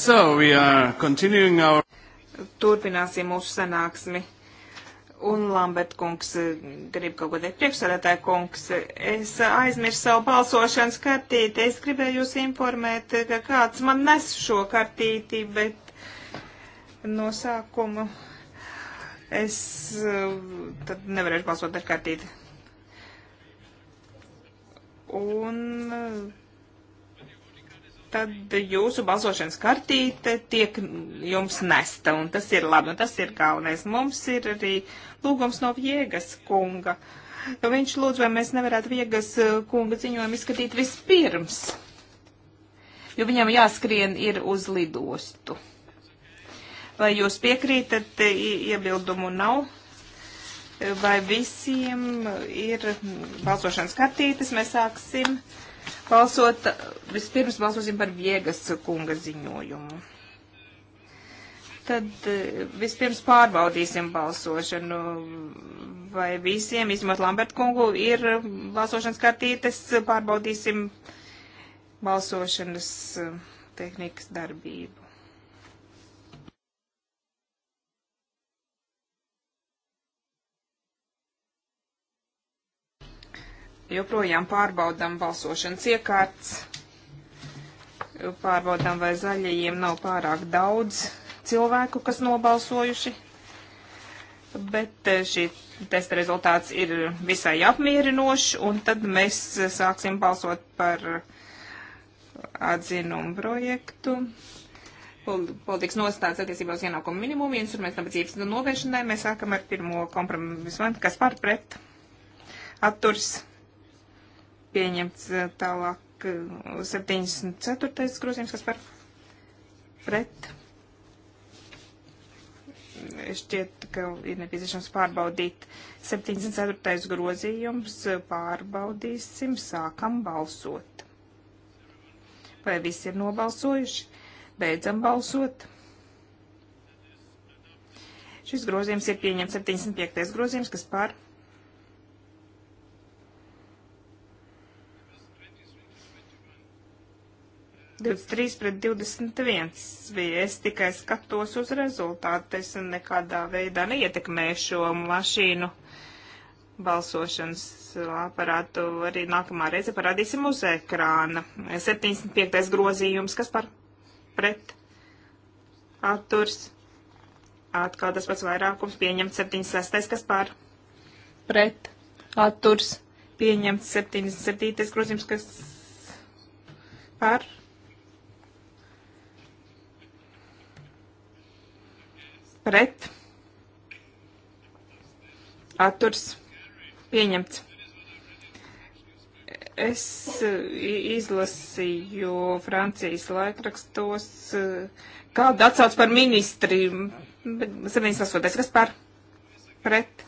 So we are continuing our... Turpināsim mūsu sanāksmi. Un Lambert kungs eh, grib kaut ko teikt. Priekšsēdētāja kungs, es aizmirsu savu balsošanas kartīti. Es gribēju jūs informēt, eh, ka kāds man nes šo kartīti, bet no sākuma es eh, tad nevarēšu balsot ar kartīti. tad jūsu balsošanas kartīte tiek jums nesta, un tas ir labi, un tas ir galvenais. Mums ir arī lūgums no Viegas kunga. Viņš lūdz, vai mēs nevarētu Viegas eh, kunga ziņojumu izskatīt vispirms, jo viņam jāskrien ir uz lidostu. Vai jūs piekrītat, eh, iebildumu nav? Eh, vai visiem ir balsošanas kartītes? Mēs sāksim Balsot, vispirms balsosim par Viegas kunga ziņojumu. Tad e, vispirms pārbaudīsim balsošanu. Vai visiem, izmot Lambert kungu, ir balsošanas kartītes, pārbaudīsim balsošanas e, tehnikas darbību. joprojām pārbaudām balsošanas iekārts, pārbaudām, vai zaļajiem nav pārāk daudz cilvēku, kas nobalsojuši, bet eh, šī testa rezultāts ir visai apmierinošs, un tad mēs eh, sāksim balsot par atzinumu projektu. Politikas nostāds attiecībā uz ienākumu minimumu, instruments nabadzības novēršanai. Mēs sākam ar pirmo kompromisu, kas par pret atturs pieņemts eh, tālāk 74. Eh, grozījums, kas par pret. Šķiet, ka ir nepieciešams pārbaudīt 74. grozījums. Eh, pārbaudīsim, sākam balsot. Vai visi ir nobalsojuši? Beidzam balsot. Šis grozījums ir pieņemts 75. grozījums, kas pār 23 pret 21 bija. Es tikai skatos uz rezultātu. Es nekādā veidā neietekmēju šo mašīnu balsošanas aparātu. Arī nākamā reize parādīsim uz ekrāna. 75. grozījums, kas par pret atturs. Atkal tas pats vairākums pieņemts 76. kas par pret atturs. Pieņemts 77. grozījums, kas par pret pret atturs pieņemts. Es izlasīju Francijas laikrakstos e, kādu atsauc par ministri, bet 78. kas par pret.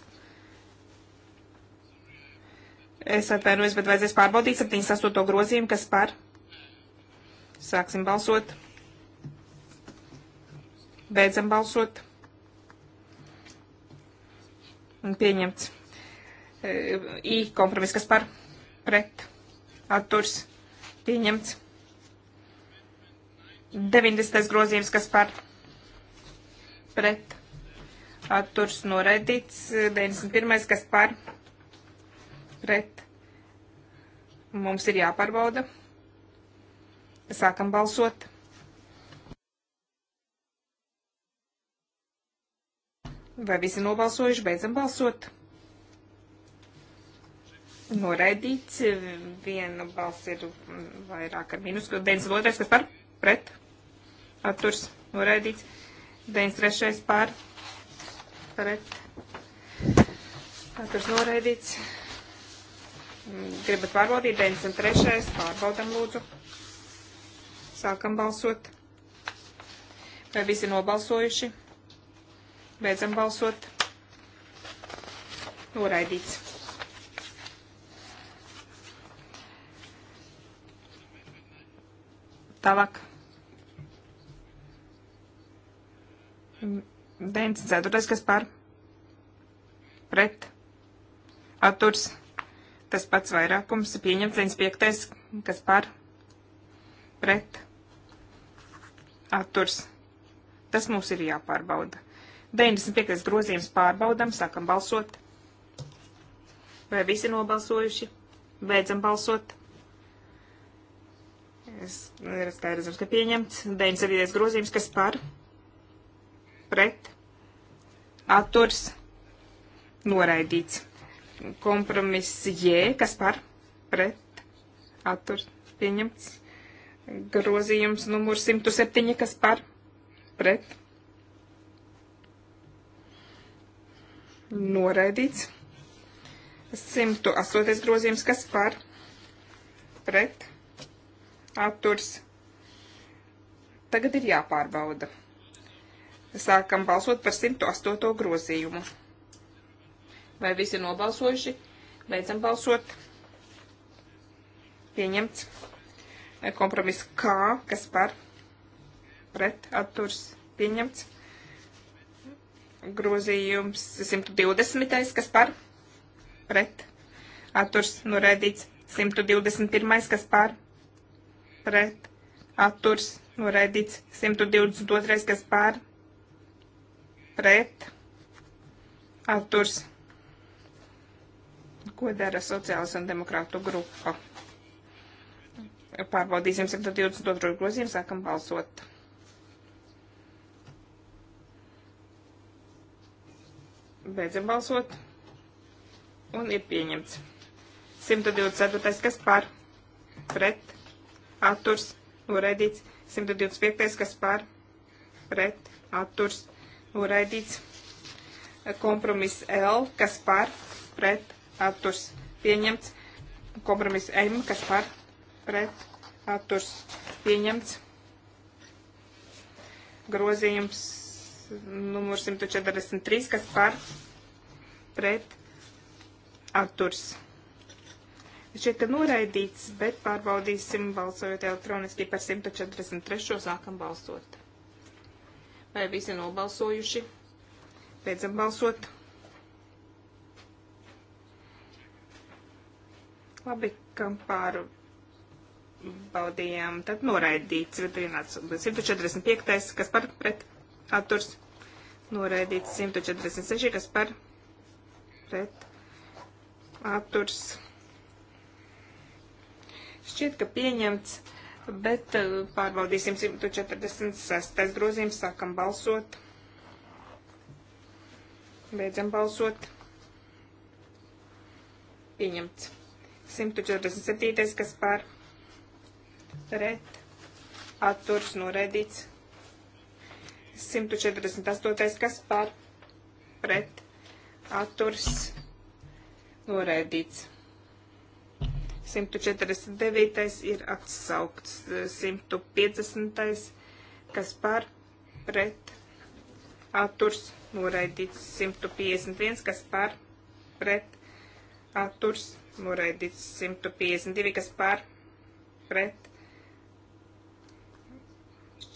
Es atvainojos, bet vajadzēs pārbaudīt 78. grozījumu, kas par. Sāksim balsot. Beidzam balsot pieņemts. E, I kompromiss, kas par pret atturs pieņemts. 90. grozījums, kas par pret atturs noraidīts. 91. kas par pret mums ir jāparbauda. Sākam balsot. Vai visi nobalsojuši? Beidzam balsot. Noraidīts. Viena balss ir vairāk ar mīnus. 92. kas par? Pret. Atturs. Noraidīts. 93. par. Pret. Atturs noraidīts. Gribat pārbaudīt 93. Pārbaudam lūdzu. Sākam balsot. Vai visi nobalsojuši? Beidzam balsot. Noraidīts. Tālāk. 94. kas par pret atturs. Tas pats vairākums pieņemts 95. kas par pret atturs. Tas mums ir jāpārbauda. 95. grozījums pārbaudam, sākam balsot. Vai visi nobalsojuši? Beidzam balsot. Es skaidrs, ka pieņemts. 97. grozījums, kas par? Pret. Atturs. Noraidīts. Kompromiss J, kas par? Pret. Atturs. Pieņemts. Grozījums numur 107, kas par? Pret noraidīts. 108. grozījums, kas par pret atturs. Tagad ir jāpārbauda. Sākam balsot par 108. grozījumu. Vai visi nobalsojuši? Beidzam balsot. Pieņemts. Kompromiss K, kas par pret atturs. Pieņemts grozījums 120. kas par pret atturs noraidīts 121. kas par pret atturs noraidīts 122. kas par pret atturs. Ko dara sociālas un demokrātu grupa? Pārbaudīsim 122. grozījumu, sākam balsot. Beidzam balsot. Un ir pieņemts. 124. kas par pret atturs noraidīts. 125. kas par pret atturs noraidīts. Kompromiss L, kas par pret atturs pieņemts. Kompromiss M, kas par pret atturs pieņemts. Grozījums numur 143, kas par pret atturs. Šeit ir noraidīts, bet pārbaudīsim balsojot elektroniski par 143. sākam balsot. Vai visi nobalsojuši? Beidzam balsot. Labi, kam pārbaudījām, tad noraidīts, bet vienāds 145. kas par pret atturs noraidīts 146, kas par pret atturs. Šķiet, ka pieņemts, bet eh, pārbaudīsim 146. grozījums, sākam balsot. Beidzam balsot. Pieņemts. 147. kas par pret atturs noraidīts 148. kas par pret atturs noraidīts. 149. ir atsaukts. 150. kas par pret atturs noraidīts. 151. kas par pret atturs noraidīts. 152. kas par pret atturs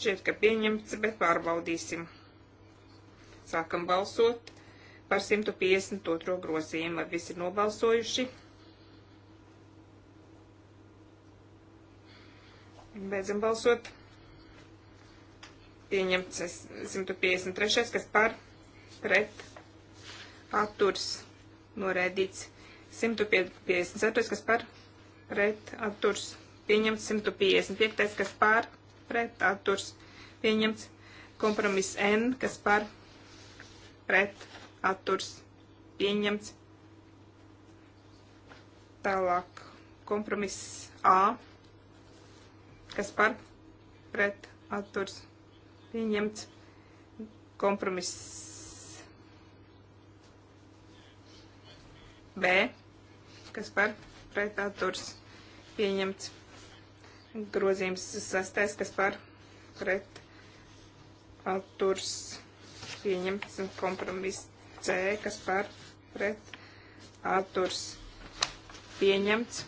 Šķiet, ka pieņemts, bet pārbaudīsim. Sākam balsot par 152. grozījumu, vai visi ir nobalsojuši. Beidzam balsot. Pieņemts 153. kas par pret atturs noraidīts. 154. kas par pret atturs pieņemts. 155. kas par pret pret atturs pieņemts. Kompromiss N, kas par pret atturs pieņemts. Tālāk kompromiss A, kas par pret atturs pieņemts. Kompromiss B, kas par pret atturs pieņemts grozījums sastais, kas par pret atturs pieņemts un kompromiss C, kas par pret atturs pieņemts.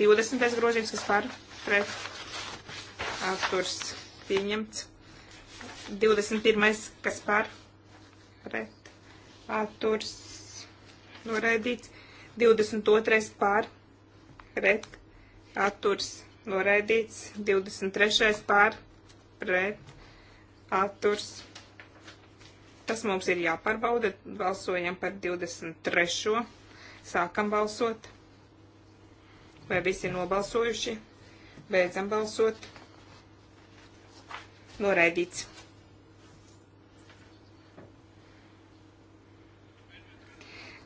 20. grozījums, kas par pret atturs pieņemts. 21. kas par pret atturs noraidīts. 22. par pret atturs atturs noraidīts, 23. pār pret atturs. Tas mums ir jāpārbauda. Balsojam par 23. Sākam balsot. Vai visi ir nobalsojuši? Beidzam balsot. Noraidīts.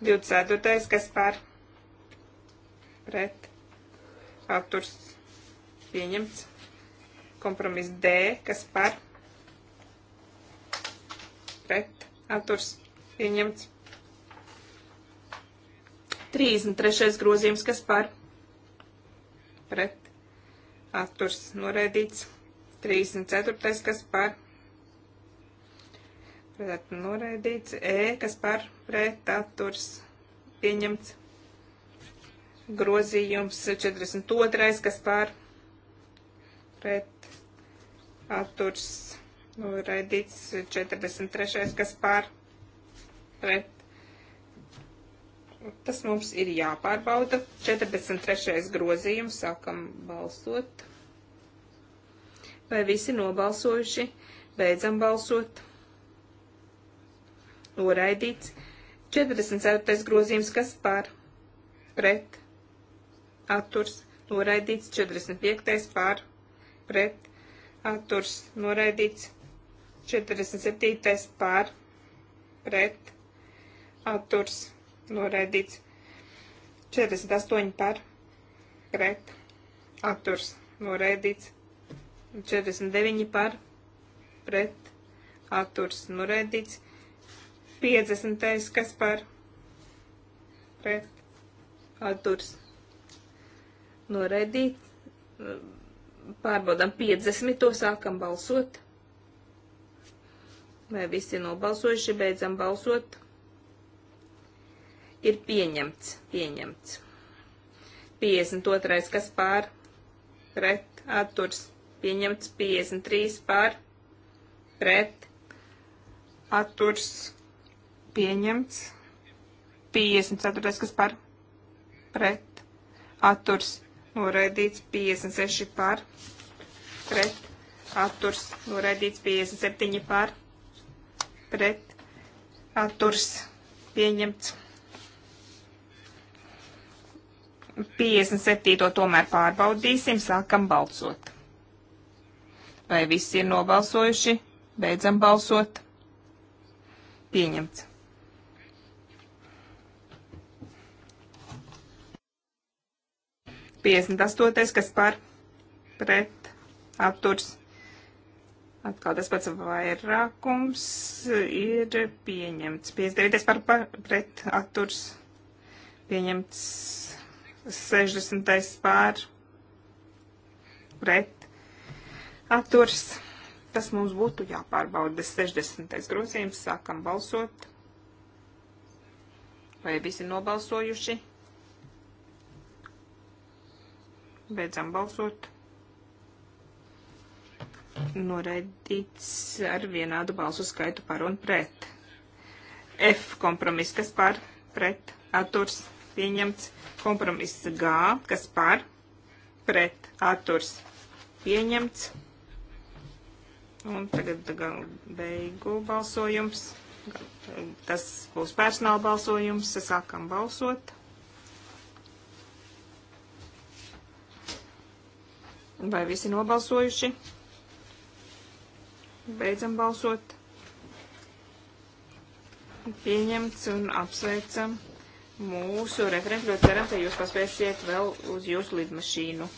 Divdesmit ceturtais, kas par pret atturs pieņemts. Kompromiss D, kas par pret atturs pieņemts. 33. grozījums, kas par pret atturs noraidīts. 34. kas par pret noraidīts. E, kas par pret atturs pieņemts grozījums 42, kas pār pret atturs nu, raidīts 43, kas pār pret. Tas mums ir jāpārbauda. 43. grozījums sākam balsot. Vai visi nobalsojuši? Beidzam balsot. Noraidīts. 44. grozījums, kas pār pret atturs noraidīts, 45. pār pret atturs noraidīts, 47. pār pret atturs noraidīts, 48. pār pret atturs noraidīts, 49. pār pret atturs noraidīts, 50. kas par pret atturs noraidīts noraidīt. Pārbaudām 50, to sākam balsot. Vai visi nobalsojuši, beidzam balsot. Ir pieņemts, pieņemts. 52, kas pār, pret, atturs, pieņemts, 53 pār, pret, atturs, pieņemts, 54, kas pār, pret, atturs, noraidīts 56 par, pret, atturs, noraidīts 57 par, pret, atturs, pieņemts. 57. tomēr pārbaudīsim, sākam balsot. Vai visi ir nobalsojuši? Beidzam balsot. Pieņemts. 58. kas par pret atturs. Atkal tas pats vairākums ir pieņemts. 59. par, par pret atturs. Pieņemts 60. par pret atturs. Tas mums būtu jāpārbauda. 60. grozījums sākam balsot. Vai visi nobalsojuši? Beidzam balsot. Noraidīts ar vienādu balsu skaitu par un pret. F kompromiss, kas par, pret, atturs, pieņemts. Kompromiss G, kas par, pret, atturs, pieņemts. Un tagad beigu balsojums. Tas būs personāla balsojums. Sākam balsot. Vai visi nobalsojuši? Beidzam balsot. Pieņemts un apsveicam mūsu referentu. Ļoti ceram, ka jūs paspēsiet vēl uz jūsu lidmašīnu.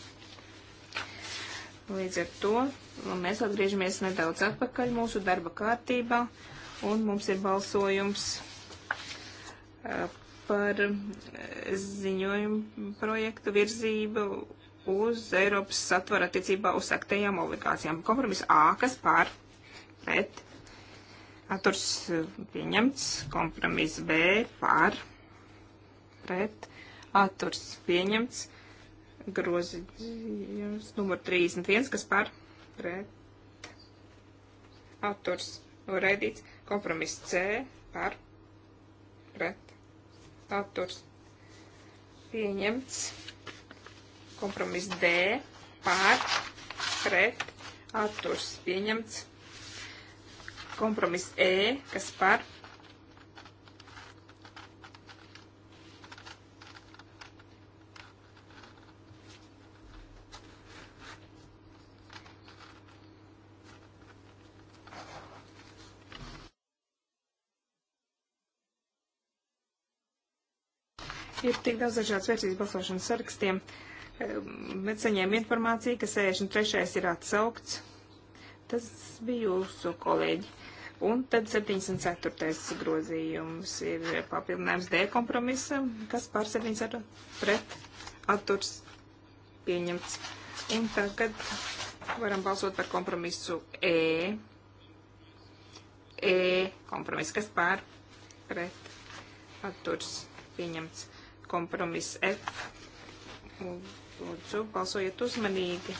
Līdz ar to mēs atgriežamies nedaudz atpakaļ mūsu darba kārtībā un mums ir balsojums eh, par eh, ziņojumu projektu virzību uz Eiropas satvara attiecībā uz saktējām obligācijām. Kompromiss A, kas pār pret atturs eh, pieņemts. Kompromiss B pār pret atturs pieņemts. Grozījums numur 31, kas pār pret atturs noraidīts. Kompromiss C pār pret atturs pieņemts Kompromiss D pār pret atturs pieņemts. Kompromiss E, kas par ir tik daudz dažādas versijas balsošanas sarakstiem. Uh, bet saņēma informāciju, ka 63. ir atsaukts. Tas bija jūsu kolēģi. Un tad 74. grozījums ir papildinājums D kompromisam, kas pār 74 pret atturs pieņemts. Un tagad varam balsot par kompromisu E. E kompromiss, kas pār pret atturs pieņemts. Kompromiss F. Un Lūdzu, balsojiet uzmanīgi.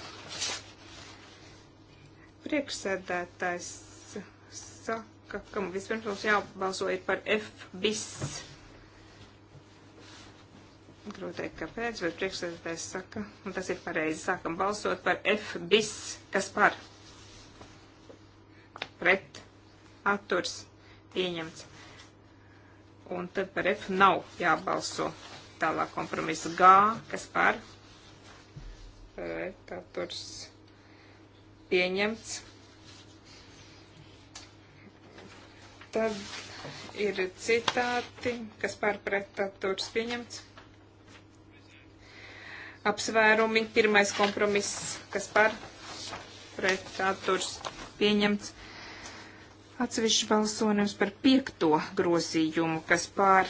Priekšsēdētājs saka, ka vispirms mums jābalso ir par F bis. Grūtāk, kāpēc, bet priekšsēdētājs saka, un tas ir pareizi, sākam balsot par F bis, kas par pret atturs pieņemts. Un tad par F nav jābalso. Tālāk kompromisa G, kas par pret Pretaturs pieņemts. Tad ir citāti, kas par pretaturs pieņemts. Apsvērumi. Pirmais kompromiss, kas par pretaturs pieņemts. Atsevišķi balsojums par piekto grozījumu, kas pār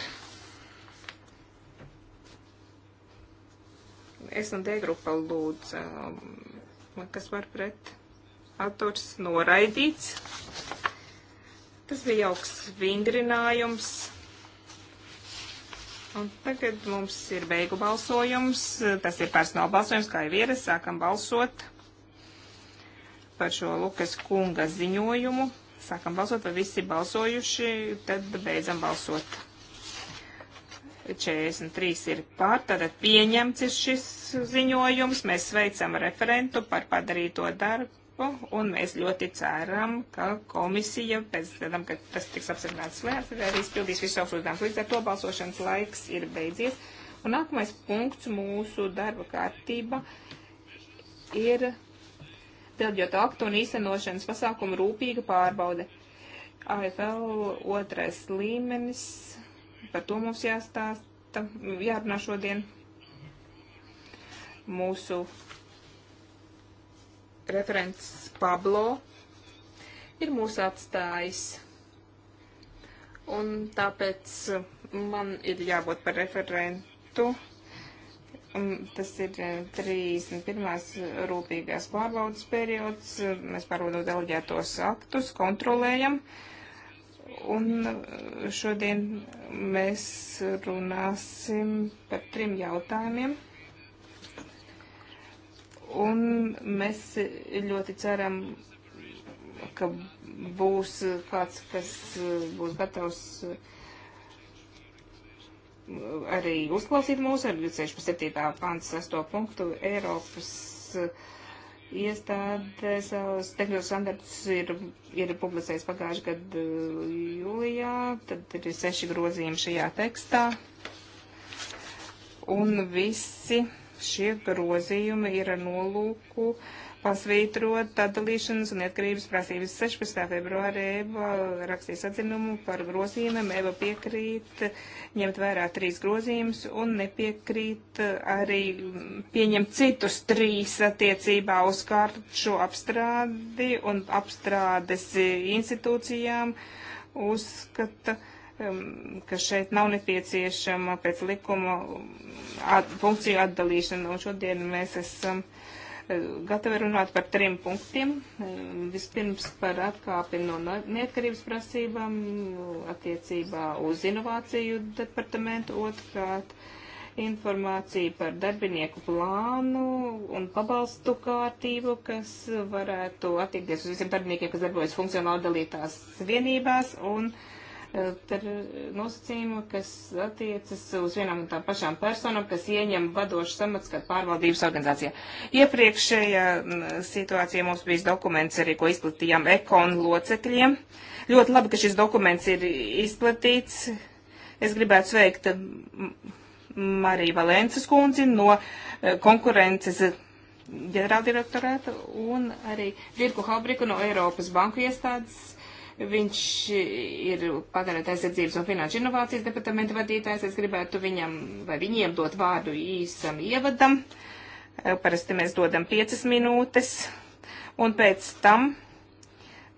Es un D grupa lūdzu, um, kas var pret autors noraidīts. Tas bija jauks vingrinājums. Un tagad mums ir beigu balsojums. Tas ir personāla balsojums, kā jau vieras. Sākam balsot par šo Lukas kunga ziņojumu. Sākam balsot, vai visi ir balsojuši, tad beidzam balsot. 43 ir pār, tātad pieņemts ir šis ziņojums. Mēs sveicam referentu par padarīto darbu, un mēs ļoti ceram, ka komisija, pēc tam, kad tas tiks apsargāts slēgts, arī izpildīs visu savus uzdevumus. Līdz ar to balsošanas laiks ir beidzies. Un nākamais punkts mūsu darba kārtība ir pildot aktu un īstenošanas pasākumu rūpīga pārbaude. AFL otrais līmenis Par to mums jāstāsta, jārunā šodien. Mūsu referents Pablo ir mūs atstājis. Un tāpēc man ir jābūt par referentu. Un tas ir 31. Eh, rūpīgās pārbaudas periods. Mēs pārbaudot deleģētos aktus, kontrolējam. Uh, Un uh, šodien mēs runāsim par trim jautājumiem. Un mēs ļoti ceram, ka būs kāds, kas uh, būs gatavs uh, arī uzklausīt mūsu ar 67. pāns 6. punktu Eiropas uh, iestāde savus tehniskos standartus ir, ir publicējis pagājušajā gadu jūlijā, tad ir seši grozījumi šajā tekstā. Un visi šie grozījumi ir ar nolūku uh, pasvītrot atdalīšanas un neatkarības prasības. 16. februārī Eva rakstīs atzinumu par grozījumiem. Eva piekrīt ņemt vērā trīs grozījumus un nepiekrīt arī pieņemt citus trīs attiecībā uz kāršu apstrādi un apstrādes institūcijām. Uzskata um, ka šeit nav nepieciešama pēc likuma at, funkciju atdalīšana, un šodien mēs esam uh, gatavi runāt par trim punktiem. Vispirms par atkāpi no neatkarības prasībām attiecībā uz inovāciju departamentu, otrkārt informāciju par darbinieku plānu un pabalstu kārtību, kas varētu attiekties uz visiem darbiniekiem, kas darbojas funkcionāli dalītās vienībās. Un, uh, ter, nosacījumu, kas attiecas uz vienām un tām pašām personām, kas ieņem vadošas amats kādā pārvaldības organizācijā. Iepriekšējā situācijā mums bijis dokuments arī, ko izplatījām ekonu locekļiem. Ļoti labi, ka šis dokuments ir izplatīts. Es gribētu sveikt Mariju Valences kundzi no e, konkurences ģenerāldirektorēta un arī Dirku Habriku no Eiropas banku iestādes Viņš ir patērēt aizsardzības un finanšu inovācijas departamenta vadītājs. Es gribētu viņam vai viņiem dot vārdu īsam ievadam. Eh, parasti mēs dodam piecas minūtes. Un pēc tam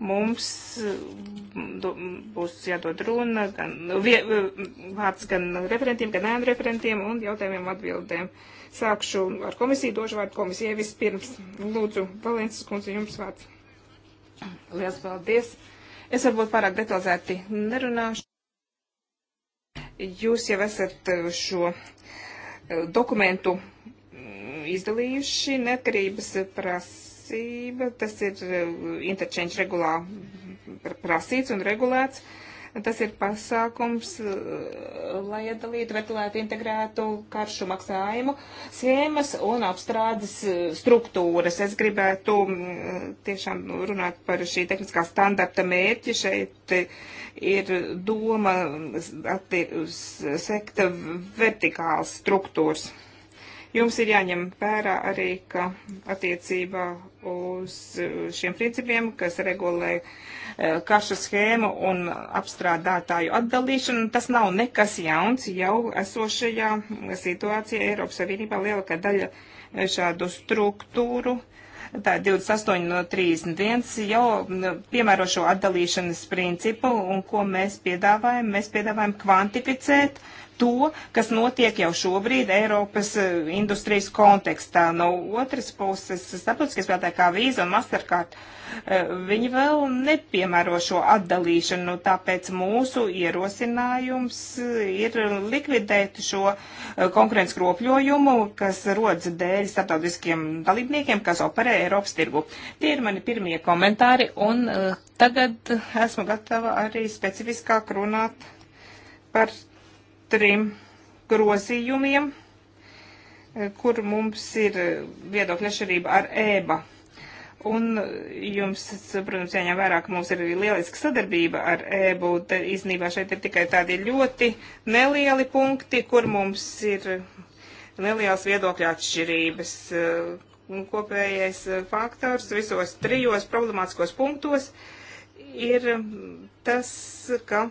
mums eh, būs jādod runa, gan vie, eh, vārds gan referentiem, gan ēnu referentiem un jautājumiem atbildēm. Sākšu ar komisiju, došu vārdu komisijai vispirms. Lūdzu, Valences kundze, jums vārds. Lielas paldies! Es varbūt pārāk detalizēti nerunāšu. Jūs jau esat eh, šo eh, dokumentu mm, izdalījuši neatkarības prasība. Tas ir eh, interchange regulā mm, prasīts un regulēts. Uh, Tas ir pasākums, eh, lai iedalītu, ventilētu, integrētu karšu maksājumu schēmas un apstrādes eh, struktūras. Es gribētu mm, tiešām runāt par šī tehniskā standarta mērķi. Šeit eh, ir doma mm, sekta vertikāls struktūras. Jums ir jāņem vērā arī, ka attiecībā uz šiem principiem, kas regulē eh, karšu schēmu un apstrādātāju atdalīšanu, tas nav nekas jauns jau esošajā situācijā Eiropas Savienībā lielākā daļa eh, šādu struktūru tā 28 no 31 jau mm, piemēro šo atdalīšanas principu, un ko mēs piedāvājam? Mēs piedāvājam kvantificēt to, kas notiek jau šobrīd Eiropas e, industrijas kontekstā. No otras puses, starptautiskie spēlētāji kā Visa un Mastercard, e, viņi vēl nepiemēro šo atdalīšanu, nu, tāpēc mūsu ierosinājums ir likvidēt šo e, konkurences kropļojumu, kas rodas dēļ starptautiskiem dalībniekiem, kas operē Eiropas tirgu. Tie ir mani pirmie komentāri, un tagad esmu gatava arī specifiskāk runāt par trim grozījumiem, eh, kur mums ir eh, viedokļa atšķirība ar ēba. Un eh, jums, protams, jāņem vērā, ka mums ir arī lieliska sadarbība ar ēbu. Īsnībā šeit ir tikai tādi ļoti nelieli punkti, kur mums ir nelielas viedokļa atšķirības. Kopējais faktors visos trijos problemātiskos punktos ir mm, tas, ka uh,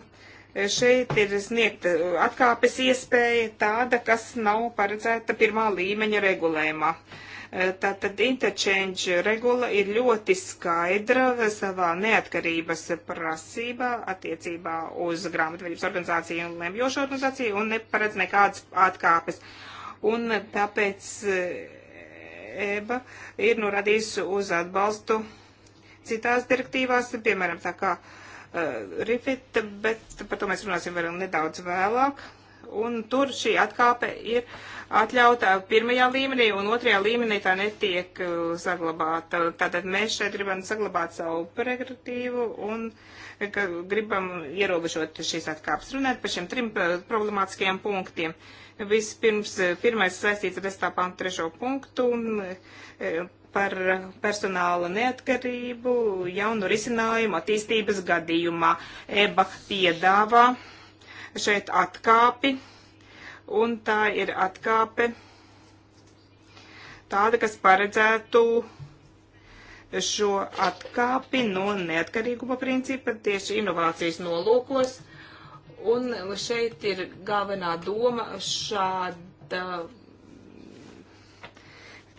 šeit ir sniegta eh, atkāpes iespēja tāda, kas nav paredzēta pirmā līmeņa regulējumā. Eh, tātad interchange regula ir ļoti skaidra savā neatkarības prasībā attiecībā uz grāmatvedības organizāciju un lemjošo organizāciju un neparedz nekādas atkāpes. Un tāpēc eh, EBA ir norādījusi uz atbalstu citās direktīvās, piemēram, tā kā uh, Eh, Rifit, bet par to mēs runāsim vēl nedaudz vēlāk. Un tur šī atkāpe ir atļauta pirmajā līmenī, un otrajā līmenī tā netiek eh, saglabāta. Tātad mēs šeit gribam saglabāt savu prerogatīvu un eh, ka, gribam ierobežot šīs atkāpes. Runāt par šiem trim problemātiskajiem punktiem. Vispirms, pirmais saistīts ar 10. pantu trešo punktu. Un, par personāla neatkarību jaunu risinājumu attīstības gadījumā. EBA piedāvā šeit atkāpi, un tā ir atkāpe tāda, kas paredzētu šo atkāpi no neatkarīguma principa tieši inovācijas nolūkos. Un šeit ir galvenā doma šāda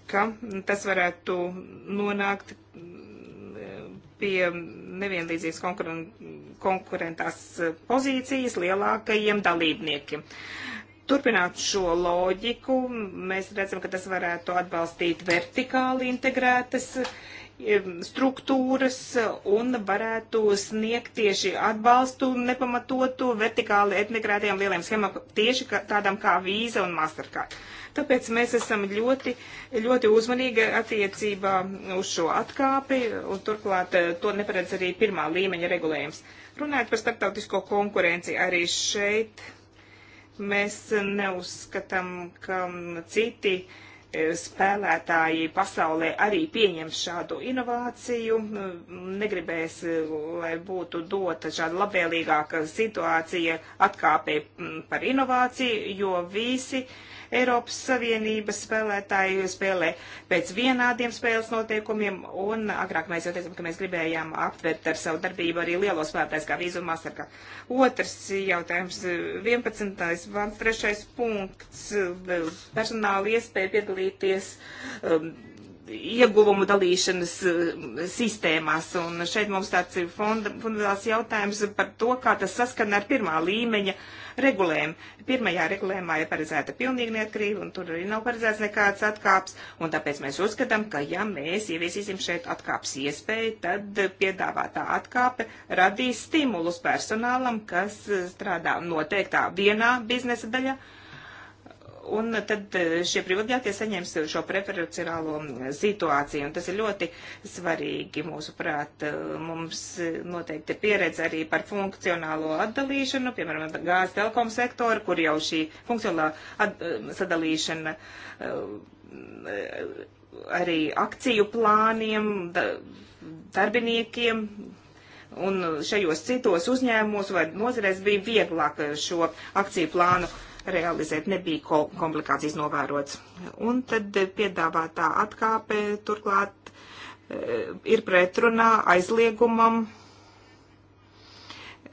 ka tas varētu nonākt mm, pie nevienlīdzīgas konkurentās pozīcijas lielākajiem dalībniekiem. Turpināt šo loģiku, mēs redzam, ka tas varētu atbalstīt vertikāli integrētas E, struktūras un varētu sniegt tieši atbalstu nepamatotu vertikāli etnikrētajām lielajām schēmām, tieši tādām kā vīza un mastercard. Tāpēc mēs esam ļoti, ļoti uzmanīgi attiecībā uz šo atkāpi, un turklāt e, to neparedz arī pirmā līmeņa regulējums. Runājot par starptautisko konkurenci, arī šeit mēs neuzskatām, ka citi uh, spēlētāji pasaulē arī pieņem šādu inovāciju, negribēs, lai būtu dota šāda labvēlīgāka situācija atkāpē par inovāciju, jo visi uh, Eiropas Savienības spēlētāji spēlē pēc vienādiem spēles noteikumiem, un agrāk mēs jau teicām, ka mēs gribējām aptvert ar savu darbību arī lielo spēlētājs kā vīzu masterka. Otrs jautājums, 11. vārds, trešais punkts, personāla iespēja piedalīties. Um, ieguvumu dalīšanas um, sistēmās. Un šeit mums tāds ir funda, fundamentāls jautājums par to, kā tas saskana ar pirmā līmeņa uh, regulējumu. Pirmajā regulējumā ir paredzēta pilnīga neatkarība, un tur arī nav paredzēts nekāds atkāps, un tāpēc mēs uzskatām, ka ja mēs ieviesīsim šeit atkāps iespēju, tad piedāvātā atkāpe radīs stimulus personālam, kas strādā noteiktā vienā biznesa daļā, Un tad e, šie privileģētie saņems šo preferenciālo situāciju, un tas ir ļoti svarīgi mūsu prāt. E, mums noteikti pieredze arī par funkcionālo atdalīšanu, piemēram, gāzes telekom sektoru, kur jau šī funkcionālā e, sadalīšana arī akciju plāniem, darbiniekiem, un šajos citos uzņēmumos vai nozarēs bija vieglāk šo akciju plānu realizēt, nebija komplikācijas novērots. Un tad piedāvātā atkāpe turklāt eh, ir pretrunā aizliegumam,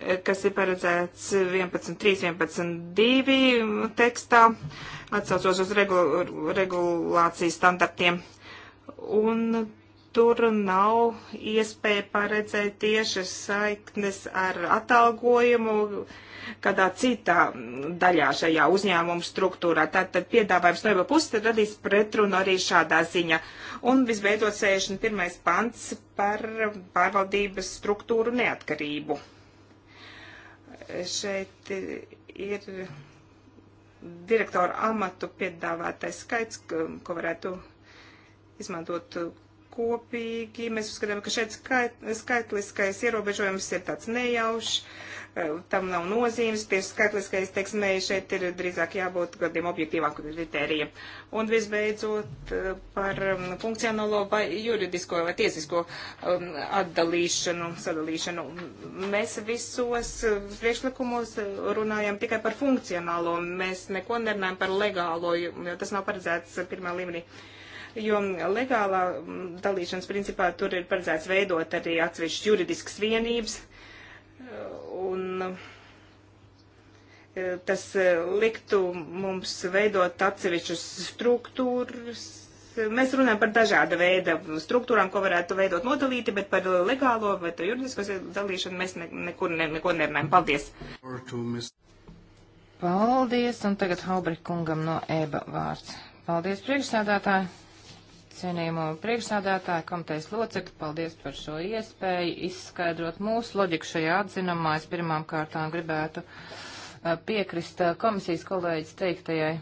eh, kas ir paredzēts 11.3, 11.2 tekstā, atsaucos uz regu, regulācijas standartiem. Un tur nav iespēja paredzēt tiešas saiknes ar atalgojumu, uh, kādā citā daļā šajā uzņēmuma struktūrā. Tātad piedāvājums no jau puses radīs pretrunu arī šādā ziņā. Un visbeidzot 61. pants par pārvaldības struktūru neatkarību. Šeit ir direktora amatu piedāvātais skaits, ko varētu izmantot kopīgi. Mēs uzskatām, ka šeit skait, skaitliskais ierobežojums ir tāds nejaušs. Eh, tam nav nozīmes, tieši skaitliskais teiksmē šeit ir drīzāk jābūt kādiem objektīvām kritērijiem. Un visbeidzot eh, par mm, funkcionālo vai juridisko vai tiesisko mm, atdalīšanu, sadalīšanu. Mēs visos eh, priekšlikumos runājam tikai par funkcionālo, mēs neko nerunājam par legālo, jo tas nav paredzēts pirmā līmenī jo mm, legālā dalīšanas principā tur ir paredzēts veidot arī atsevišķas juridiskas vienības, un e, tas liktu mums veidot atsevišķas struktūras. Mēs runājam par dažāda veida struktūrām, ko varētu veidot nodalīti, bet par legālo vai juridisko dalīšanu mēs ne, nekur ne, neko nerunājam. Paldies! Paldies, un tagad Haubrik kungam no EBA vārds. Paldies, priekšsēdētāji! Cienījamo priekšsādātāju komitejas locekli, paldies par šo iespēju izskaidrot mūsu loģiku šajā atzinumā. Es pirmām kārtām gribētu uh, piekrist uh, komisijas kolēģis teiktajai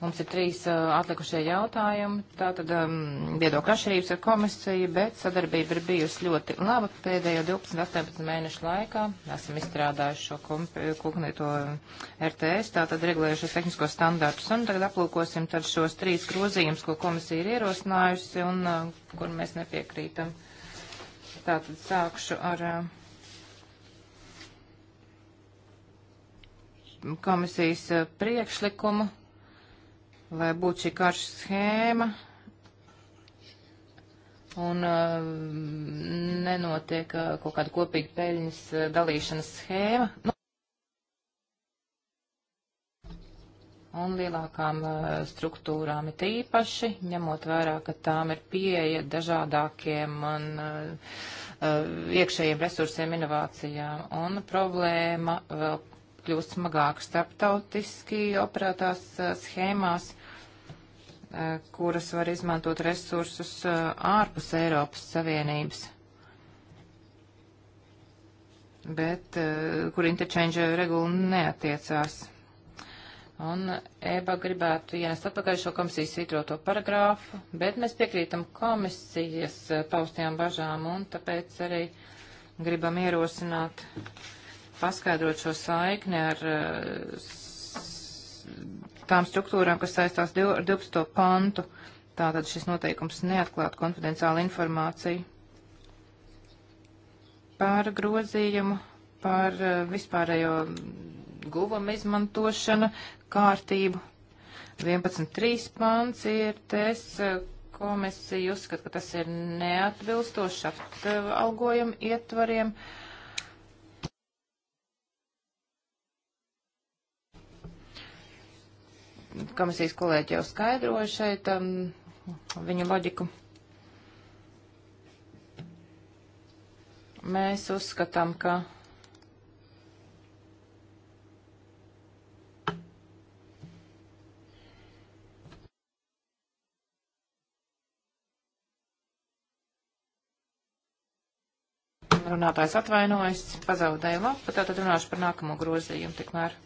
Mums ir trīs uh, atlikušie jautājumi. Tātad um, viedokļa atšķirības ar komisiju, bet sadarbība ir bijusi ļoti laba pēdējo 12-18 mēnešu laikā. Esam izstrādājuši šo kuknīto RTS, tātad regulējušos tehniskos standārtus. Un tagad aplūkosim tad šos trīs grozījumus, ko komisija ir ierosinājusi un uh, kur mēs nepiekrītam. Tātad sākšu ar. Uh, komisijas priekšlikumu lai būtu šī karša schēma un uh, nenotiek uh, kaut kāda kopīga peļņas uh, dalīšanas schēma. Nu, un lielākām struktūrām ir īpaši, ņemot vērā, ka tām ir pieeja dažādākiem un iekšējiem resursiem, inovācijām. Un problēma vēl kļūst smagāk starptautiski operētās schēmās Eh, kuras var izmantot resursus eh, ārpus Eiropas Savienības. Bet, eh, kur interchange regula neatiecās. Un EBA gribētu ienest atpakaļ šo komisijas svītroto paragrāfu, bet mēs piekrītam komisijas paustajām bažām un tāpēc arī gribam ierosināt paskaidrot šo saikni ar tām struktūrām, kas saistās ar 12. pantu. Tātad šis noteikums neatklāt konfidenciālu informāciju. Par grozījumu, par eh, vispārējo guvumu izmantošanu, kārtību. 11.3 pants ir tas, eh, komisija uzskata, ka tas ir neatbilstoši algojuma ietvariem. Uh, komisijas kolēģi jau skaidroja šeit um, viņu loģiku. Mēs uzskatām, ka runātājs atvainojas, pazaudēja lapu, tātad runāšu par nākamo grozījumu tikmēr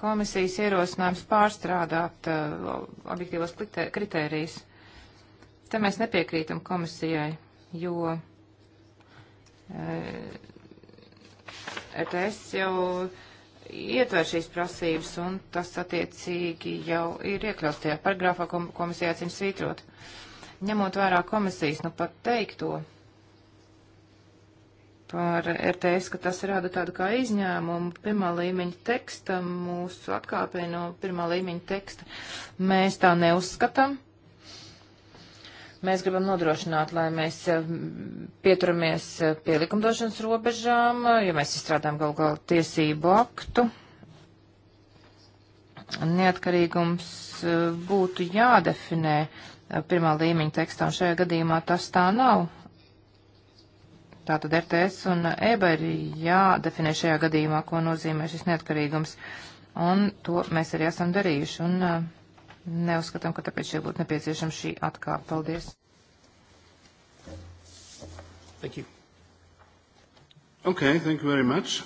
komisijas ierosinājums pārstrādāt uh, objektīvos kritērijus. Te mēs nepiekrītam komisijai, jo uh, ETS jau ietver šīs prasības, un tas attiecīgi jau ir iekļauts tajā paragrāfā, ko komisijā cim svītrot. Ņemot vērā komisijas, nu pat teikto, par RTS, ka tas rada tādu kā izņēmumu pirmā līmeņa teksta, mūsu atkāpē no pirmā līmeņa teksta. Mēs tā neuzskatām. Mēs gribam nodrošināt, lai mēs eh, pieturamies eh, pie likumdošanas robežām, eh, jo mēs izstrādājam galu galā tiesību aktu. Neatkarīgums būtu jādefinē pirmā līmeņa tekstā, un šajā gadījumā tas tā nav. Tātad RTS un EBA ir jādefinē šajā gadījumā, ko nozīmē šis neatkarīgums. Un to mēs arī esam darījuši. Un uh, neuzskatām, ka tāpēc šeit būtu nepieciešama šī atkāpa. Paldies. Thank you. Okay, thank you very much.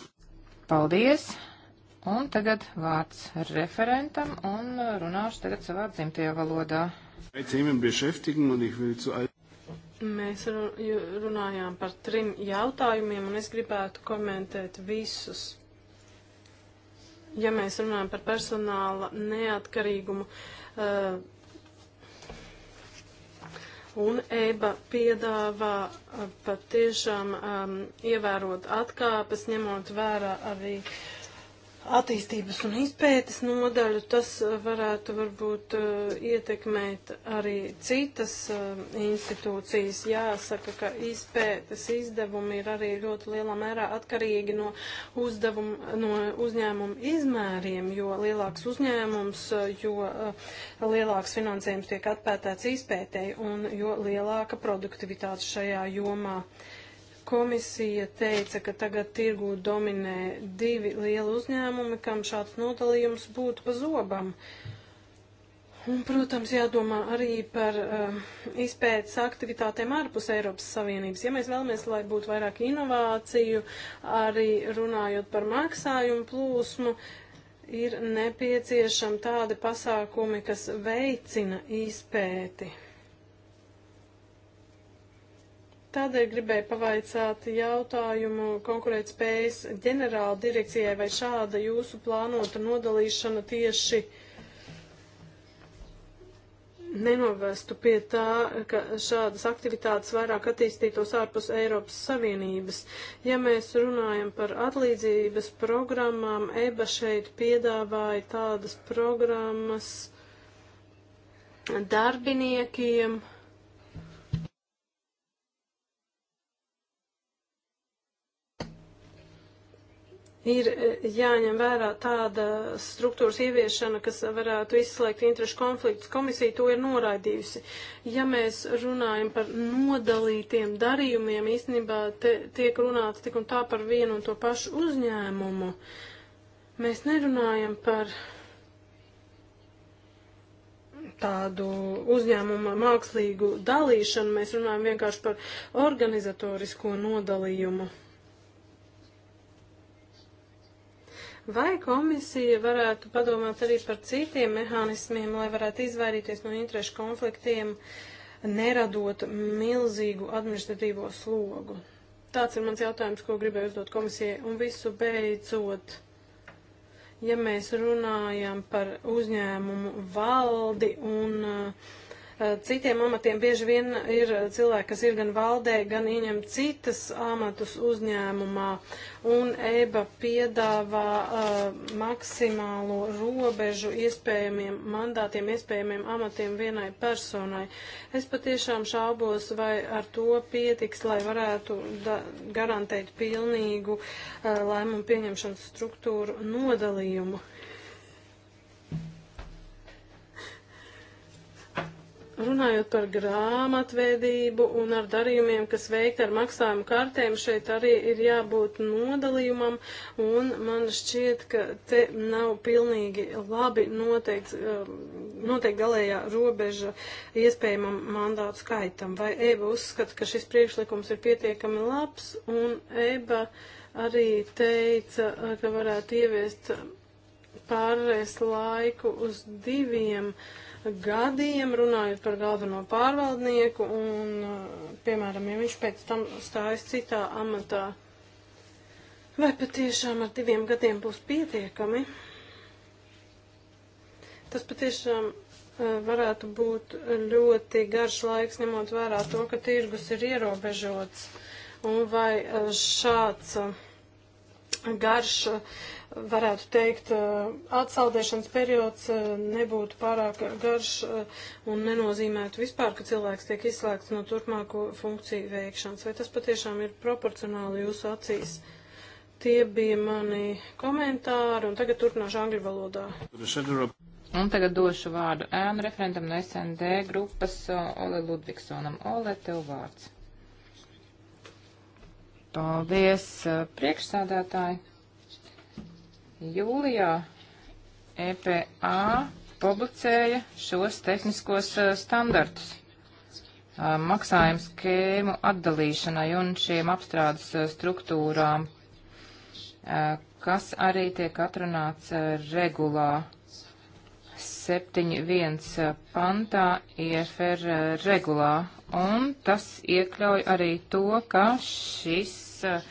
Paldies. Un tagad vārds referentam un runāšu tagad savā dzimtajā valodā. Themen beschäftigen un ich will zu all Mēs runājām par trim jautājumiem, un es gribētu komentēt visus. Ja mēs runājam par personāla neatkarīgumu, uh, un EBA piedāvā eh, patiešām um, ievērot atkāpes, ņemot vērā arī uh, attīstības un izpētes nodaļu, tas uh, varētu varbūt uh, ietekmēt arī citas uh, institūcijas. Jāsaka, ka izpētes izdevumi ir arī ļoti lielā mērā atkarīgi no, uzdevuma, no uzņēmuma izmēriem, jo lielāks uzņēmums, jo lielāks finansējums tiek atpētēts izpētēji un jo lielāka produktivitāte šajā jomā. Uh, Komisija teica, ka tagad tirgū dominē divi lieli uzņēmumi, kam šāds nodalījums būtu pa zobam. Un, protams, jādomā arī par uh, izpētes aktivitātēm ārpus Eiropas Savienības. Ja mēs vēlamies, lai būtu vairāk inovāciju, arī runājot par maksājumu plūsmu, ir nepieciešami tādi pasākumi, kas veicina izpēti. Tādēļ gribēju pavaicāt jautājumu konkurētspējas ģenerāla direkcijai, vai šāda jūsu plānota nodalīšana tieši nenovestu pie tā, ka šādas aktivitātes vairāk attīstītos ārpus Eiropas Savienības. Ja mēs runājam par atlīdzības programmām, EBA šeit piedāvāja tādas programmas darbiniekiem. ir e, jāņem vērā tāda struktūras ieviešana, kas varētu izslēgt interešu konfliktus. Komisija to ir noraidījusi. Ja mēs runājam par nodalītiem darījumiem, īstenībā te, tiek runāts tik un tā par vienu un to pašu uzņēmumu. Mēs nerunājam par tādu uzņēmuma mākslīgu dalīšanu, mēs runājam vienkārši par organizatorisko nodalījumu. Vai komisija varētu padomāt arī par citiem mehānismiem, lai varētu izvairīties no interešu konfliktiem, neradot milzīgu administratīvo slogu? Tāds ir mans jautājums, ko gribēju uzdot komisijai. Un visu beidzot, ja mēs runājam par uzņēmumu valdi un uh, Eh, citiem amatiem bieži vien ir eh, cilvēki, kas ir gan valdē, gan ieņem citas amatus uzņēmumā, un EBA piedāvā uh, maksimālo robežu iespējamiem mandātiem, iespējamiem amatiem vienai personai. Es patiešām šaubos, vai ar to pietiks, lai varētu garantēt pilnīgu uh, lēmumu pieņemšanas struktūru nodalījumu. Runājot par grāmatvedību un ar darījumiem, kas veikti ar maksājumu kartēm, šeit arī ir jābūt nodalījumam, un man šķiet, ka te nav pilnīgi labi noteikts, um, noteikti galējā robeža iespējamam mandātu skaitam. Vai Eba uzskata, ka šis priekšlikums ir pietiekami labs, un Eba arī teica, ka varētu ieviest pārreiz laiku uz diviem gadiem, runājot par galveno pārvaldnieku, un, uh, piemēram, ja viņš pēc tam stājas citā amatā, vai patiešām ar diviem gadiem būs pietiekami? Tas patiešām uh, varētu būt ļoti garš laiks, ņemot vērā to, ka tirgus ir ierobežots, un vai uh, šāds garš varētu teikt, eh, atsaldēšanas periods eh, nebūtu pārāk garš eh, un nenozīmētu vispār, ka cilvēks tiek izslēgts no turpmāko funkciju veikšanas. Vai tas patiešām ir proporcionāli jūsu acīs? Tie bija mani komentāri, un tagad turpināšu angļu valodā. Un tagad došu vārdu ēnu referentam no SND grupas Ole Ludvigsonam. Ole, tev vārds. Paldies, priekšsādātāji. Jūlijā EPA publicēja šos tehniskos uh, standartus uh, maksājumu skēmu atdalīšanai un šiem apstrādes uh, struktūrām, kas arī tiek atrunāts regulā 7.1 pantā IFR regulā. Un tas iekļauj arī to, ka šis uh,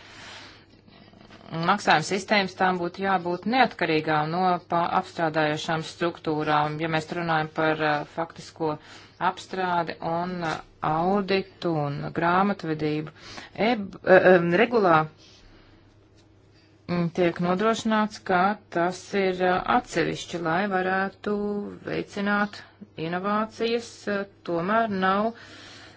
maksājuma sistēmas tām būtu jābūt neatkarīgām no apstrādājošām struktūrām, ja mēs runājam par uh, faktisko apstrādi un uh, auditu un grāmatvedību. Eb, uh, regulā mm, tiek nodrošināts, ka tas ir atsevišķi, lai varētu veicināt inovācijas, tomēr nav uh,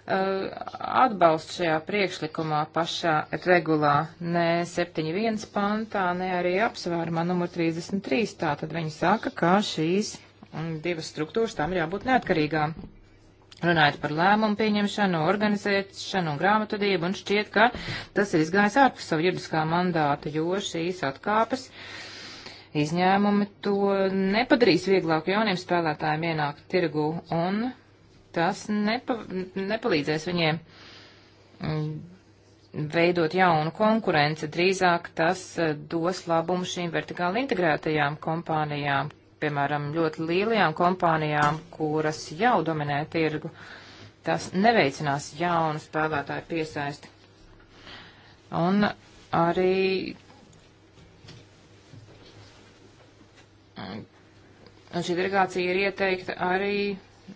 Uh, atbalstu šajā priekšlikumā pašā regulā, ne 7.1 pantā, ne arī apsvērumā numur 33. Tātad viņi saka, ka šīs mm, divas struktūras tam ir jābūt neatkarīgām. Runājot par lēmumu pieņemšanu, organizēšanu un grāmatvedību, un šķiet, ka tas ir izgājis ārpus savu juridiskā mandāta, jo šīs atkāpes izņēmumi to nepadarīs vieglāk jauniem spēlētājiem ienākt tirgu un tas nepa, nepalīdzēs viņiem mm, veidot jaunu konkurenci. Drīzāk tas eh, dos labumu šīm vertikāli integrētajām kompānijām, piemēram, ļoti lielajām kompānijām, kuras jau dominē tirgu. Tas neveicinās jaunu spēlētāju piesaisti. Un arī Un mm, šī delegācija ir ieteikta arī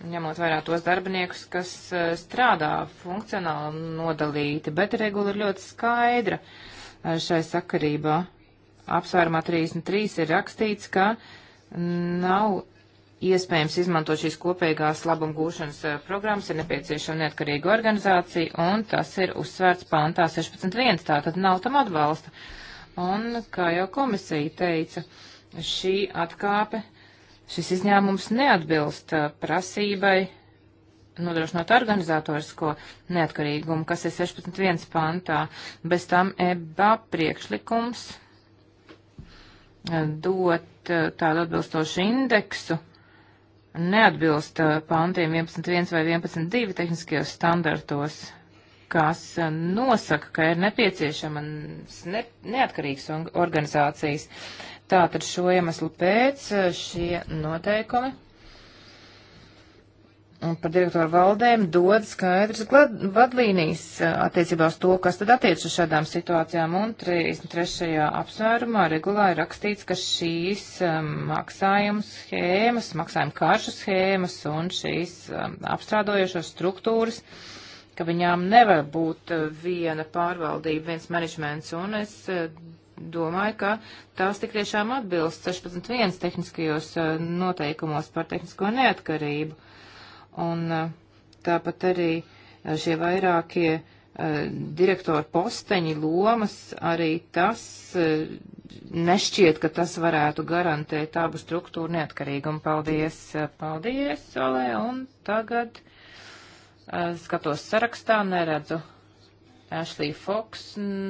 ņemot vairāk tos darbiniekus, kas eh, strādā funkcionāli nodalīti, bet regula ir ļoti skaidra eh, šai sakarībā. Apsvērumā 33 ir rakstīts, ka nav iespējams izmantot šīs kopīgās labumgūšanas eh, programmas, ir nepieciešama neatkarīga organizācija, un tas ir uzsvērts pāntā 16.1, tā tad nav tam atbalsta. Un, kā jau komisija teica, šī atkāpe uh, Šis izņēmums neatbilst uh, prasībai nodrošināt organizatorisko neatkarīgumu, kas ir 16.1 pantā. Bez tam EBA priekšlikums uh, dot uh, tādu atbilstošu indeksu neatbilst pantiem 11.1 vai 11.2 tehniskajos standartos, kas nosaka, ka ir nepieciešama ne, neatkarīgas organizācijas. Tātad šo iemeslu pēc eh, šie noteikumi un par direktoru valdēm dod skaidrs vadlīnijas eh, attiecībā uz to, kas tad attiec uz šādām situācijām. Un 33. apsvērumā regulā ir rakstīts, ka šīs eh, maksājuma schēmas, maksājuma karšu schēmas un šīs apstrādojošos struktūras, ka viņām nevar būt viena pārvaldība, viens menedžments. Un es domāju, ka tās tik tiešām atbilst 16.1 tehniskajos eh, noteikumos par tehnisko neatkarību. Un eh, tāpat arī eh, šie vairākie direktoru posteņi, lomas, arī tas nešķiet, ka tas varētu garantēt abu struktūru neatkarīgumu. Paldies, paldies, Solē, un tagad skatos sarakstā, neredzu Ashley Fox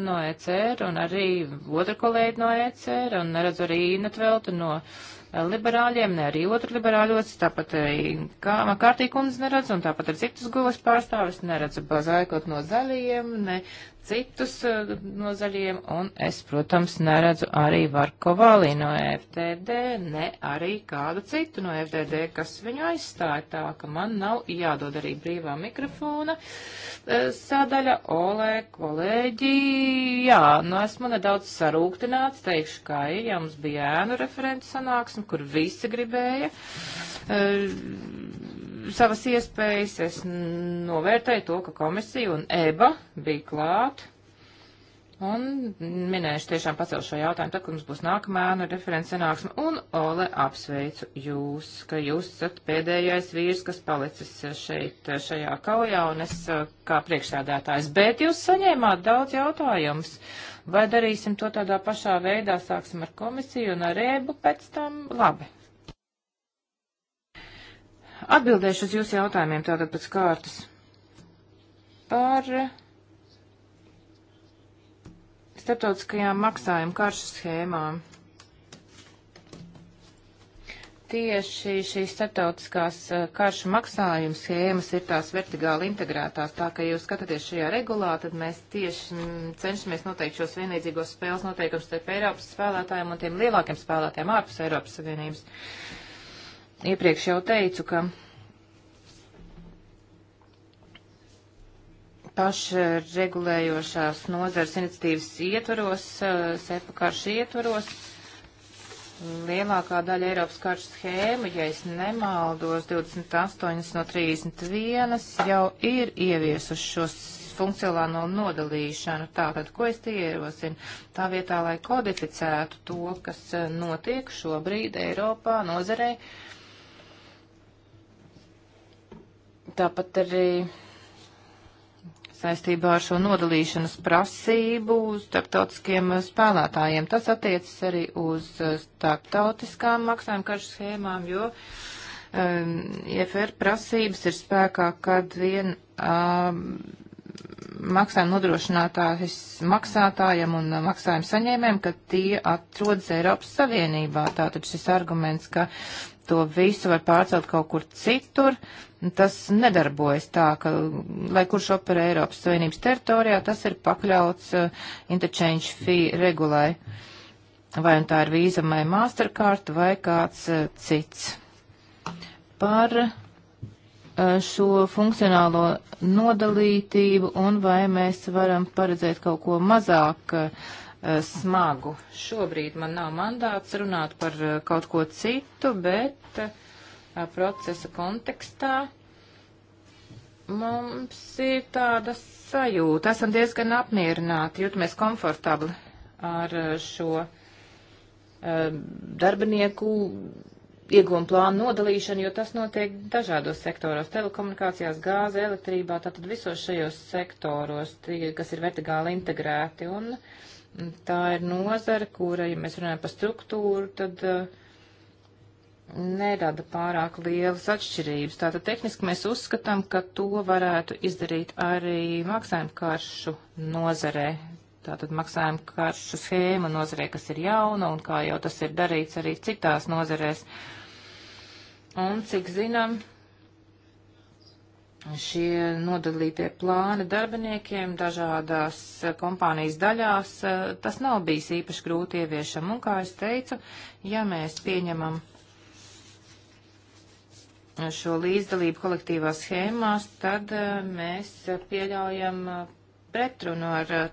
no ECR un arī otru kolēģi no ECR un redzu arī Inetveltu no eh, liberāļiem, ne arī otru liberāļos, tāpat arī kā Makārtī kundze neredz un tāpat arī citus gulas pārstāvis neredzu Bazaikot no zaļajiem, ne citus uh, no zaļiem, un es, protams, neredzu arī Varkovali no FTD, ne arī kādu citu no FTD, kas viņu aizstāja tā, ka man nav jādod arī brīvā mikrofona uh, sadaļa. Olē, kolēģi, jā, nu esmu nedaudz sarūktināts, teikšu, kā ir, ja mums bija ēnu referents sanāksme, kur visi gribēja uh, savas iespējas. Es novērtēju to, ka komisija un EBA bija klāt. Un minēšu tiešām pacel šo jautājumu, tad, kad mums būs nākamā ēnu referents sanāksme. Un, Ole, apsveicu jūs, ka jūs esat pēdējais vīrs, kas palicis šeit šajā kaujā, un es eh, kā priekšsēdētājs. Bet jūs saņēmāt daudz jautājumus. Vai darīsim to tādā pašā veidā, sāksim ar komisiju un ar ēbu pēc tam? Labi, Atbildēšu uz jūsu jautājumiem tātad pēc kārtas. Par eh, starptautiskajām maksājumu karšu schēmām. Tieši šīs starptautiskās eh, karšu maksājumu schēmas ir tās vertikāli integrētās, tā ka, ja jūs skatāties šajā regulā, tad mēs tieši mm, cenšamies noteikt šos vienlīdzīgos spēles noteikums starp Eiropas spēlētājiem un tiem lielākiem spēlētājiem ārpus Eiropas Savienības. Uh, iepriekš jau teicu, ka pašregulējošās nozars iniciatīvas ietvaros, eh, sepa karšu ietvaros, lielākā daļa Eiropas karšu schēmu, ja es nemaldos, 28 no 31 jau ir ieviesuši šos funkcionālo nodalīšanu. Tātad, ko es tie ierosinu? Tā vietā, lai kodificētu to, kas eh, notiek šobrīd Eiropā nozarei, uh, Tāpat arī saistībā ar šo nodalīšanas prasību starptautiskiem eh, spēlētājiem. Tas attiecas arī uz eh, starptautiskām maksājuma karšu schēmām, jo um, IFR prasības ir spēkā, kad vien um, maksājuma nodrošinātājs maksātājiem un eh, maksājuma saņēmējiem, kad tie atrodas Eiropas Savienībā. Tātad šis arguments, ka to visu var pārcelt kaut kur citur, Tas nedarbojas tā, ka, lai kurš operē Eiropas Savienības teritorijā, tas ir pakļauts uh, interchange fee regulai. Vai un tā ir vīza vai mastercard vai kāds uh, cits. Par uh, šo funkcionālo nodalītību un vai mēs varam paredzēt kaut ko mazāk uh, smagu. Šobrīd man nav mandāts runāt par uh, kaut ko citu, bet. Uh, procesa kontekstā mums ir tāda sajūta. Esam diezgan apmierināti, jūtamies komfortabli ar šo darbinieku iegūmu plānu nodalīšanu, jo tas notiek dažādos sektoros - telekomunikācijās, gāze, elektrībā, tātad visos šajos sektoros, tie, kas ir vertikāli integrēti. Un tā ir nozara, kura, ja mēs runājam par struktūru, tad uh, nerada pārāk lielas atšķirības. Tātad tehniski mēs uzskatām, ka to varētu izdarīt arī maksājumu karšu nozarē. Tātad maksājumu karšu schēma nozarē, kas ir jauna un kā jau tas ir darīts arī citās nozarēs. Un cik zinām, šie nodalītie plāni darbiniekiem dažādās kompānijas daļās, eh, tas nav bijis īpaši grūti ieviešam. Un kā es teicu, ja mēs pieņemam šo līdzdalību kolektīvās schēmās, tad eh, mēs pieļaujam eh, pretrunu ar eh,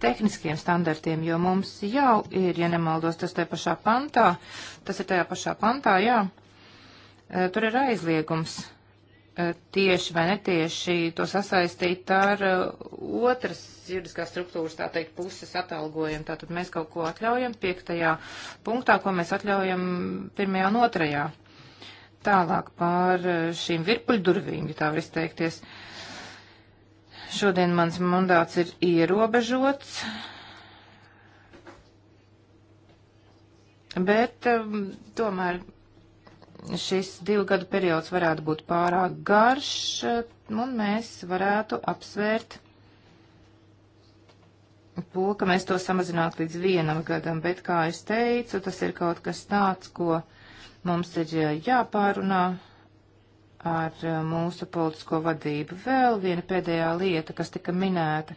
tehniskiem standartiem, jo mums jau ir, ja nemaldos, tas tajā pašā pantā, tas ir tajā pašā pantā, jā, tur ir aizliegums tieši vai netieši to sasaistīt ar otras juridiskās struktūras, tā teikt, puses atalgojumu. Tātad mēs kaut ko atļaujam piektajā punktā, ko mēs atļaujam pirmajā un otrajā tālāk pār eh, šīm virpuļdurvīm, ja tā var izteikties. Šodien mans mandāts ir ierobežots, bet eh, tomēr šis divu gadu periods varētu būt pārāk garš, eh, un mēs varētu apsvērt to, ka mēs to samazinātu līdz vienam gadam, bet, kā es teicu, tas ir kaut kas tāds, ko Mums ir jāpārunā ar eh, mūsu politisko vadību. Vēl viena pēdējā lieta, kas tika minēta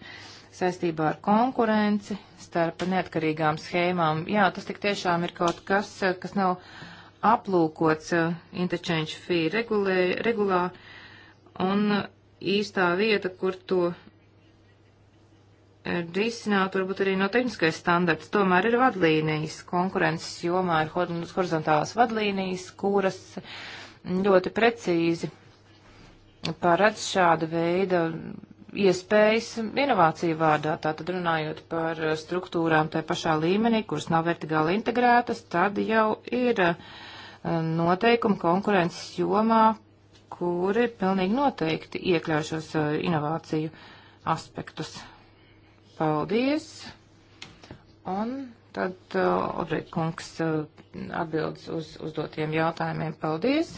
saistībā ar konkurenci starp neatkarīgām schēmām. Jā, tas tik tiešām ir kaut kas, eh, kas nav aplūkots eh, interchange fee regulē, regulā, un īstā vieta, kur to risināt varbūt arī no tehniskais standarts. Tomēr ir vadlīnijas. Konkurences jomā ir horizontālās vadlīnijas, kuras ļoti precīzi paredz šāda veida iespējas inovāciju vārdā. Tātad runājot par struktūrām tajā pašā līmenī, kuras nav vertikāli integrētas, tad jau ir eh, noteikumi konkurences jomā, kuri pilnīgi noteikti iekļauj šos eh, inovāciju aspektus. Paldies. Un tad uh, Obrīt kungs uh, atbildes uz uzdotiem jautājumiem. Paldies.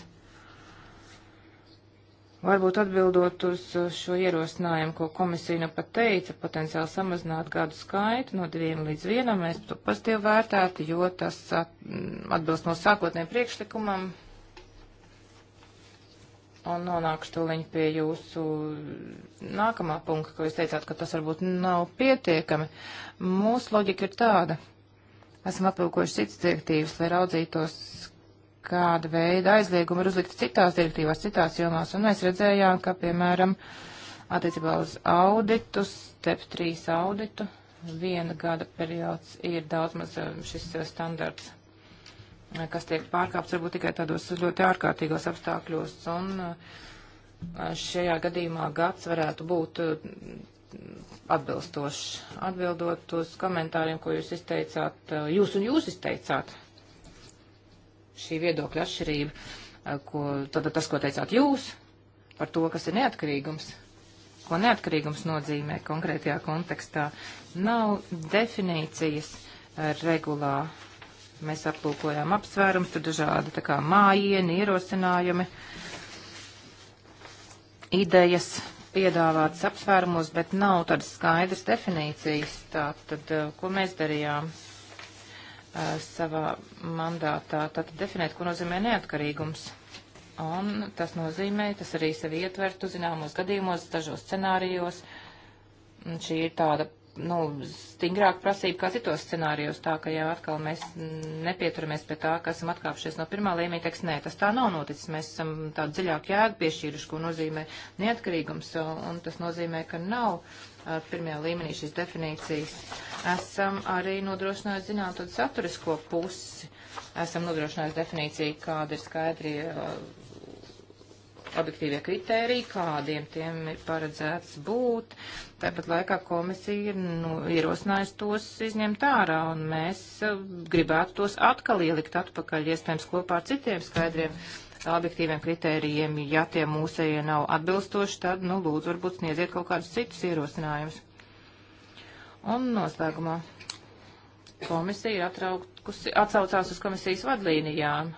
Varbūt atbildot uz uh, šo ierosinājumu, ko komisija nu pat teica, potenciāli samazināt gadu skaitu no diviem līdz vienam, mēs to pozitīvi vērtētu, jo tas mm, atbilst mūsu no sākotnējiem priekšlikumam, un nonākšu tūliņ pie jūsu nākamā punkta, ko jūs teicāt, ka tas varbūt nav pietiekami. Mūsu loģika ir tāda. Esam aplūkojuši citas direktīvas, lai raudzītos, kāda veida aizlieguma ir uzlikta citās direktīvās, citās jomās, un mēs redzējām, ka, piemēram, attiecībā uz auditu, step 3 auditu, viena gada periods ir daudz maz um, šis uh, standarts kas tiek pārkāpts varbūt tikai tādos ļoti ārkārtīgos apstākļos. Un uh, šajā gadījumā gads varētu būt uh, atbilstošs. Atbildot uz komentāriem, ko jūs izteicāt, uh, jūs un jūs izteicāt šī viedokļa atšķirība, ko, tad tas, ko teicāt jūs par to, kas ir neatkarīgums, ko neatkarīgums nozīmē konkrētajā kontekstā, nav definīcijas regulā Mēs aplūkojām apsvērums, tur dažādi tā kā mājieni, ierosinājumi, idejas piedāvātas apsvērumos, bet nav tādas skaidras definīcijas. Tātad, eh, ko mēs darījām? Eh, savā mandātā. Tātad definēt, ko nozīmē neatkarīgums. Un tas nozīmē, tas arī sevi ietvert zināmos gadījumos, dažos scenārijos. Un šī ir tāda nu, stingrāk prasība kā citos scenārijos, tā ka jau atkal mēs nepieturamies pie tā, ka esam atkāpšies no pirmā līmeņa, teiks, nē, tas tā nav noticis, mēs esam tādu dziļāku jēgu piešķīruši, ko nozīmē neatkarīgums, un tas nozīmē, ka nav pirmajā līmenī šīs definīcijas. Esam arī nodrošinājuši zināt tādu saturisko pusi, esam nodrošinājuši definīciju, kāda ir skaidri objektīvie kritēriji, kādiem tiem ir paredzēts būt. Tāpat laikā komisija ir nu, ierosinājusi tos izņemt ārā, un mēs uh, gribētu tos atkal ielikt atpakaļ, iespējams, kopā ar citiem skaidriem objektīviem kritērijiem. Ja tie mūsējie nav atbilstoši, tad, nu, lūdzu, varbūt sniedziet kaut kādus citus ierosinājumus. Un noslēgumā komisija atraukusi, atsaucās uz komisijas vadlīnijām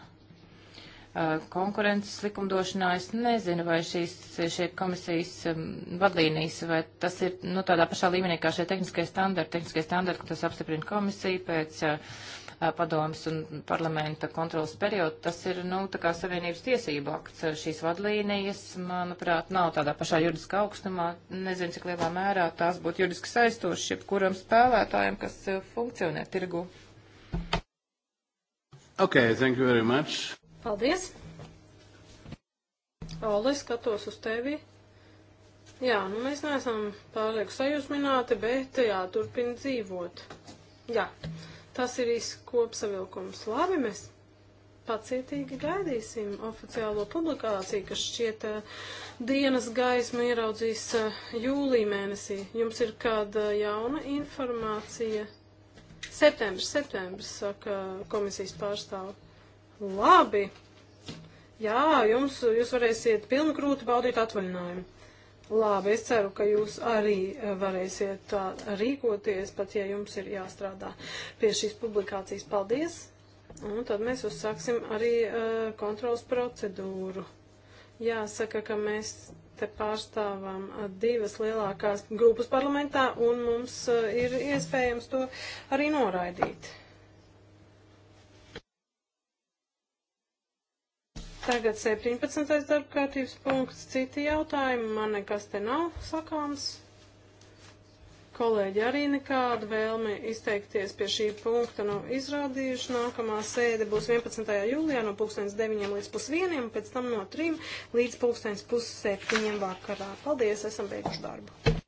Uh, konkurences likumdošanā. Es nezinu, vai šīs šie komisijas um, vadlīnijas, vai tas ir nu, tādā pašā līmenī kā šie tehniskie standarti, tehniskie standarti, ko tas apstiprina komisija pēc uh, uh, padomas un parlamenta kontrolas periodu. Tas ir, nu, tā kā Savienības tiesība akts. Šīs vadlīnijas, manuprāt, nav tādā pašā juridiskā augstumā. Nezinu, cik lielā mērā tās būtu juridiski saistošas jebkuram spēlētājam, kas funkcionē tirgu. Okay, thank you very much. Paldies! Alde, skatos uz tevi. Jā, nu mēs neesam pārlieku sajūsmināti, bet jāturpina dzīvot. Jā, tas ir īsts kopsavilkums. Labi, mēs pacietīgi gaidīsim oficiālo publikāciju, kas šķiet eh, dienas gaismu ieraudzīs eh, jūlī mēnesī. Jums ir kāda jauna informācija? Septembris, septembris, saka komisijas pārstāvja. Labi. Jā, jums, jūs varēsiet pilnkrūti baudīt atvaļinājumu. Labi, es ceru, ka jūs arī varēsiet tā rīkoties, pat ja jums ir jāstrādā pie šīs publikācijas. Paldies! Un tad mēs uzsāksim arī uh, kontrols procedūru. Jāsaka, ka mēs te pārstāvam divas lielākās grupas parlamentā, un mums uh, ir iespējams to arī noraidīt. Tagad 17. darbkārtības punkts, citi jautājumi, man nekas te nav sakāms. Kolēģi arī nekādu vēlmi izteikties pie šī punkta nav izrādījuši. Nākamā sēde būs 11. jūlijā no 2009 līdz pusvieniem, pēc tam no 3 līdz 2007 vakarā. Paldies, esam beiguši darbu.